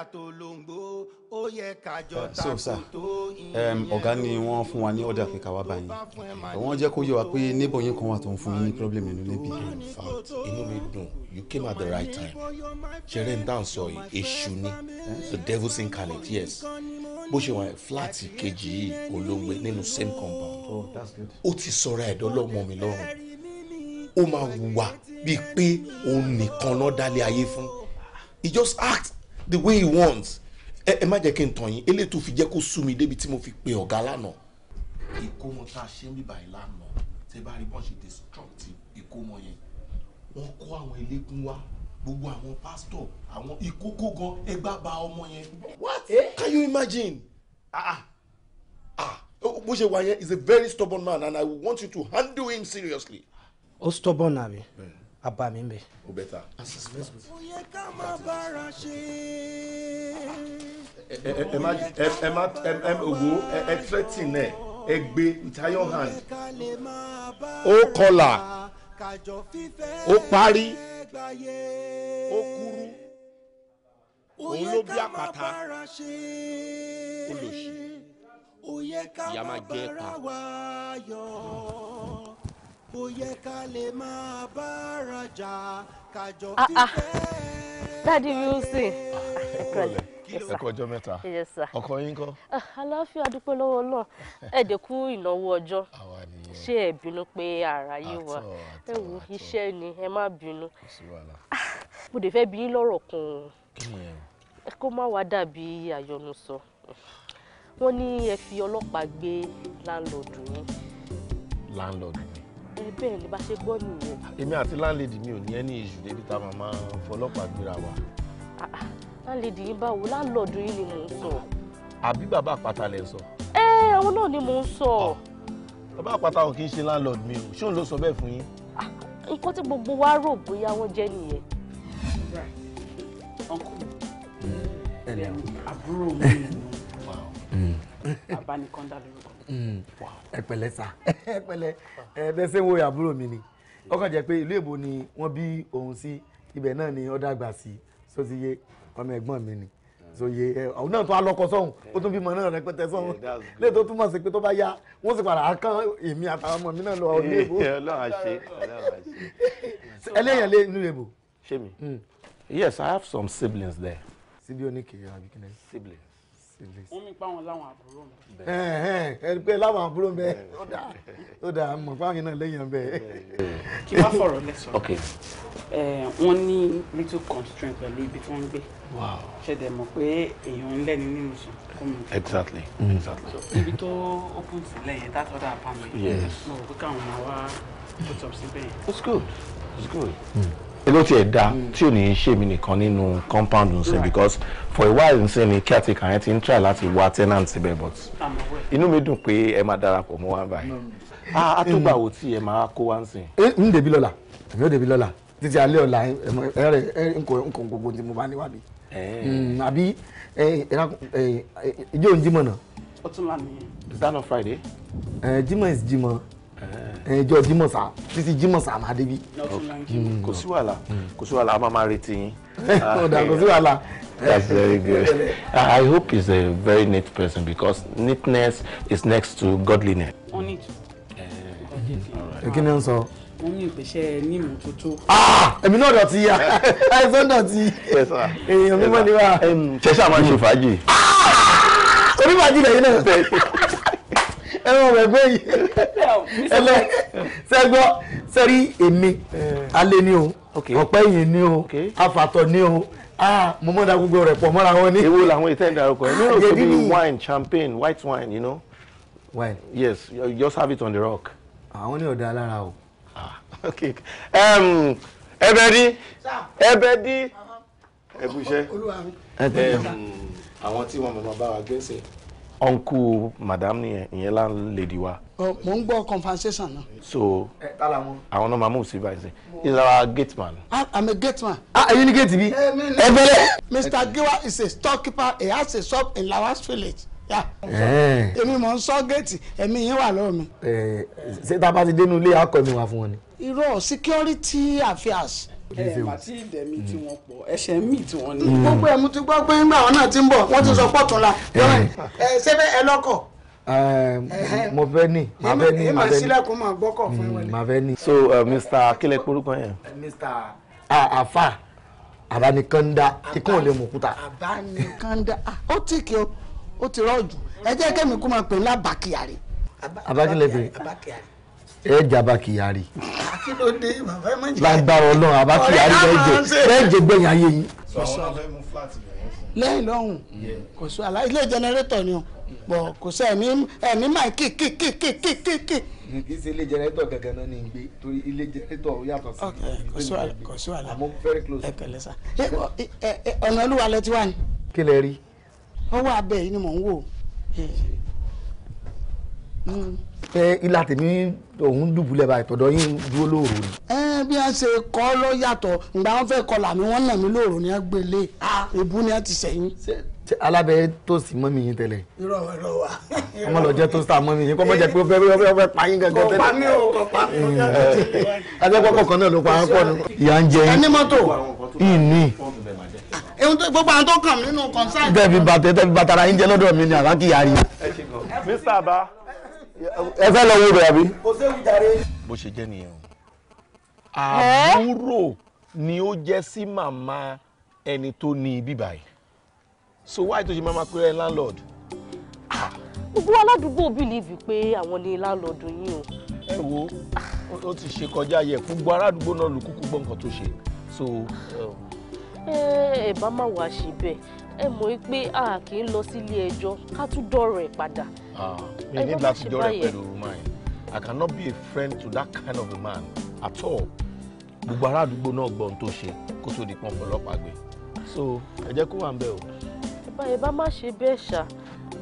àtolóńgbò ó yẹ kájọ eh, tako tó ìyẹn lọ. ọ̀gá ni wọ́n fún wa ní ọ̀dà kíkà wá báyìí wọ́n jẹ́ kó yé wa pé neighbor yín kan wà tó ń fún yín ní problem nínú ilé in fact inú mi dùn you came at the right time ṣẹlẹ̀ ń dáhùn sọ èṣù ni the devil's incarnate yes bó ṣe wà fúláàtì kejì yìí olóńgbé nínú same compound oh, ó ti sọ̀rọ̀ ẹ̀dọ́ lọ́mọ mi lọ́rùn ó máa wùwà bíi pé òun nìkan ló dálé ayé fún he just act the way he wants ẹ ẹ má jẹ́ kí n tàn yín eléyìí tó fi jẹ́ kó sú mi débi tí mo fi pe ọ̀gá lánàá. ìkómọ tá a ṣe ń bíbà yìí lánàá tẹ bá rí bọ́n ṣe destructive ìkómọ yẹn wọ́n kó àwọn eléégún wá gbogbo àwọn pásítọ̀ àwọn ìkókó gan ẹgbàá ba ọmọ yẹn. what eh? can you imagine. Ah, ah. ah bó ṣe wà yẹn is a very stubborn man and I want you to handle him seriously. ó stubborn àbí. Yeah abá mi bẹ. o bẹ ta. o yẹ ká má bára ṣe. ẹ má ẹ má ẹ wo ẹ threatening ẹ ẹ gbé with iron hand. ó kọlà ó parí ó kúrú òun ló bí àpáta olòṣì ìyá máa jẹ pa kò yẹ ká lè máa bá ara jà kájọ ah, ah. fífẹ́. dadi wilson ẹkọ ọjọ́ mẹ́ta ọkọ yín kọ́. aláfíà ah, dúpẹ́ lọ́wọ́ náà ẹ̀ẹ́dẹ́kú ìnáwó ọjọ́ ṣé ẹ bínú pé ara yìí wà ẹ wo iṣẹ́ ni ẹ má bínú mo dé fẹ́ bí yín lọ́rọ̀ kan ẹ kó má wàá dàbí àyọnu sọ wọ́n ní ẹ fi ọlọ́pàá gbé láńlọ́ọ̀dù yín. láńlọ́ọ̀dù mi ẹ bẹ́ẹ̀ ni bá ṣe gbọ́ nìyẹn. èmi àti láńlẹ́dì mi ò ní ẹni ìṣù débi tá a máa máa fọlọ́pàá gbéra wa. Ah, ah, láńlẹ́dì yín báwo láńlọ́ọ̀dù yín ni mò ń sọ. àbí bàbá àpáta lẹ sọ. ẹ àwọn náà ni mò ń sọ. bàbá àpáta ò kì í ṣe láńlọ́ọ̀dù mi o ṣé òun ló sọ bẹ́ẹ̀ fún yín. Ah, nǹkan tí gbogbo wa rò bóyá wọ́n jẹ́ nìyẹn. àbúrò mi ni abanikanda lórúkọ Mm. ẹ pẹ̀lẹ́ sà ẹ pẹ̀lẹ́ ẹ bẹ wo àbúrò mi ni ó kàn jẹ́ pé ìlú èbó ni wọ́n bí òun sí ibẹ̀ náà ni ó dàgbà sí so ti yé ọmọ ẹ̀gbọ́n mi ni so yé ẹ òun náà tó alọkọ sọhùn ó tún bímọ náà rẹpẹtẹ sọhùn léètò tó túmọ̀ sí pé tó bá yá wọ́n sì padà kán èmi àtàwọn ọmọ mi náà lọ ìlú èbó. Ọlọ́run àṣẹ Ọlọ́run lé ìlú èbó. Mm. yes I have some siblings there. síbi oníkèé àbíkínẹ́. siblings wọ́n mi pa wọn láwọn àbúrò mi. ẹ ẹ pé láwọn àbúrò mi ó dà mọ̀ fáwọn yẹn náà lẹ́yìn ọbẹ̀. kí wàá fọ̀rọ̀ lẹ́sọ̀ wọ́n ní little constraint pẹ̀lú ibi tí wọ́n ń gbé ṣẹ̀dẹ̀ mọ̀ pé èèyàn ń lẹ́ni nínú sùn kó exactly mm. exactly. ibi tó open sílẹ̀ yẹn that other apartment. yes. mo rò pé káwọn máa wá put up síbẹ̀ yẹn. it's good it's good. Mm ló tiẹ̀ da hmm. tí ò ní í ṣe mí nìkan nínú compound nsìn because for a while nsìn ni caretaker yẹn ti ń try láti wá tenant síbẹ̀ but inú mi dùn pé ẹ máa darapọ̀ mọ́ wa báyìí àtúgbà hmm. wo tí ẹ máa kó wá nsìn. n eh, dèbí lọ́la èmi ò dèbí lọ́la títí alẹ́ ọ̀la ẹ̀rẹ̀ nǹkan gbogbo tí mo bá níwájú hmm, àbí ìjọ òun jímọ̀ náà. ọtún lánàá. is that not Friday. Uh, Jímọ̀ is Jímọ̀ ẹjọ́ eh, jímọ̀sá títí jímọ̀sá máa débi. kò sí wàhálà kò sí wàhálà a máa máa retí yín. ọ̀dà kò sí wàhálà. that's very good i hope he's a very neat person because neatness is next to godliness. wọ́n ní ìtú. Eh, kí ni ń sọ wọ́n ní ìpèsè ní ìmọ́tótó. Ah, èmi náà dọ̀tí ya àìsàn dọ̀tí èèyàn mímọ́ ni wá. ṣẹ̀ṣẹ̀ máa ń ṣe fàájì. Ah! onífàájì lẹ́yìn náà. ẹran rẹ̀ gbé yìí ẹlẹ́ sẹ́gbọ́ sẹ́rí èmi eh. alẹ́ ni o ọ̀pẹ́ yìí ni o afàtọ̀ ni o mo mọ̀dá gbogbo rẹ̀ pọ̀ mọ́ra wọn ni. èwo làwọn ìtẹ́ ìdárúkọ ẹ̀ nínú òṣèlú wine champagne white wine you know. wine. yes you just have it on the rock. àwọn ní ọ̀dà alára o. Ah, okay um, ẹbẹdí ẹbẹdí ẹbùṣẹ àwọn tí wọn mọ̀ bá wa gbẹ́sẹ̀ uncle madam nìyẹn ìyẹn landlady wa. Oh, mo ń gbọ́ compensation náà. so àwọn náà máa mú sí báyìí he is our gate man. Ah, i'm a gate man. ah ẹ̀yin ni gate bi. ẹ bẹ̀rẹ̀. mr giwa is a storekeeper he has a shop in lawas village eh. èmi mò ń sọ géètì ẹ̀mí yín wà lọ́wọ́ mi. Eh, ṣé tá a bá ti dénú ilé akọni wa fún wọn ni. irọ́ security affairs ẹ màtí ìdẹ̀mí mm. tí wọ́n pọ̀ ẹ̀ṣẹ̀ mí tí wọ́n ní. Mm. gbogbo ẹ̀mú ti gbọ́ pé ńgbà wọn náà ti ń bọ̀ wọ́n ti sọ pọ̀tùnla eh. ẹ ṣé bẹ́ẹ̀ ẹ lọ́kọ̀. Eh, eh. mo fẹ́ ní mm, màá fẹ́ ní màá fẹ́ ní. èmi fẹ́ ní. so uh, mr akílẹ̀ porúkọ yẹn. mr afa abanikanda ikán ò lè mú abanikanda ó ah, tì kí ó ti rọ́ọ̀jù ẹ jẹ́ kẹ́mi kó máa pè ní abakiyari. abakilẹ̀ bẹ̀rẹ̀ ẹ jaba Kyari. akílódé bàbá ẹ má jẹ. lágbára Ọlọ́run àbá Kyari bẹ́ẹ̀ jẹ bẹ́ẹ̀ jẹ gbẹ̀yìn ayé yín. lẹ́yìn lọ́hùn kò sọ àlá ilé jẹnẹrétọ̀ ni o bọ̀ kò sọ ẹ̀mí ẹ̀mí máa kì kì kì kì kì kì kì. kì í ṣe ilé jẹnẹrétọ̀ kankan náà ni n gbé torí ilé jẹnẹrétọ̀ ó yàtọ̀ sí. kò sọ àlá kò sọ àlá àmọ́ very close. ẹ pẹ̀lẹ́ sà ọ̀nà olúwa lẹ ti wà ní. kí lẹ rí. ọwọ́ abẹ yìí ni mò ń wò. ẹ tèmi òun dùbúlẹ̀ báyìí tọ̀dọ̀ yín dúró lóòrò ni. ẹ bí a ṣe kọ́ ló yàtọ̀ ìgbà wọn fẹ́ kọlà mi wọ́n nà mí lóòrò ni a gbélé èbú ni a ti sẹ́yìn. alábẹ tóòsì mọ́mì yín tẹ́lẹ̀. irọ́ wa irọ́ wa. ọmọ lọ jẹ́ tóòsì mọ́mì yín kọ́mọ jẹ́ pé ó fẹ́ ó fẹ́ pa yín gangan tẹ́lẹ̀. kò pa mí o kò pa mí. adẹ́pọ̀ kọ̀ọ̀kan náà ló pa á pọ̀ nù. ìyá ń jẹ yín. ẹni mọ́tò. ìní ah, ohun tó gbogbo àwọn tó kàn mí nínú kọ̀ǹsáì. bẹ́ẹ̀ bí bàtà ara yín jẹ́ lọ́dọ̀ mi ni àbá kìí yára yín. mr abba ẹ fẹ́ lọ wo ibẹ̀ àbí. kò séwu jàre. bó ṣe jẹ́ nìyẹn o àbúrò ni ó jẹ́ sí màmá ẹni tó ní ibí báyìí so why tó ṣe máa ma pé ẹ landlord. Ah, gbogbo aládùúgbò bìlíìfì pé àwọn ni landlord yín o. ẹ wo ó ti ṣe kọjá yẹ gbogbo aládùúgbò náà ló kúkú gbọ́ nǹkan tó ṣe so. Um, ẹ ẹ bá má wàá ṣe bẹ́ẹ̀ ẹ mọ̀ pé a kì í lọ sílé ẹjọ́ ká tún dọ̀rọ̀ ẹ̀ padà. mi ah, ní láti dọ̀rọ̀ pẹ̀lú woman I cannot be a friend to that kind of a man at all gbogbo ará àdúgbò náà gbọ́ ohun tó ṣe kó tó di pọ́n ọlọ́pàá gbé so ẹ jẹ́ kó wà ń bẹ̀ o. ẹ bá ẹ bá má ṣe bẹ́ẹ̀ ṣá.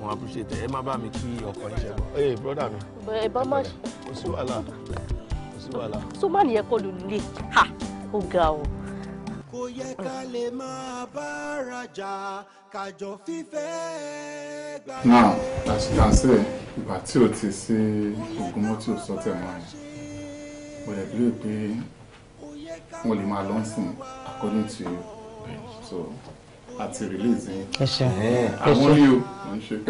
mo appreciate ẹ má bá mi kí ọkọ yín ṣe bọ ee broda mi. ẹ bá má ṣe. kò sí wàhálà kò sí wàhálà. so nìyẹn kọ́ lulẹ̀ ha ó ga o kò yẹ ká lè máa bára jà kájọ fífẹ́ gbàgbé. now as you can see ìgbà tí o ti ṣe oògùn mọ́tì ò sọ tẹ̀ mọ́ ni mo lè bílẹ̀ pé wọ́n lè máa lọ́sìn according to you so àti release yín. ẹ ṣe àwọn ní o.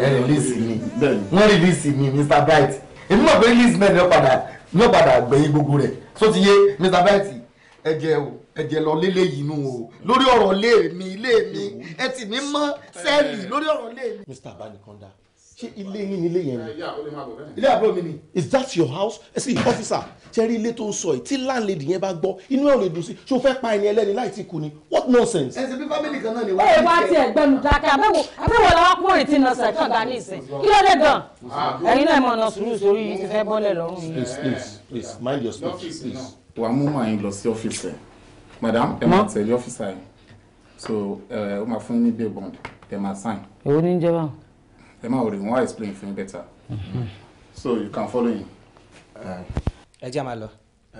ẹ release mi wọ́n release mi Mr Bright èmi mọ̀ pé release mẹ́rin ló padà ló padà gbẹ̀yìn gbogbo rẹ̀ só Mr Bright ẹ jẹ́ o ẹ̀jẹ̀ lọ lélẹ̀ yìí nù o lórí ọ̀rọ̀ lé mi ẹ tì mí mọ́ sẹ́ẹ̀lì lórí ọ̀rọ̀ lé Mr. Abanikonda ṣé ilé yín ni ilé yẹn ni ilé àbúrò mi ni. is that your house ẹ sì ọ́fíìsà ṣe rí ilé tó ń sọ yìí tí láńlẹ́dì yẹn bá gbọ́ inú ẹ̀ ò lè dùn sí ṣé o fẹ́ pa ẹni ẹlẹ́ni láì tí kú ni what nonsense. ẹsẹ̀ bí fámìlì kan náà ni wọ́n. ẹ wá tiẹ̀ gbẹnu dáadáa àbẹ̀wò àbẹ̀wò làwọn kúrò ní tìǹà sẹ̀tọ̀ ga ní ìsìn kí ló dé gan. ẹ̀yin náà mọ̀nà sùúrù sórí ti fẹ́ bọ́lẹ̀ lọ́rùn yìí. please please please mind your speech please. wàá mú màá yín lọ sí ọ́fíìsì madam ẹ máa tẹ̀lé ọ́fíìsà yìí so ó máa fún ní bail bond ẹ máa sign. èwo ni ń jẹ́ báwọn. ẹ máa rí wọn á explain fún yín better so you can follow him. ẹ jẹ́ àmà lọ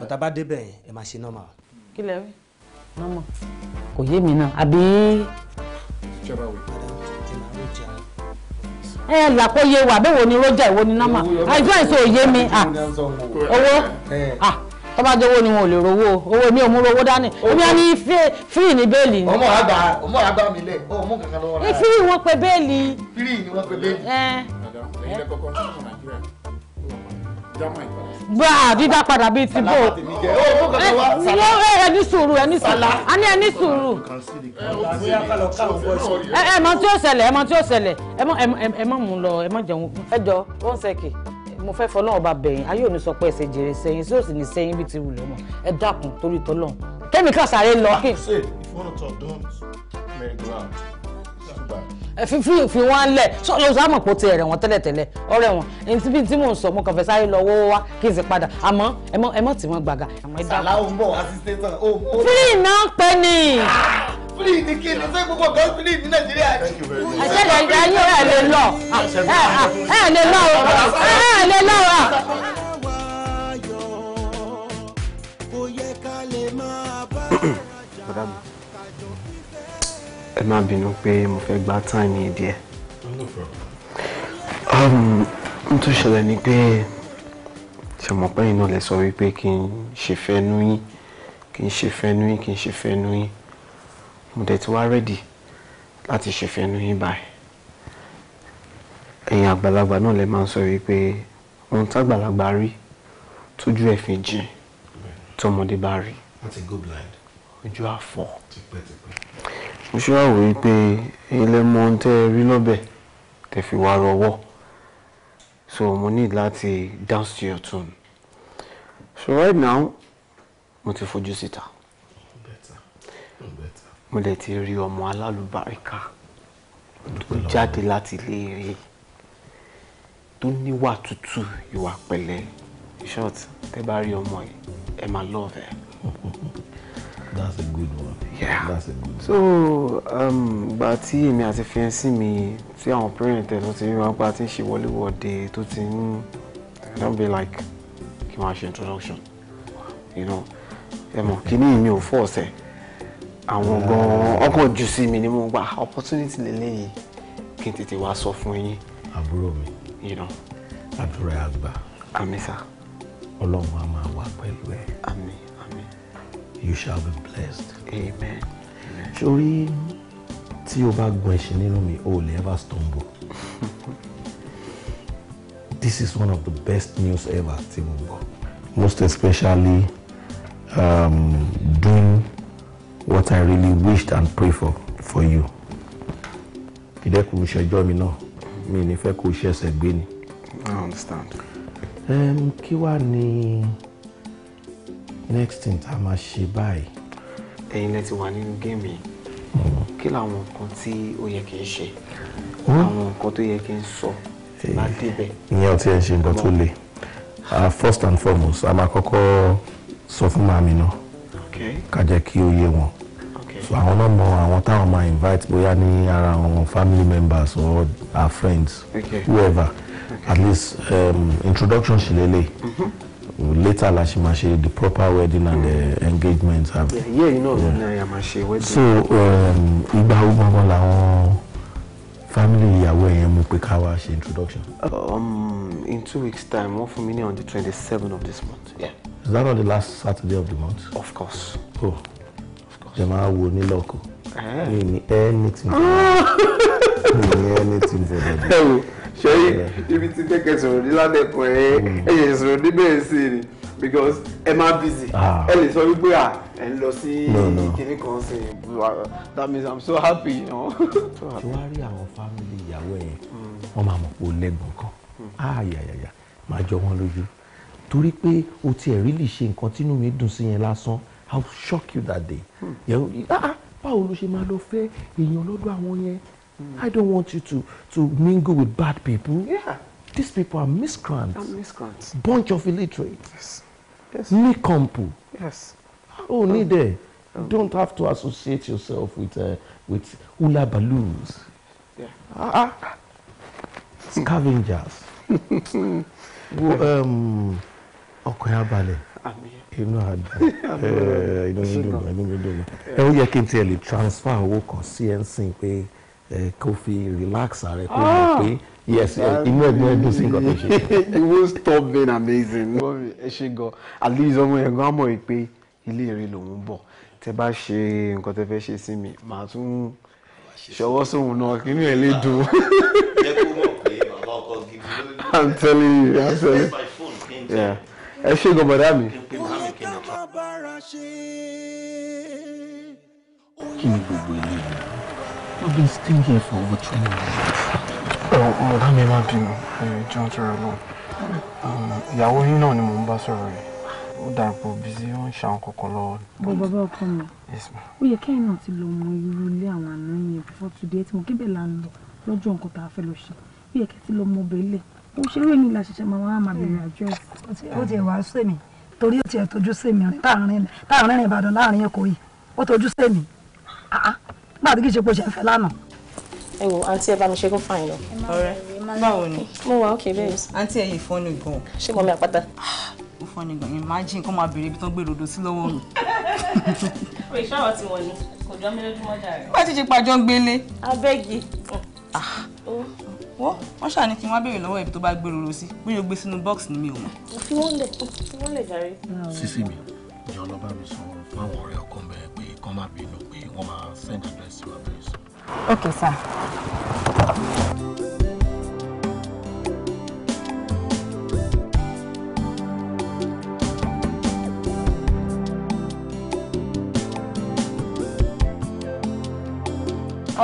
ọ̀tá bá débẹ̀ yẹn ẹ máa ṣe normal. kí lẹ rí normal kò yé mi náà àbí. ìjọba wò ẹ làkóyè wà bẹ́ẹ̀ wo ni rojà ìwo ni normal àìsàn èso òye mi owó tó bá jówó ni wọn ò lè rówó owó mi ò mú rówó dání omi ẹni fírì ní bẹ́ẹ̀lì. ọmọ àgbà ọmọ àgbà mi lẹ ọ mú kankan lọ́wọ́ rẹ. fírì wọn pe bẹ́ẹ̀lì. fírì ni wọn pe bẹ́ẹ̀lì. ẹ gbà dídá padà bíi ti bò ẹ ní sùúrù ẹ ní sùúrù a ní ẹ ní sùúrù ẹ mọ tí ó ṣẹlẹ̀ ẹ mọ tí ó ṣẹlẹ̀ ẹ mọ mú lọ ẹ mọ jẹun ẹ jọ one second mo fẹ́ fọlọ́run ọba bẹ̀yìn ayé òní sọ pé ẹsẹ̀ jèrè sẹ́yìn sí òsì ní sẹ́yìn bíi ti wù lọ́mọ ẹ dákun torí tọ́lọ́run kẹ́mi kan sáré lọ kí. fi fi fi wọn lẹ sọ lọ sáà mọ̀ pé ó ti ẹ̀rẹ̀ wọn tẹ́lẹ̀tẹ́lẹ̀ ọ̀rẹ́ wọn ẹni tí bíi tí mò ń sọ mo kàn fẹ́ sáré lọ wọ́wọ́ wá kí n sì padà àmọ́ ẹ mọ̀ tí wọ́n gbàgà. sàlá ò ń bọ̀ wá sí sẹ́tàn. fílì náà pẹ́ ni. Ah! free ni kí ni ṣé gbogbo kan free ní nàìjíríà ni. ẹsẹ̀ nàìjíríà yóò ẹ̀ lè lọ ẹ̀ lè lọ ẹ̀ lè lọ wa. ẹ má bínú pé mo fẹ́ gba táìmì díẹ̀ um, n tó ṣẹlẹ̀ ni pé ṣàmọ̀pẹ́yìn náà lè sọ wípé kí n ṣe fẹ́ nú yín kí n ṣe fẹ́ nú yín kí n ṣe fẹ́ nú yín mo dẹ̀ ti wá rẹ́dì láti ṣèfẹ́nu yín báyìí ẹ̀yin àgbàlagbà náà lè máa ń sọ wípé ohun tágbàlagbà rí tójú ẹ̀ fi jìn tọmọdé bá rí ojú àfọ̀ mo ṣe wá wò wípé ilé mọ ohun tẹ́ ẹ rí lọ́bẹ̀ tẹ́ fi wá rọwọ́ so mo need láti dance to your tune so right now mo ti fojú síta mo lè ti rí ọmọ alálùbáríkà tó jáde láti iléèrè tó níwà tútù ìwà pẹ̀lẹ́ short tẹ́ bá rí ọmọ yìí ẹ máa love ẹ. that's a good one. Yeah. that's a good one. so um, gba tí èmi àti fiẹ́nsì mi tí àwọn parent ẹ̀ tó ti rí wọn pa ti ń ṣe wọléwọ̀de tó ti ń don be like kí n máa ṣe introduction you know ẹ mọ̀ kí ni mi ò fọ́ ọ̀sẹ̀ àwọn gan-an ọkọ̀ jù sí mi ni mo gba opportunity lélẹ́yìí kí n tètè wá sọ fún yín. àbúrò mi àdúrà àgbà. àmín sá. ọlọ́run á máa wà pẹ̀lú ẹ. you shall be blessed. amen. sórí tí o bá gun ẹṣin nínú mi o lè ever stumble. this is one of the best news ever tí mo gbọ́. most especially um, during what I really wished and prayed for for you. ìdẹ́kùn ìṣẹ́jọ́ mi náà mi ní fẹ́ kó iṣẹ́ ẹsẹ̀ gbé ni. I understand. Um, kí wàá ní next thing tá a máa ṣe báyìí. ẹ̀yin lẹ ti wà nínú géèmù yìí hmm. kí làwọn nǹkan tí ó yẹ kí n ṣe hmm? àwọn nǹkan tó yẹ kí n sọ eh, bá débẹ̀. ìyẹn ò tí ẹ ṣe nǹkan tó le ah, first and foremost a máa kọ́kọ́ sọ fún màmí náà ká kí ó yé wọn àwọn náà mọ àwọn táwọn máa invite bóyá ní ara àwọn family members or our friends okay. whoever okay. at least um, introduction ṣìlélẹ̀ mm-hmm. later la ṣe máa ṣe the proper wedding and the mm. engagement. yíyẹ yeah, náà ni àyà máa so um, ìgbà wo gbọ́ngàn làwọn family ìyàwó ẹ̀yẹn mú pé ká wá ṣe introduction. Um, in two weeks time wọ́n fún mi ní on the twenty-seven of this month. Yeah. is that not the last Saturday of the month. of course. oh ṣe máa wo nílọ́kù ah. mi ní anything mi ní anything for me. ẹ wo ṣe ibi tí kẹ̀kẹ́ sọ̀rọ̀ ní ládẹ́kọ̀ọ́ ẹ hmm. ẹ ṣẹ̀ṣẹ̀ sọ̀rọ̀ níbẹ̀ sí ni because ẹ máa busy ah. ẹ lè sọ wípé à ẹ ń lọ sí kíní kan sí that means i'm so happy. ṣé wàá rí àwọn fámìlì ìyàwó ẹ hmm. wọn máa mọ̀ pé ó lẹ́gbọ̀n kan àyàyàyà hmm. ah, máa jọ wọn lójú torí pé o tiẹ̀ rí lè ṣe nǹkan tínú mi dùn sí yẹn lásán I will shock you that day. yẹn ah, ah báwo ló ṣe máa lọ fẹ́ èèyàn lọ́dọ̀ àwọn yẹn I don't want you to to mingle with bad people. Yeah. These people are miscreants. miscreants. Bunch of illiterates. Yes. Yes. Nikompu. Yes. Oh, um, need there. Oh. Um, don't have to associate yourself with uh, with hula balloons. Yeah. Ah, ah. Scavengers. well, um, ọkàn abalẹ̀. Àmín inú àdá eh, inú mi dùn inú mi dùn ẹ ó yẹ kí n tiẹ̀ lè transfer owó kan sí ẹ̀ ń sìn pé kó fi relax ààrẹ kó mọ̀ ah! pé yes inú ẹ̀gbọ́n ẹ̀dùn sí nǹkan tó ṣe. you won't stop being amazing. ẹ ṣe gan at least ọmọ yẹn gan mọ̀ pé ilé eré lòún bọ̀ tẹ bá ṣe nǹkan tẹ fẹ́ ṣe sí mi màá tún ṣọwọ́ sóhun náà kínú ẹ̀ lè dùn. I'm telling you, I'm telling you. Yeah ẹ ṣe gọbọdá mi. kí ni gbogbo ilé yìí we've been staying here for over twenty years. Oh, ọ̀gá mi máa bínú john tọrọ náà ìyàwó yín náà ni mò ń bá sọ̀rọ̀ yìí ó darapọ̀ bísí ó ń ṣàwọn kọ̀ọ̀kan lọ́wọ́. bọ́ bàbá ọkọ mi ó yẹ kẹ́yìn náà ti lọ mọ irú ilé àwọn àná yẹn before today tí mo kébè là ń lọ lọ́jọ́ nǹkan tá a fẹ́ lọ ṣe ó yẹ kẹ́ ti lọ mọ ọbẹ̀ ilẹ̀ mo ṣeré ní ìlà ṣẹṣẹ màmá máa bèrè àdírẹ́sì. ó ti wàá sèmi torí ó tiẹ̀ tójú sèmi rìn táàrin rìn Ìbàdàn láàrin Èkó yìí ó tójú sèmi ah, ah. nígbà tí kì í ṣe pé ó ṣe fẹ́ lánàá. ẹ wo àǹtí ẹ bá mi ṣe kó fàìn lọ. ọ̀rẹ́ báwo ni. mo wà ókè bẹ́ẹ̀. àǹtí ẹ yìí fọ́nù gan ṣé mo mi àpáta. Ah, ó fọ́nù gan imagine kó máa bèrè ibi tó ń gbé rodo sí lọ́wọ́ mi. pé ti wọ̀ ni kò jọ mi lójúmọ́ jà rẹ̀. bá ti ṣe pàjọ́ gbélé. abẹ́gi. Oh wọ́n wọ́n ṣáà ní kí wọ́n béèrè lọ́wọ́ ibi tó bá gbèrò sí bóyá o gbé sínú bọ́ọ̀sì ni mi ò mọ̀. tí wọ́n lè tí wọ́n lè jàre. sísì mi ìyá ọlọ́ba mi sọ fáwọn ọ̀rẹ́ ọkọ bẹ̀rẹ̀ pé kán má bínú pé wọ́n máa send address wa bẹ̀rẹ̀ sọ. ok sir.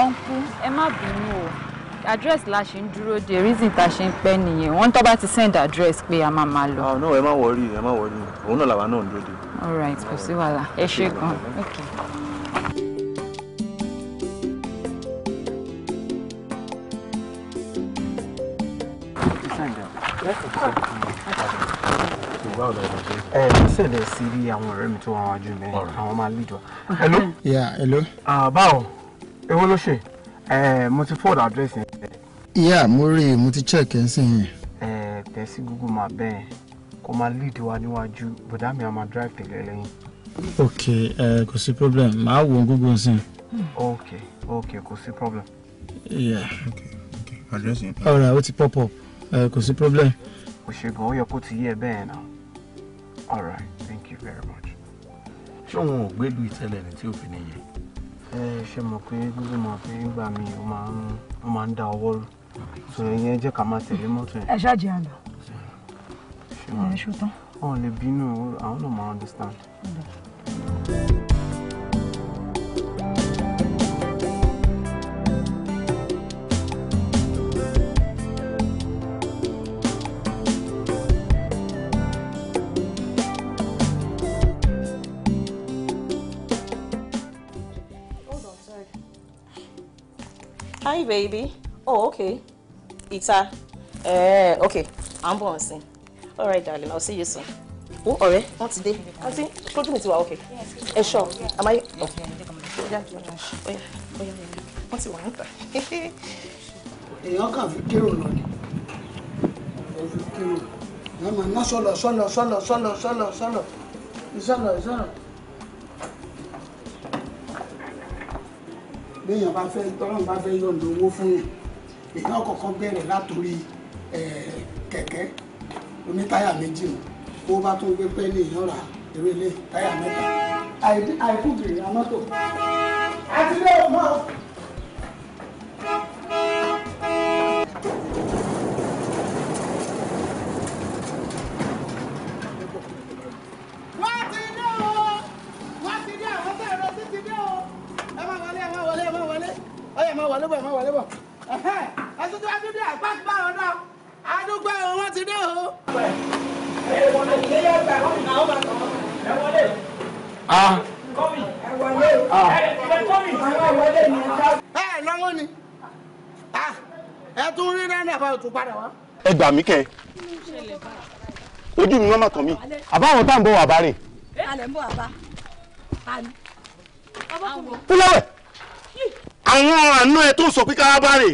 ọ̀nkú ẹ má bínú o address la ṣe ń dúró de reason ta ṣe ń pẹ́ nìyẹn wọ́n tó bá ti send address pé a máa máa lọ. ah no ẹ má wọrí ẹ má wọrí òun náà làwa náà ń dúró de. all right kò sí wàhálà ẹ ṣe gan okay. ẹ ṣẹlẹ̀ sí rí àwọn ọ̀rẹ́ mi tó wà wájú mi àwọn máa lè jọ. hello. yeah hello. Ah, báwo èwo ló ṣe ẹ mo ti forward address yẹn tẹ. yíyá mo rí i mo ti check ẹ sí yẹn. ẹ tẹ sí google map bẹ́ẹ̀ kó máa lead wa níwájú bọ̀dá mi a máa drive tẹ̀lé lẹ́yìn. ok ẹ kò sí problem màá wo google sí. ok ok kò sí problem. yeah ok ok address yẹn. ọ̀rọ̀ ó ti pop up ẹ kò sí problem. kò ṣe gan ó yẹ kó ti yé bẹ́ẹ̀ náà all right thank you very much. ṣé òun ò gbé lu ìtẹ́lẹ̀ ní tí òfin nìyẹn ẹ ṣe mọ̀ pé Google mọ̀ pé nígbà míì ó máa ó máa ń da ọwọ́ rú so ìyẹn jẹ́ ká máa tẹ̀lé mọ́tò yẹn. ẹ ṣáàjì àná ẹ ṣó tán. wọn ò lè bínú àwọn náà máa understand. Mm hi baby oh okay It's a. eh okay I'm ń all right darling i'll see you soon Oh ọ̀rẹ́ wọ́n ti dé àti kójú mi ti wà okay ẹ Am I? ọ̀ oh. wọ́n ti wà níta. èèyàn kàn fi kírun lọ ni èèyàn fi kírun wọn máa ná sọlọ sọlọ sọlọ sọlọ sọlọ sọlọ ìsọlọ ìsọlọ. béèyàn bá fẹ́ tọ́lọ́run bá fẹ́ yọ̀ǹda owó fún yàn èèyàn kọ̀ọ̀kan bẹ̀rẹ̀ látòrí kẹ̀kẹ́ onítáyà méjì o bó bá tún gbé pẹ́ẹ́lì èèyàn rà eré ilé táyà mẹ́ta àìkú gèrè amọ́tò àti ilé ọ̀gbọ́n. wọlé ẹ má wọlé ọyẹ má wọlé bọ̀ ẹ má wọlé bọ̀ ẹsùn tó wá dúdú àpá ti bá wọn náà àdúgbò ẹ̀rọ wọn ti dé o. ah. ẹ lọ́wọ́ ni ah, ẹ tún rí náà ní àbáyọ̀tún padà wá. ẹ gbà mí kẹ́ ojú mi wọ́n má tàn mí àbáwọn tá à ń bọ̀ wà bá rìn. alẹ́ ń bọ̀ wà bá. kúlẹ̀ wẹ̀ àwọn àna ẹ tó sọ pé kárabá rè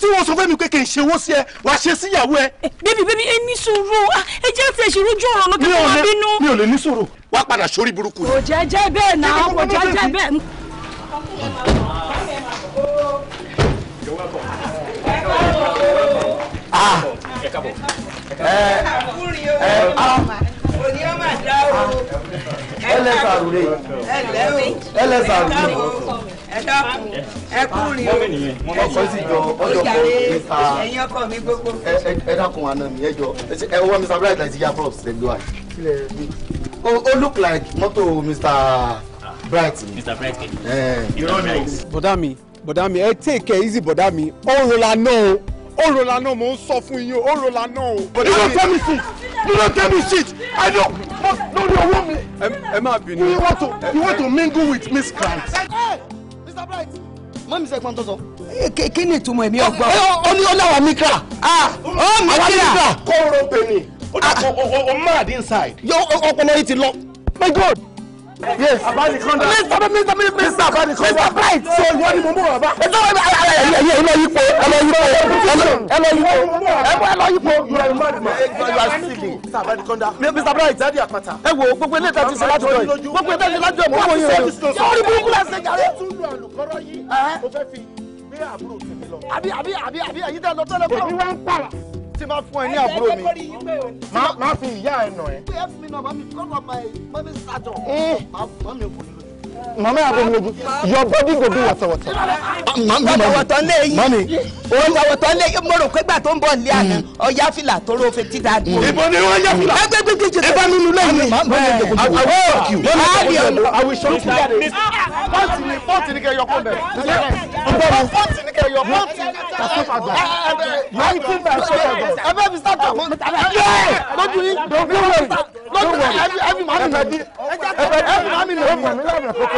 tí wọ́n sọ fún mi pé kì í ṣe owó sí ẹ wàá ṣe síyàwó ẹ. bébì eh, bébì ẹ ní sùúrù ah, ẹ jẹ́ fi ẹ̀ṣin rojú ọ̀rọ̀ lókè fún wa bínú. mi ò lè ní sùúrù wàá padà sórí burúkú. kò jẹ́ jẹ́ bẹ́ẹ̀ náà kò jẹ́ jẹ́ bẹ́ẹ̀. Ah. Eh, eh, ah ẹ o. ẹ lẹ́sàrú rẹ̀ ẹ rẹ̀ ẹ dákun ẹ o ọkọ sì jọ ọjọ kọ nípa ẹyin ọkọ mi gbogbo. ẹ jọ ẹ wọ mr bright láti yá props ẹ gbọ́ àyè. o look like mọ́tò mr bright. mr bright kẹ. Eh. irọ́ mi. bọ̀dá mi bọ̀dá mi ẹ take it easy bọ̀dá mi ó rola náà o ó rola náà mo ń sọ fún yín ó rola náà o. bọ̀dá mi you no tell me shit you no tell me shit i no lórí owó mi. ẹ má bínú. you want to you want to mingle with Miss miscreants. Shoprite. mọ́mí sẹ́ pọ́n tó sọ. kí ni ìtumọ̀ ẹ̀mí ọgbọ́n. Eh, oh, oh. ó ní ọlọ́wà mikra. Ah. ó oh, mikra. kóró bèèrè ó dà kó ah. o mad inside. yọ ọpọlọ yìí ti lọ. my god yes abadi kanda mr mr mr abadi kanda mr bright so ìwọ ni mo mú bàbá. ẹ tọ́ ẹ ẹ lọ yípo ẹ lọ yípo ẹ lọ yípo ẹ lọ yípo. you are mad ma you are silly mr abadi kanda. mr bright adi apata. ẹ wo gbogbo ilé ìtajú ṣe láti jọ yìí gbogbo ilé ìtajú láti jọ yìí mo wọ yẹn o ṣé orí burúkú la ṣe jàre. àbí àbí àbí àbí àyíká lọ tọ́lẹ̀ kọ́. èmi wá ń pààlà tí máa fún ẹ ní àbúrò mi máa fi ìyá ẹ nà ẹ. ẹ fi mi nà bá mi kọ́ lọ́ọ́ bá mi sàjọ. bá mi kò nílò mama yà bẹ mi lójú your body go be wọtọwọtọ. wọtọwọtọ lé yìí mami wọtọwọtọ lé yìí mo rò pé gbà tó ń bọ̀ nílé àná ọ̀yá mm. fìlà tó rò fetí dáa dùn. ìbò ni wọ́n yá fìlà. ẹgbẹ́ gbé kejì tó. ìbá nínú lẹ́yìn. àwọn ìṣòkùn fọ́ọ̀tì ni fọ́ọ̀tì ni kẹ́ yọ kọ́ bẹ̀. fọ́ọ̀tì ni kẹ́ yọ fọ́ọ̀tì. ẹ bẹ́ẹ̀ mi sábà lójú yín lójú yín lójú yín ẹ bí màmí lójú yín ẹ bí màmí lójú yín.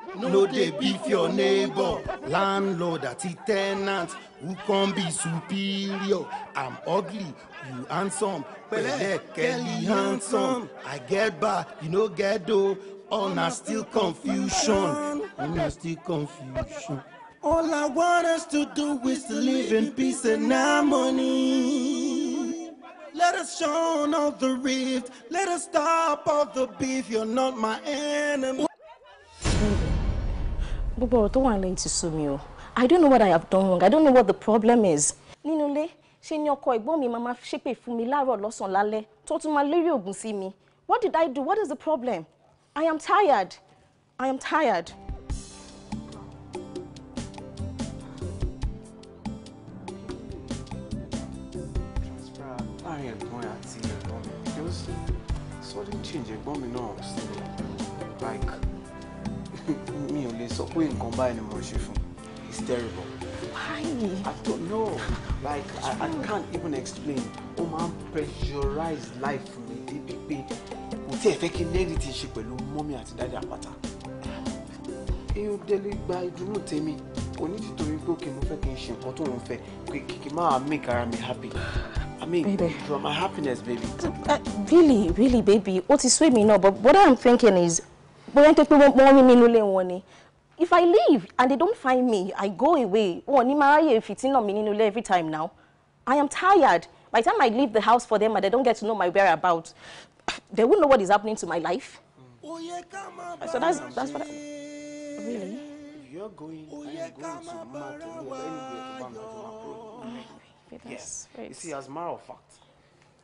no dey beef your neighbor landlord ati tenant who come be superior i'm ugly you handsome pẹ̀lẹ́ kelly handsome i get bad you no get though. all na still confusion all na still confusion. All I want us to do is to live in peace and harmony. Let us shun off the rift. Let us stop all the beef. You're not my enemy. gbogbo ọ̀rọ̀ tó wà lẹ́yìn ti sú mi o i don't know what i have done wrong i don't know what the problem is. nínú ilé ṣe ni ọkọ ẹ̀gbọ́n mi máa ṣépè fún mi láàárọ̀ lọ́sàn-án lálẹ́ tó tún máa lérí oògùn sí mi what did i do what is the problem i am tired i am tired. láàrin ẹ̀gbọ́n àti ẹ̀gbọ́n mi because sudden change ẹ̀gbọ́n mi náà sí mi mi ò lè sọ pé nǹkan báyìí ni mo ṣe fún it's terrible. why. I don't know like I, I can't even explain ó máa ń pressurize life mi débi pé kò tí ẹ fẹ́ kí nẹ́ẹ̀dì ti ṣe pẹ̀lú mọ́mí àti dáadáa àpáta èèyàn délé gba ìdùnnú tèmi kò ní títorí pé òkè mo fẹ́ kí n ṣe nǹkan tó ń fẹ́ kí kí máa make ara mi happy i mean baby. you my happiness baby. Uh, really really baby ó ti sú me náà but what i'm thinking is bóyá tó pé wọ́n rí mi nínú wọn ni if i leave and they don't find me i go away wọn ni máa ráyè fìtínà mi nínú ilé every time now i am tired by the time i leave the house for them and they don't get to know my whereabouts they won't know what is happening to my life so that's that's what I, really. you're going, I'm going to mount anywhere to Bama oh Yes. You see, as a matter of fact,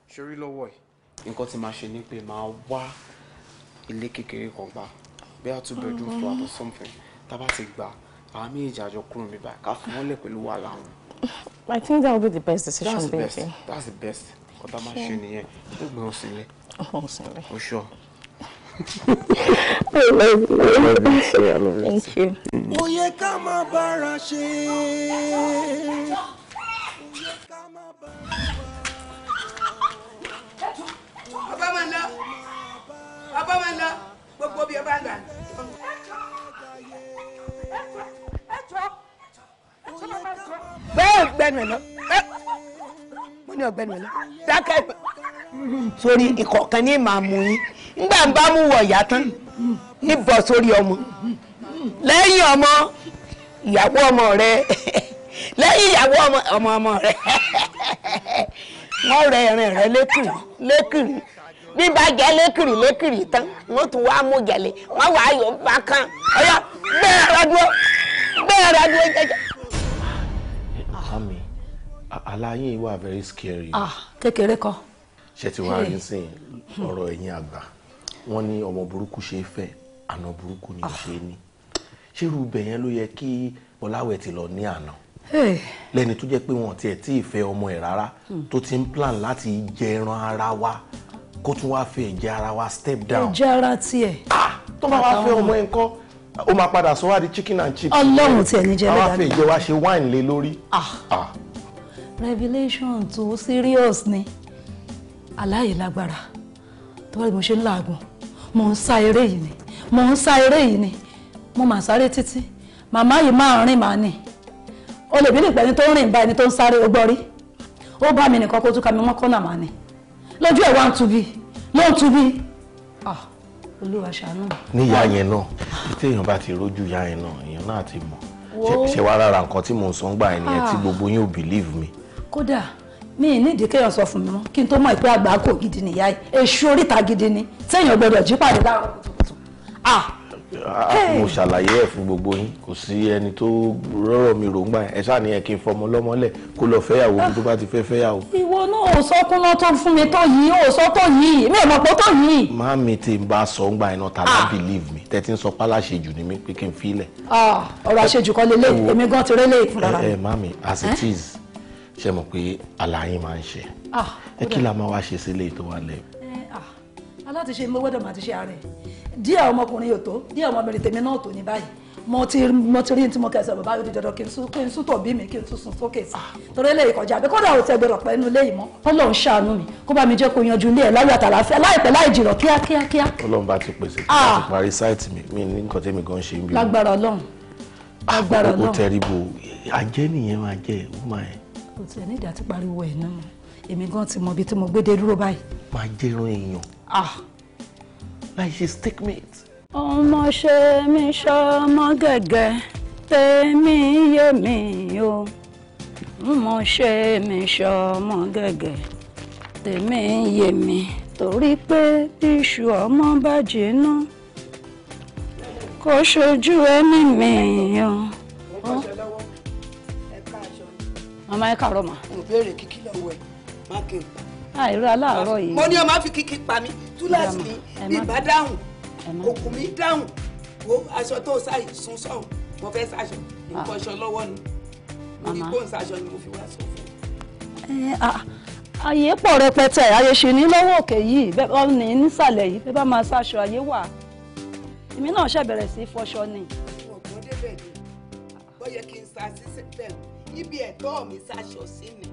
Sherry Lowoy, nǹkan tí màá ṣe ilé kékeré kan gbà bí a two bedroom flat or something tá ti gbà àwọn méjì àjọ kúrò mi báyìí ká fún wọn lẹ̀ pẹ̀lú wàhálà wọn. I think that will be the best decision that's the Best. That's the best. Ọ̀tá máa ṣe nìyẹn. Ṣé gbọ́n sílẹ̀? Ọ̀hún sílẹ̀. O sure. Thank you. Mm. Ó yẹ ká bá máa ń lọ gbogbo bí ẹ bá ń gbà. pé ọgbẹnu ẹ lọ mo ní ọgbẹnu ẹ lọ dákẹ́ sórí ìkọ̀ọ̀kan ní màá mú yín ngbà ń bá mú wọ̀ ìyá tán ní bọ̀ sórí ọmọ lẹ́yìn ọmọ ìyàwó ọmọ rẹ lẹ́yìn ìyàwó ọmọ ọmọ rẹ wọ́n rẹ ẹ̀rìn rẹ lékìrì lékìrì bí bá jẹ lékiri lékiri tán wọ́n tún wá mú jẹlé wọ́n wá yọ bá kan ọyọ bẹ́ẹ̀ rẹ dúró bẹ́ẹ̀ rẹ dúró jẹjẹ. àmì ah, àlàyé wà very scary. Ah, kékeré kan. ṣé ti wàá rí sí ọ̀rọ̀ ẹ̀yin àgbà wọ́n ní ọmọ burúkú ṣe é àna burúkú ni ah. ṣe é ní ṣírú ibẹ̀ yẹn ló yẹ kí Bọ́láwẹ̀ ti lọ ní àná lẹ́ni tó jẹ́ pé wọ́n tiẹ̀ tí ì fẹ́ ọmọ ẹ̀ rárá hmm. tó ti ń plan láti jẹ ara wa kó tún wá fi ẹ̀jẹ̀ ara wa step down. ẹ̀jẹ̀ ara tiẹ̀. Ah, tó bá wá fẹ́ ọmọ ẹ̀ kọ́ ó máa padà sọ wá di chicken and chips. ọlọ́run tiẹ̀ ní jẹ́ lẹ́dàá. àwa fi ẹ̀jẹ̀ wa ṣe wine lé lórí. Ah. Ah. revelation tó serious ni aláyè lágbára tó wà ní mo ṣe ń làágùn mo ń sá eré yìí ni mo ń sá eré yìí ni mo mà sáré títí màmá yìí máa rìn màá nì olè bí nìpẹ́ tó ń rìn bá ẹni tó ń sáré ó gbọ́ rí ó bá mi nìkan kó tún ka mi mọ́ kọ́nà màá nì lójú ẹ̀ wá ń tubí ló ń tubí ah, olúwa ṣàánú. ní ìyá yẹn náà téèyàn bá ti rójú ìyá yẹn náà èèyàn náà ti mọ̀ ṣe wá rárá nǹkan tí mò ń sọ ń gbà ẹni yẹn tí ah. gbogbo yín ò believe mi. kódà mi ì nídìí kéèyàn sọ fún mi mọ́ kí n tó mọ̀ ìpè àgbà kò gidi nìyá yìí èṣù oríta gidi ni téèyàn gbọdọ̀ jí pàdé láàárọ̀ kùtùkùtù ah mo ṣàlàyé ẹ̀ fún gbogbo yín kò sí ẹni tó rọ̀rọ̀ mi rògbà ẹ̀ ṣáà ní ẹ kí n fọmọ lọ́mọlẹ̀ kó lọ fẹ́yàwó tó bá ti fẹ́ fẹ́yàwó. ìwọ náà ò sọ kúnná tó fún mi tó yìí ò sọ tó yìí mi ò mọ̀ pé tó yìí. má mi ti ń bá sọ ńgbà iná tàbí ah. believe me tẹ́tí ń sọ páláṣejù ni mi pé kí n filẹ̀. Ah, ọ̀rọ̀ àṣejù kan lélẹ̀ èmi gan ti rélé ìfúnra. ẹ ẹ má mi as it eh? is ṣe mọ̀ pé àlàyé máa ń ṣe ah, ẹ kí la máa wá ṣe sílé ètò wa lẹ́yìn aláàtìṣe mi gbọ́dọ̀ máa ti ṣe ààrẹ díẹ̀ ọmọkùnrin yóò tó díẹ̀ ọmọbìnrin tèmi náà tó ní báyìí mo ti mo ti rí ní tí mo kẹsàn bàbá yóò di dandan kí n sún kí n sún tòbí mi kí n tún sún sókè sí torí eléyìí kọjá àbí kódà ò tẹgbẹ rọpẹ inú ilé yìí mọ́ Ọlọ́run ṣàánú mi kó bá mi jẹ́ kó yanjú ilé ẹ láyọ̀ àtàlàfẹ láìpẹ́ láì jìrọ̀ kíákíá kíá. Ọlọ́run bá ti pèsè kí ah! wọn ti parí sáìtì ah, èmi gan ti mọ ibi tí mo gbé dé dúró báyìí. máa jẹ́rán èèyàn ah like she's statement. ọmọ ṣe mi ṣọmọ gẹ́gẹ́ tèmi yé mi o ọmọ ṣe mi ṣọmọ gẹ́gẹ́ tèmi yé mi torí pé iṣu ọmọ bá jinná kò ṣojú ẹni mi o. mama ẹ kàrọ̀ ma. mo kíkí lọ́wọ́ ẹ̀ má kí n pa àìrọ ah, aláàárọ̀ yìí. mo ní ọmọ àfi kíkí pa mi túláàsì mi ìbá dáhùn òkú mi dáhùn wo aṣọ tó sáì sun sọ̀hún mo fẹ́ ṣaṣọ nǹkan ah. ṣọ lọ́wọ́ ni mo ní kó ń ṣaṣọ ni mo fi wá sọ fún àyè eh, ah, pọ̀ rẹpẹtẹ àyè ṣì ní lọ́wọ́ òkè yìí bẹ́ẹ̀ bá ní nísàlẹ̀ yìí bẹ́ẹ̀ bá máa ṣaṣọ àyè wà èmi náà ṣẹ̀bẹ̀rẹ̀ sí fọṣọ ni. ọ̀gbọ́n débẹ̀ ni bọ́yẹ kí n sa sísè bẹ́ẹ̀ ibi ẹ̀tọ́ mi ṣaṣọ sí ni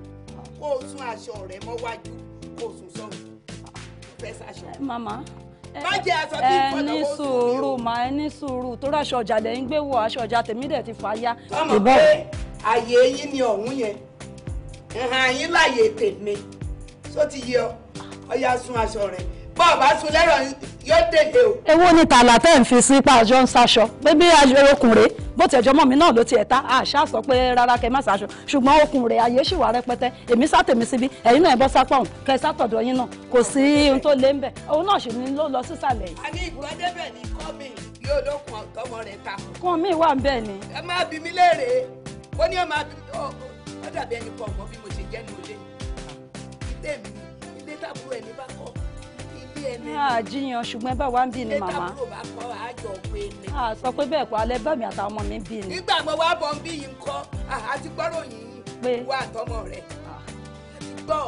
kó o tún aṣọ rẹ̀ mọ́wájú kó sùn sọ́run fẹ́ sáṣọ. Eh, màmá eh, ẹ eh, ní sùúrù mà ẹ ní sùúrù tó ráṣọ ọjà lẹ́yìn gbé wọ aṣọ ọjà tèmi dẹ̀ ti fà ya. ọmọ pé àyè yín ni ọ̀hún yẹn ǹhàn yín láàyè tèmi só ti yẹ ọ ọyá sun aṣọ rẹ bọ́ọ̀bá sun lẹ́rọ̀ yóò dèjè o. ewo ni tààlà tẹ́ ń fi sí pa àjọ ń ṣaṣọ bébí okùn rèé bó ti ẹjọ́ mọ̀ mí náà ló ti ẹ̀ta àṣà sọ pé rárá kẹ́ má ṣaṣọ ṣùgbọ́n okùn rèé ayé ṣì wà rẹpẹtẹ èmi sátèmi síbí ẹ̀yin náà ẹ bọ́ sápọ̀ ọ̀hún kẹ́ sátọ̀dọ̀ yín náà kò sí ohun tó lé ń bẹ̀ òun náà sì ni ló lọ sísàlẹ̀ yìí. àní ìbúra débẹ̀ ni kọ́ mi yóò lókun ọ̀tọ́mọ rẹ̀ ta. kún mi wà ń bẹ̀ ni. ẹ máa bí mi léèrè ó ní ọmọ àbí ó dàbí ẹni kọ̀ọ̀kan bí mo ṣe jẹ́ ní olé ilé mi ilé tábúrò ẹni bá àjíyàn ṣùgbọ́n ẹ bá wa ń bí ni màmá. a sọ pé bẹ́ẹ̀ kọ́ alẹ́ bá mi àtàwọn ọmọ mi ń bí ni. nígbà mo wá bọ̀ ń bí yìí ń kọ́ àti gbọ́rọ̀ yìí pé wà àtọmọ rẹ̀ gbọ́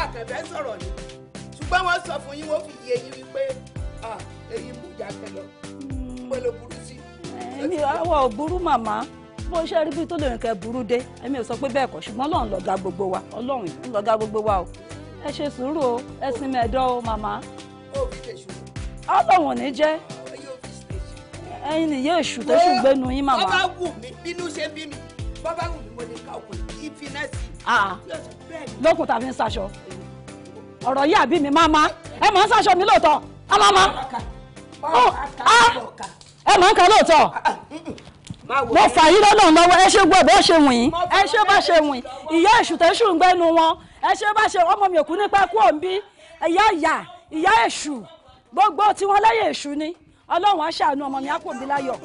àkànfẹ́ sọ̀rọ̀ ni ṣùgbọ́n wọ́n sọ fún yín wọ́n fi yé yín wípé èyí mú ìjà kẹlọ hmm. pẹ̀lú burú sí. èmi àwọn ò burú màmá bó ṣe rí bí tó lè rìn kẹ burú dé èmi ò sọ pé bẹ́ẹ̀ kọ́ ṣùgbọ́n ọlọ́run lọ̀gá gbogbo wa ọlọ́run lọ̀gá gbogbo wa o ẹ ṣe sùúrù o ẹ sinmi ẹ̀dọ̀ o màmá. ọlọ́wọ̀n ní jẹ́ ẹyin nìyẹn èṣù tó ṣù gbénu yín màmá. bọ́bá wù mí bínú ṣe bí mi wù mí mo lè ka òkùn ìfi náà sí. lókun tàbí ń ṣaṣọ ọ̀rọ̀ yìí àbí mi máma ẹ máa ń ṣaṣọ mi lóòótọ́ aláma oh, ah. ẹ máa ń ka lóòótọ́. Ah, ah, mo fà yín lọ́nà lọ́wọ́ ẹ ṣe gbọ́ ṣe wù yín ẹ ṣe bá ṣe wù ìyá èṣù tẹ́ṣù ń gbẹ́nu wọn ẹ ṣe bá ṣe ọmọ mi òkú nípa kú òǹbí ìyá ìyá ìyá èṣù gbogbo tiwọn lẹ́yìn èṣù ni ọlọ́run á ṣàánú ọmọ mi á kò bí láyọ̀.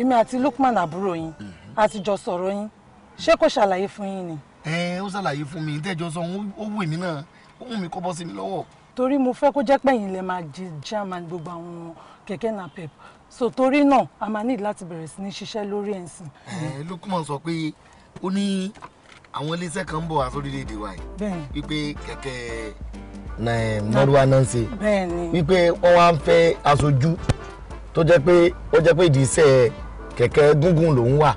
èmi àti Lukman àbúrò yín a ti jọ sọ̀rọ̀ yín ṣé kò ṣàlàyé fún yín ni. ẹ ó ṣàlàyé fún mi tẹ́jọ́ sọ ó wù mí náà ohun mi kó bọ́ sí mi lọ́wọ́. torí mo fẹ́ kó jẹ́ pẹ̀yìn lẹ máa di german gbogbo àwọn kẹ̀kẹ́ napep so torí náà a máa ní láti bẹ̀rẹ̀ sí ní ṣiṣẹ́ lórí ẹ̀sìn. ẹ Lukman sọ pé ó ní àwọn iléeṣẹ́ kan ń bọ̀ wá sórílẹ̀-èdè wa yìí wípé kẹ̀kẹ́ eh, mọ́rúwá náà ń ṣe wípé wọ́n wá ń fẹ́ aṣojú tó jẹ́ pé ó jẹ́ pé ìdí kẹ̀kẹ́ gúngún lòún wà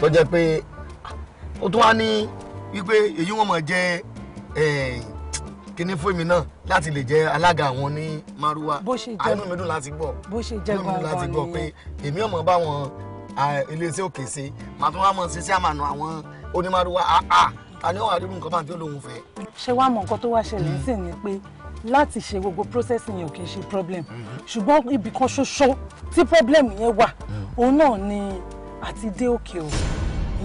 tó jẹ́ pé ó tún wá ní wípé èyí wọn mọ̀ jẹ́ eh, kíní fún mi náà láti lè jẹ alága àwọn ní márúwá àánú mi dùn láti gbọ́ àánú mi dùn láti gbọ́ pé èmi ọmọ bá wọn iléeṣẹ́ òkè ṣe màá tún wá mọ̀ sí sí àmàna àwọn onímárúwá àà ta ni ó wà nínú nǹkan bá ń tí ó lóun fẹ́. ṣé wàá mọ nǹkan tó wá ṣẹlẹ̀ hmm. sí ni pé láti ṣe gbogbo processing yẹn ò kì í ṣe problem hmm. ṣùgbọ́n ibì kan ṣoṣo tí problem yẹn wà hmm. òun náà ni àti dé òkè o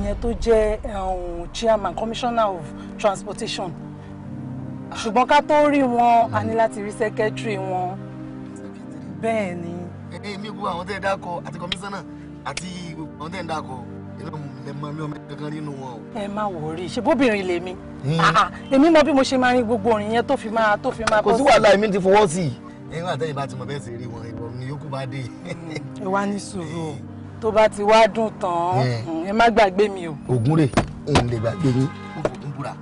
ìyẹn tó jẹ́ um, chairman commissioner of transportation ṣùgbọ́n ká tó rí wọn a ní láti rí sẹ́kẹ́tìrì wọn bẹ́ẹ̀ ni. èmi gbogbo àwọn tẹ́ ẹ dákọ àti kọmíṣánná àti àwọn tẹ́ ẹ dákọ ẹ máa mi ọmọ kankan nínú wọn o. ẹ má wọrí ṣe bóbìnrin lèmi hmm. ah, ah. èmi mọ bí mo ṣe máa rin gbogbo orin yẹn tó fi máa tó fi máa bọ́ sí. kò sí wàhálà èmi ti fọwọ́ sí i. ẹ wá àtẹ̀yìn bá ti mọ bẹ́ẹ̀ sì rí wọn ìbọn ni yókù bá dé. Hmm. ẹ wá ní sùúrù tó bá ti wá dùn tán hmm. ẹ má gbàgbé mi o. ògúnrè ń lè gbàgbé yín. ó fòkún búra.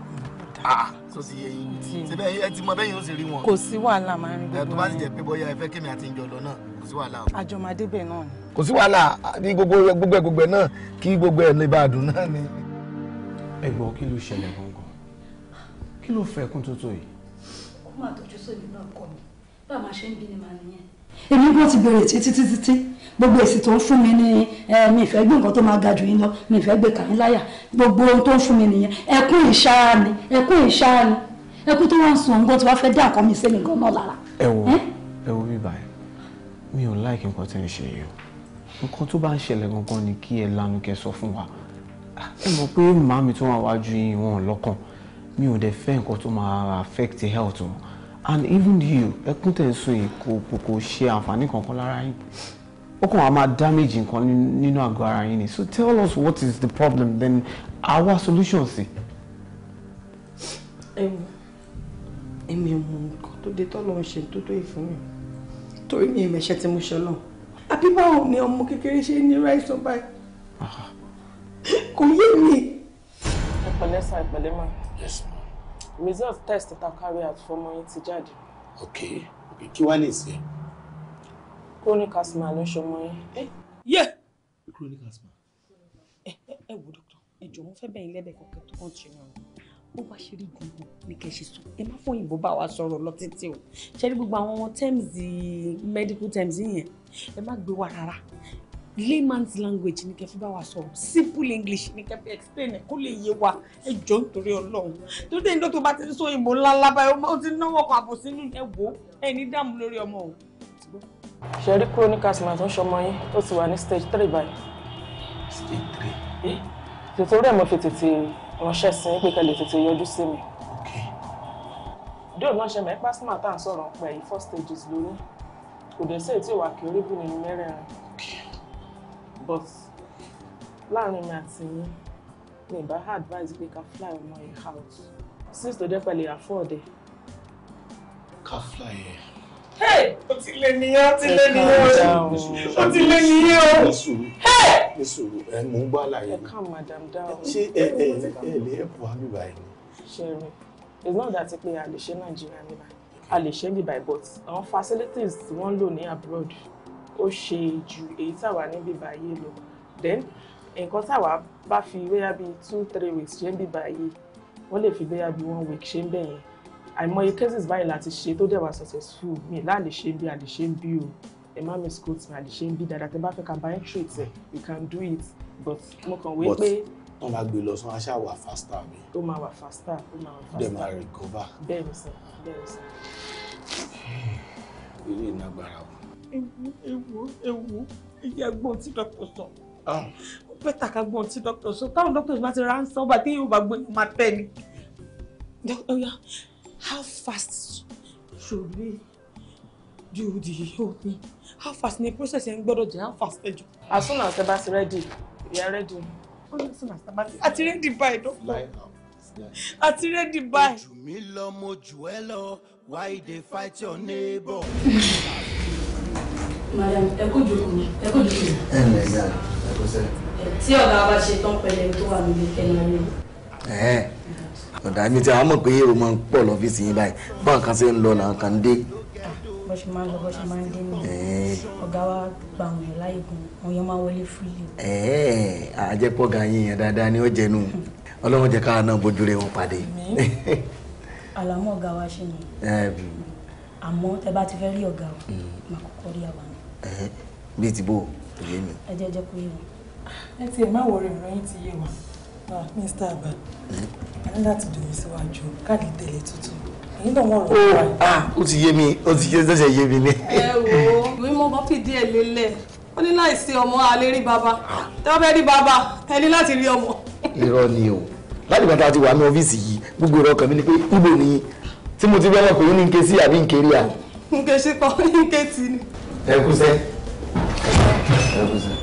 Ah, sọ sí eyín síbẹ̀ mm. ẹ ti mọ bẹ́ẹ̀ yóò ṣe rí wọn. kò sí wàhálà máa ń rí gbogbo wọn. tó bá ti jẹ́ pé bóyá ẹ fẹ́ kémi àti ìjọ lọ náà kò sí wàhálà. àjọmọdé bẹ́ẹ̀ náà ni. kò sí wàhálà ní gbogbo gbogbo gbogbo náà kí gbogbo ẹ̀ lè bá a dùn náà ni. ẹ gbọ́ kí ló ṣẹlẹ̀ gangan kí ló fẹ́ kún tuntun yìí. ó máa tọ́jú sóyún a máa ṣe ń bí ni màá nìyẹn. èmi gbọ́ ti bẹ̀rẹ̀ títí títí gbogbo èsì tó ń fún mi ní mi ìfẹ́ gbé nǹkan tó máa ga jù yín lọ mi ìfẹ́ gbé kàn yín láyà gbogbo ohun tó ń fún mi nìyẹn ẹkún ìṣáá ni ẹkún ìṣáá ni ẹkú tó wá ń sun ọ̀ngàn tí wàá fẹ́ dé àkọ́mí sẹ́mi gan náà lára. ẹ wo ẹ wo bíbá ẹ mi ò láìkí nǹkan tẹ́ ń ṣe yìí o nǹkan tó bá ń ṣẹlẹ̀ gangan ni kí ẹ lanu kẹ́ sọ fún wa ah, ẹ mọ̀ pé màá mi tó wà wájú yín wọn lọ́kàn mi ò dẹ̀ fẹ́ nǹkan tó máa affect health wọn and even you ẹkún tẹ̀ ń sun yìí kò kò kò ṣe àǹfààní kankan lára yín ó kàn wá máa damage nǹkan nínú àgọ́ ara yín ni so tell us what is the problem then our solution si. ẹ wò èmi ò mọ nǹkan tó dé tọ́lọ́ ṣe tó tó yìí fún mi torí mi ìmẹ̀ṣẹ́ tí mo ṣe náà àbí báwo ni ọmọ kékeré ṣe ní ráìsàn báyìí kò yé mi. ẹ pẹ̀lẹ́ sá ẹ pẹ̀lẹ́ mà. yes ma. result test ta carry out fọmọ yín ti jáde. ok ok kí wàá lè ṣe. chronic asthma ló ṣe ọmọ yín. yé. chronic asthma. ẹ wò dókítà ẹ jọ̀wọ́ fẹ́ bẹ́ẹ̀ ilé ẹ̀bẹ̀ kọ̀ọ̀kan tó kàn ṣe náà bó bá ṣe rí gbogbo ní kẹ́ ṣe sọ ẹ má fún òyìnbó bá wa sọ̀rọ̀ lọ títí o ṣe rí gbogbo àwọn terms medical terms yẹn ẹ má gbé wa rárá layman's language ní kẹ́ fi bá wa sọ̀rọ̀ simple english ní kẹ́ fi explain ẹ̀ kó lè yé wa ẹ jọ nítorí ọlọ́run tó dé nígbà tó bá ti ń sọ òyìnbó ńláńlá báyìí ó ti náwó ọkọ̀ àbòsí nínú ẹ wò ẹ ní dààmú lórí ọmọ o ṣẹ̀rí chronic asthma tó ń ṣọmọ yín ó ti wà ní stage three báyìí. stage three. ṣètò eh? rẹ̀ mo fi tètè ránṣẹ́ sí pé kẹ́ lè tètè yọjú sí mi. dóòlù ránṣẹ́ mẹ́ pásítọ̀ tá à ń sọ̀rọ̀ pẹ̀ yìí first stages lóyún kò dẹ̀ sí èyí tí ò wà kí orí bù nínú mẹ́rẹ̀ẹ̀rin but láàrin mi àti yín mi bá advice pé ká fly ọmọ yẹn out since tó dẹ́ pẹ̀lú afford ẹ̀. ká fly ẹ̀ ó ti lé nìyẹn ó ti lé nìyẹn ó ti lé nìyẹn ó. ní sùúrù ní sùúrù ẹ mò ń gbọ́ àlàyé ṣé ẹ ẹ ẹ lè ẹ̀pù àbíbá ẹ̀ ni. ṣe it's not that pé a lè ṣe nàìjíríà níbà a lè ṣe níbà but àwọn facilities tí wọ́n lò ní abroad ó ṣe ju èyí táwa níbí báyìí lọ then nǹkan táwa bá fi wéyà bíi two three weeks ṣe ń bíbá yìí wọ́n lè fi wéyà bíi one week ṣe ń bẹ̀yẹn àìmọye cases báyìí láti ṣe tó dẹ̀ wá successful mi láà lè ṣe bí a lè ṣe ń bí o ẹ má mi school tí a lè ṣe ń bí dáadáa tẹ bá fẹ́ ká bá yín treat you can do it but mo kàn wé pé. wọn bá gbé lọ sọ wọn ṣáà wà faster mi. ó máa wà faster ó máa wà faster. dem máa recover. bẹ́ẹ̀ ni sir bẹ́ẹ̀ ni sir. ilé ìnagbára o. ewu ewu ewu ìyá ẹ̀gbọ́n tí dókítà sọ ah. ó bẹ́tà ká gbọ́n tí dókítà sọ táwọn dókítà bá ti ránṣọ́ bá téèyàn bá gbé máa tẹ̀ ni how fast should we do the whole thing how fast the process yẹn gbọ́dọ̀ jẹ́ how fast ẹ jù. as soon as the bus is ready we are ready. ó ní sùn àti abáṣe àti ready báyìí Don't. àti ready báyìí. ojú mi lọ mo jù why you fight your neighbor. madam ẹ kó jókòó mi ẹ kó jókòó mi. ẹ ǹlẹ́ ìyá ẹ kó sẹ́yìn. tí ọ̀gá wa bá ṣe tán pẹ̀lẹ́ tó wà níbi ọ̀dà mi ti a mọ̀ pé èrò máa ń pọ̀ lọ́fíìsì yín báyìí báwọn kan ṣe ń lọ làwọn kan ń dé. bó ṣe máa ń lọ bó ṣe máa ń dé nìyẹn ọ̀gá wa gba àwọn èèyàn láyè gan àwọn èèyàn máa wọlé fúlì. àjẹpọ̀ ga yín yẹn dáadáa ni ó jẹnu ọlọ́run jẹ́ káwọn náà bójú rẹ̀ wọ́n pàdé. àlámọ́ ọ̀gá wa ṣe ni àmọ́ tẹ bá ti fẹ́ rí ọ̀gá wa máa hmm. kọ́kọ́ rí àwa náà. bíi ti bó Ah, Mr. Abba, a ní láti dòwe síwájú káàdì tẹ̀lé tuntun. Èyí náà wọ́n rọ̀ wá. Ah, o ti yé mi, ó ti yé sẹ́sẹ̀ yé mi ní. Ẹ wo, mi mọ bọ́ fìdí ẹ̀ lélẹ̀. Ó ní láìsí ọmọ alẹ́ rí bàbá. Tẹ́ wọ́n fẹ́ rí bàbá, ẹ ní láti rí ọmọ. Irọ́ ni o. Láti bàtà ti wà ní ọ́fíìsì yìí, gbogbo ìrọ̀ ọkàn mi ni pé ibo ni tí mo ti fẹ́ lọ́kùn yín ní nke sí àbí nke rí à. Nke ṣe kọ́, nke ti ni. Ẹ kú Ẹ kú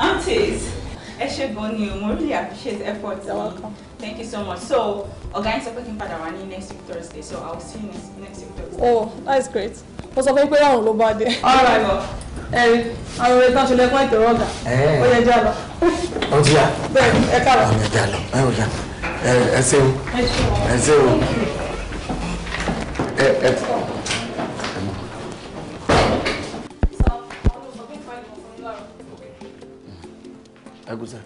aunties ẹ ṣe gan ni really appreciate the effort you're welcome thank you so much so ọ̀gá yín sọ pé next week thursday so I'll see you next, next week thursday. oh that's great mo sọ fún yín pé ráhùn ló bá all right well ẹ̀rí àwọn ẹ̀ka ṣe lẹ́kọ́ ìtẹ̀rọ ọ̀gá ó yẹ jẹ́ àlọ́. ó ti yá bẹ́ẹ̀ ẹ káàlọ́. ọmọ ẹ̀ka lọ ẹ ò yá ẹ ẹ ṣeun Agusa.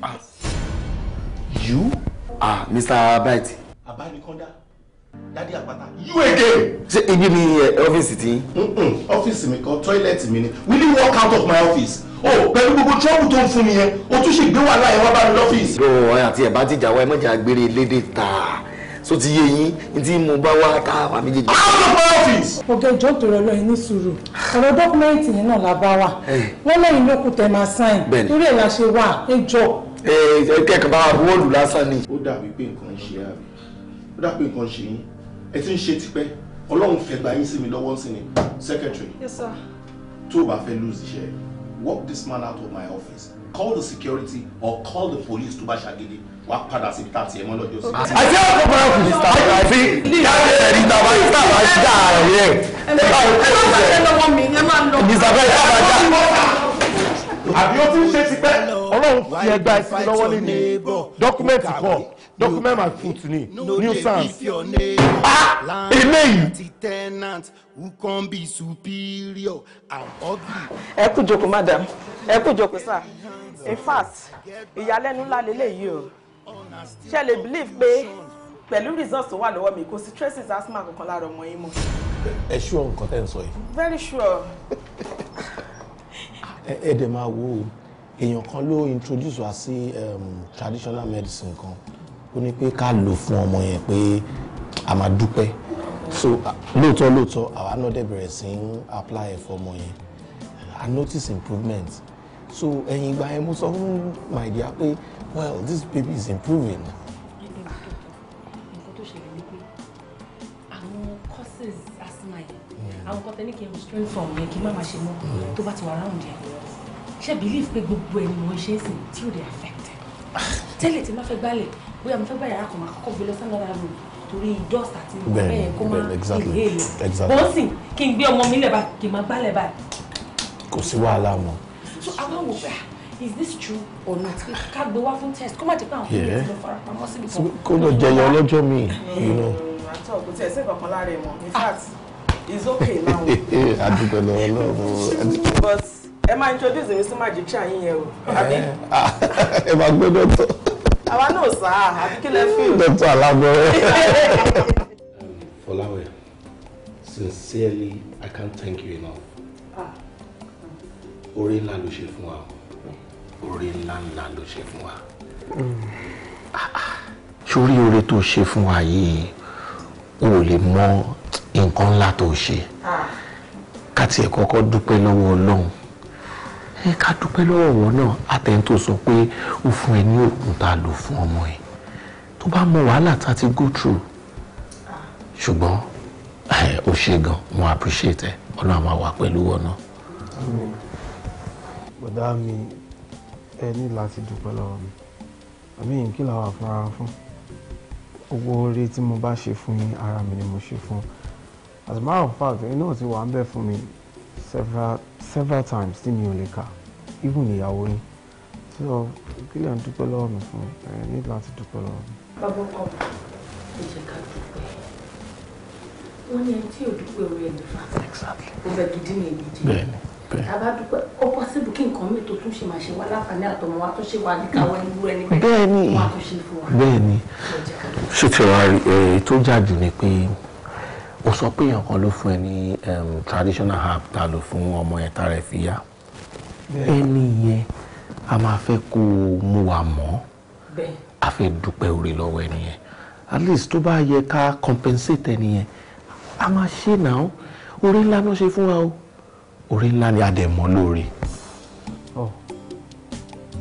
Ah. You are Mr. Abaiti. Abanikonda. Dádì Àpáta. You again. Ṣé ibi office city. ti? Ọ́fíìsì Office kan call toilet. ni. Will you walk out of my office? Oh, pẹ̀lú gbogbo trọ́bù tó ń fún mi yẹn, o tún ṣì gbé wàhálà yẹn wá bá mi lọ́fíìsì. Yóò àti ẹ̀ bá jìjà wa ẹ mọ̀jà gbére lédè tàà so ti yé yín tí mo bá wá ká wà méjèèjì. out of my office. ọ̀gá ìjọ tòrọ lọ yìí ní sùúrù ọ̀rọ̀ dọ́kúmẹ́ǹtì yẹn náà la bá wà eh. wọ́n lẹ́yìn ló kù tẹ̀ máa sáìn torí ẹ̀ la ṣe wà ẹ jọ. Eh, ẹ ẹ kẹ́kọ̀ọ́ bá wà bọ́ọ̀lù lásán ni. ó dàbí pé nǹkan ṣe àbí ó dàbí nǹkan ṣe yín ẹ ti ń ṣe tipẹ́ ọlọ́run fẹ́ yín sí mi lọ́wọ́ sí ni secretary. yes sir. tó o bá fẹ́ lose iṣẹ́ walk this man out of my office call the security or call the police tó bá ṣàgídí wà padà sí ta tiẹ̀ mọ́ lọ́jọ́ sí. àti ọkọ̀ bá kù àti jáde ẹ̀rí tàbá tàbá dà rẹ̀. ẹ má bàjẹ́ lọ́wọ́ mi ẹ má lọ. ìsàbẹ̀ tàbá dà. àbí o ti ń ṣe tipẹ́. ọlọ́run fi ẹgbà ẹ sí lọ́wọ́ lẹ́nu dọ́kúmẹ́ǹtì kọ́ dọ́kúmẹ́ǹtì máa fún un new sans. eléyìí. ẹ kú jókòó madam ẹ kú jókòó sir in fact ìyàlẹ́nu ńlá lélẹ́yìí o ṣe lè believe pé pẹ̀lú results tó wà lọ́wọ́ mi kò sí traces asthma kankan lára ọmọ yín mọ́. ẹ sure nǹkan tẹ́ ń sọ yìí. very sure. ẹ dẹ̀ máa wo èèyàn kan ló introduce wa sí um, traditional medicine kan ó ní pé ká lò fún ọmọ yẹn pé a máa dúpẹ́ so lóòótọ́ lóòótọ́ àwa náà dẹ̀ bẹ̀rẹ̀ sí ń apply for fọmọ yẹn i notice improvement so ẹ̀yìn ìgbà yẹn mo sọ fún my dear pé well this baby is improving. nǹkan tó ṣẹlẹ̀ ni pé àwọn courses asthma yìí hmm. àwọn kan tẹ́lẹ̀ kí n restrain from yẹn kí n má máa ṣe mọ́ hmm. tó bá ti wà round yẹn ṣe believe pé gbogbo ẹni mo ṣe é sìn tí ò dey affected tẹ́lẹ̀ tí n bá fẹ́ gbálẹ̀ bóyá mo fẹ́ gbá yàrá kan máa kọ́kọ́ gbé lọ sí another room torí dust àti nǹkan bẹ́ẹ̀ kó máa ìhé lọ bó sìn kí n gbé ọmọ mi lẹ̀ bá kí n máa gbálẹ̀ báyìí. kò sí wàhálà mọ́. so àwọn wò pé ah is this true or not ah. ká gbé wá fún test kó má jẹ́ pé àwọn kékeré ti lọ fara pamọ́ síbi kan. kó lọ jẹyọ ọlọ́jọ́ mi. àtọ̀ mm. mm, kò tiẹ̀ sí kankan lára ẹ̀ mọ́ in fact it's okay now. àdúgbò lọ́wọ́ lọ́wọ́. but ẹ máa introduce mi sí magician yín yẹn o àbí. Eh, ẹ máa gbé dọ́tọ̀. àwa náà sá àbí kí lẹ fi. dọ́tọ̀ alágbọ́rẹ́. Fọláwẹ̀ sincerely I can't thank you enough. Ah. orí ńlá ló ṣe fún wa oore ńláńlá ló ṣe fún wa. sórí oore tó ṣe fún wa yìí o ò lè mọ nǹkan ńlá tó ṣe ká tiẹ̀ kọ́kọ́ dúpẹ́ lọ́wọ́ ọlọ́run ẹ ká dúpẹ́ lọ́wọ́ wọn náà àtẹ̀yìn tó sọ pé ó fún ẹ ní oògùn tá a lò fún ọmọ ẹ tó bá mọ wàhálà tá a ti go through ṣùgbọ́n ó ṣe gan mo appreciate ẹ ọlọ́run máa wà pẹ̀lú wọn náà. bọ̀dá mi ẹ ní láti dúpẹ́ lọ́wọ́ mi àbí yìí kí làwọn àfúnra fún owó orí tí mo bá ṣe fún yín ara mi ni mo ṣe fún as a matter of fact inú ò ti wà ń bẹ̀ fún mi several several times tí mi ò lè kà even ìyàwó yín so kí lè ń dúpẹ́ lọ́wọ́ mi fún ẹ ní láti dúpẹ́ lọ́wọ́ mi. bàbá ọkọ mi ṣe ká dúpẹ́ wọ́n ní ẹni tí ò dúpẹ́ orí ẹni fa ọbẹ̀ gidi ni èyí jẹ́ abadúpẹ́ ó pọ́sibú kí nǹkan mi tó tún ṣe ni jáde ni pé o sọ pé èèyàn kan ló fún ẹ ní traditional herb ta lò fún ọmọ ẹ tá rẹ fi yá ẹni yẹn a máa fẹ́ kó o mú wa mọ́ a fẹ́ dúpẹ́ orí lọ́wọ́ ẹni yẹn at least tó bá yẹ ká compensate ẹni yẹn a máa ṣe náà orí ńlá náà ṣe fún wa o orí ńlá ni àdẹ̀mọ́ lóore. ọ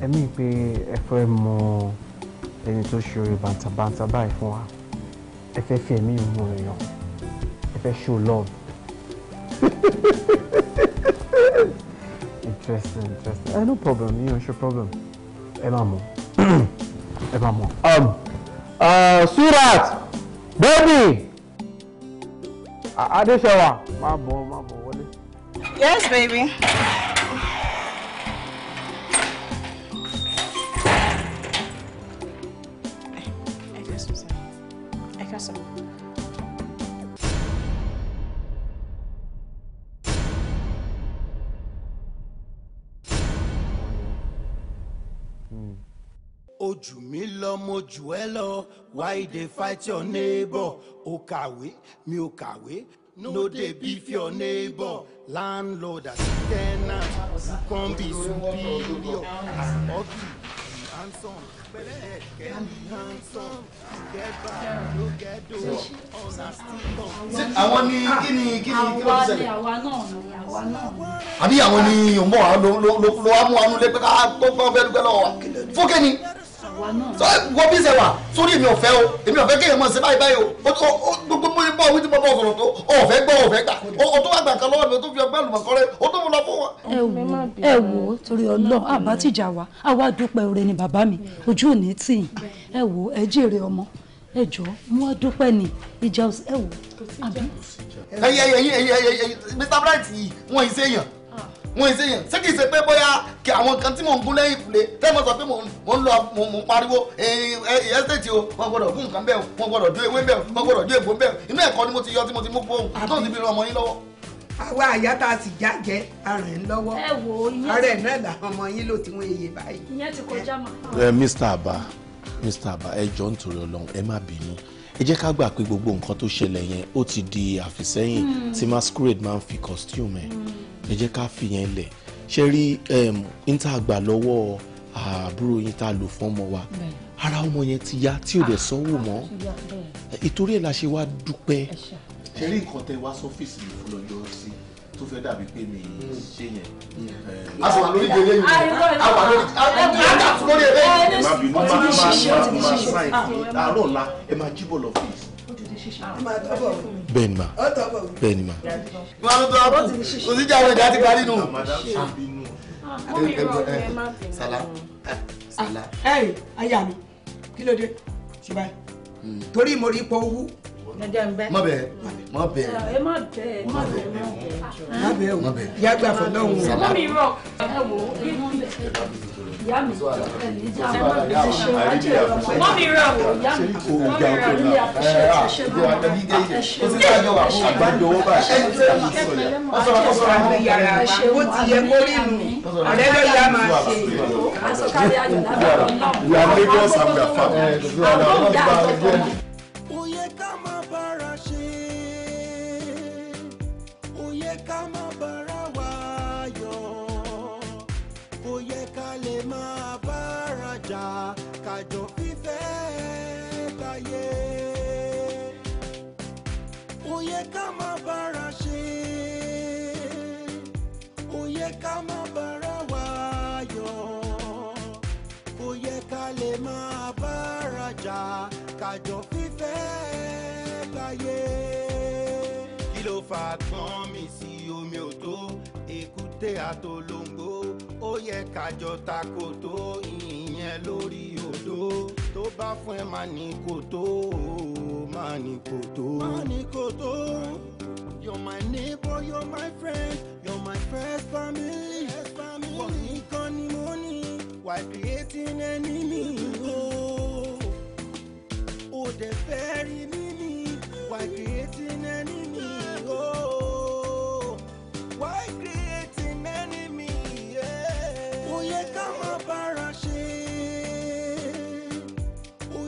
ẹ̀mí pé ẹ fẹ́ mọ ẹni tó ṣe orí bàǹtàbàǹtà báyìí fún wa ẹ fẹ́ fi ẹ̀mí ìmú èèyàn ẹ fẹ́ show love. interesting interesting eh, no problem yíyan you ṣe know, problem ẹ máa mọ ẹ máa mọ. Um, uh, Surat baby Adéṣẹ́wà máa bọ̀ máa bọ̀. Yes, baby. ojú mi lọ mo jù ẹ lọ why you dey fight your neighbor o kàwé mi ò kàwé no dey beef your neighbor landlord as tenant who come be superior and ugly handsome pẹ̀lẹ́ kẹmi handsome together no get door ọ̀nà still on. àwọn ni kí ni kí ni kí ló ń ṣẹlẹ̀. àwa náà ni àwa náà. àbí àwọn ni yòówó ló wá mú wa nulẹ̀ pé ká kó fẹ́ dúpẹ́ lọ́wọ́ wa fún kí wọ́n bí ṣe wà sórí èmi ọ̀fẹ́ o èmi ọ̀fẹ́ kéèyàn mọ̀ sí báyìí báyìí o gbogbo mo ní bọ́ òwe tí mo bọ́ sọ̀rọ̀ tó ọ̀fẹ́ gbọ́ ọ̀fẹ́ gbà o tó wà gbà kan lọ́wọ́ mi o tó fi ọgbẹ́ àlùmọ̀kọ́ rẹ o tó mu lọ fún wa. ẹ wo ẹ wo torí Ọlọ́run àbá tìjà wa àwa dúpẹ́ oore ni bàbá mi ojú ò ní tì ẹ wo ẹ jèrè ọmọ ẹ jọ mo wá dúpẹ́ ni ìjà ẹ wo àbí. ẹyẹ ẹyẹ ẹyẹ Mr Bright yìí wọn ì wọn ì sèyàn ṣé kìí ṣe pé bóyá kí àwọn kan tí mò ń gún lẹ́yìn ìkùlé tẹ́mọ̀ sọ pé mò ń lọ mò ń pariwo ẹ́sẹ̀tì o wọ́n gbọ́dọ̀ gún nǹkan bẹ́ẹ̀ wọ́n gbọ́dọ̀ dún ewé bẹ́ẹ̀ wọ́n gbọ́dọ̀ dún ègbò bẹ́ẹ̀ inú ẹ̀kọ́ ni mo ti yọ tí mo ti mú fóun náà ti fi ràn ọmọ yín lọ́wọ́. àwa àyà tá a sì já jẹ aràn ń lọ́wọ́ ọ̀rẹ́ náà làwọn ọmọ yín Aba Mr. Aba ẹ jọ̀ọ́ nítorí Ọlọ́run ẹ má bínú ẹ jẹ́ ká gbà pé gbogbo nǹkan tó ṣẹlẹ̀ yẹn ó ti di àfisẹ́yìn hmm. tí masquerade máa ń fi costume ẹ̀. Hmm ẹ jẹ́ ká fìyẹn lẹ̀ ṣe rí n tá a gbà lọ́wọ́ àbúrò yín tá a lò fún ọmọ wa ara ọmọ yẹn ti yá tí ò dẹ̀ ah, sanwó ah, mọ́ ìtorí ẹ̀ la ṣe wá dúpẹ́. ṣe rí nǹkan tẹ wá sọ́fíìsì mi fún lọ́jọ́ sí tó fẹ́ dàbí pé mi hmm. ṣe yẹn. Hmm. a sọ wà lórí gèlè yìí ah, a wà lórí a dà tún lórí ẹ̀ bẹ́ẹ̀. má bínú má má má má sáyẹn àárọ̀ la ẹ máa jíbọ̀ lọ́fíìsì bẹ́ẹ̀ ni ma bẹ́ẹ̀ ni ma. máa ń tọ́ kò sí jáwé ìdá ti parí nù. sàlá sàlá. ẹ aya mi kí ló dé ṣe báyìí hmm. torí mo rí ipò owó mọ bẹ mọ bẹ mọ bẹ mọ bẹ mọ bẹ yàgbà fọlọ́hún. sàlá mi rọ ẹ wò ó bí wọ́n bẹ ìyá mi ẹ má bí ti ṣe ajé ẹ̀rọ ọmọ ìyá mi rẹ̀ wò ìyá mi ìyá mi rẹ̀ ní àfiṣẹ́ àṣẹ náà àṣẹ òsì àjọ wà fún àgbájọ owó bá ṣe ń sọ yà ó sọ àwọn yàrá bó ti yẹ kó rí nù ọ̀rẹ́ ló yá máa ṣe ìyá lagos and their family. àṣà kájọ fífẹ́ gbáyé. kí ló fà gbọ́n mi sí omi ò èkúté àtolóńgbò ó yẹ kájọ ta kòtó ìyẹn lórí odò tó bá fún ẹ máa ní kòtó máa ní kòtó. máa ní kòtó. You're my neighbor, you're my friend, you're my first family. Yes, family. One gun money, why creating enemy? Why creating enemy? Oh, why creating enemy? Yeah. Ó yẹ ká má bára ṣe. Ó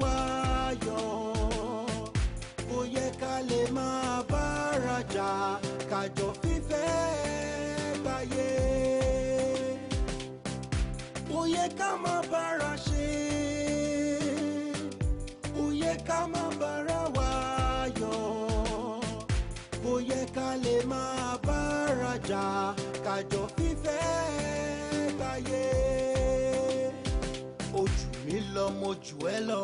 wa yọ̀. Ó yẹ ká lè máa bára jà kájọ fífẹ́ gbáyé. Ó ká má bára wa yọ̀ kò yẹ ká lè máa bára jà kájọ fífẹ́ gbáyé ojú mi lọ mo jù ẹ lọ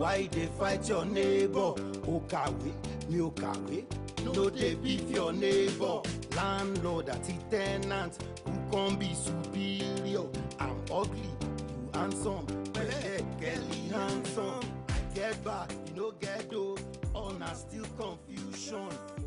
why you dey fight your neighbor o kàwé mi ò kàwé no dey beef your neighbor landlord àti tenant who come be superior i'm ugly you handsome pẹ̀lẹ́ kẹ́lí handsome get back, you no get dough. All na still confusion.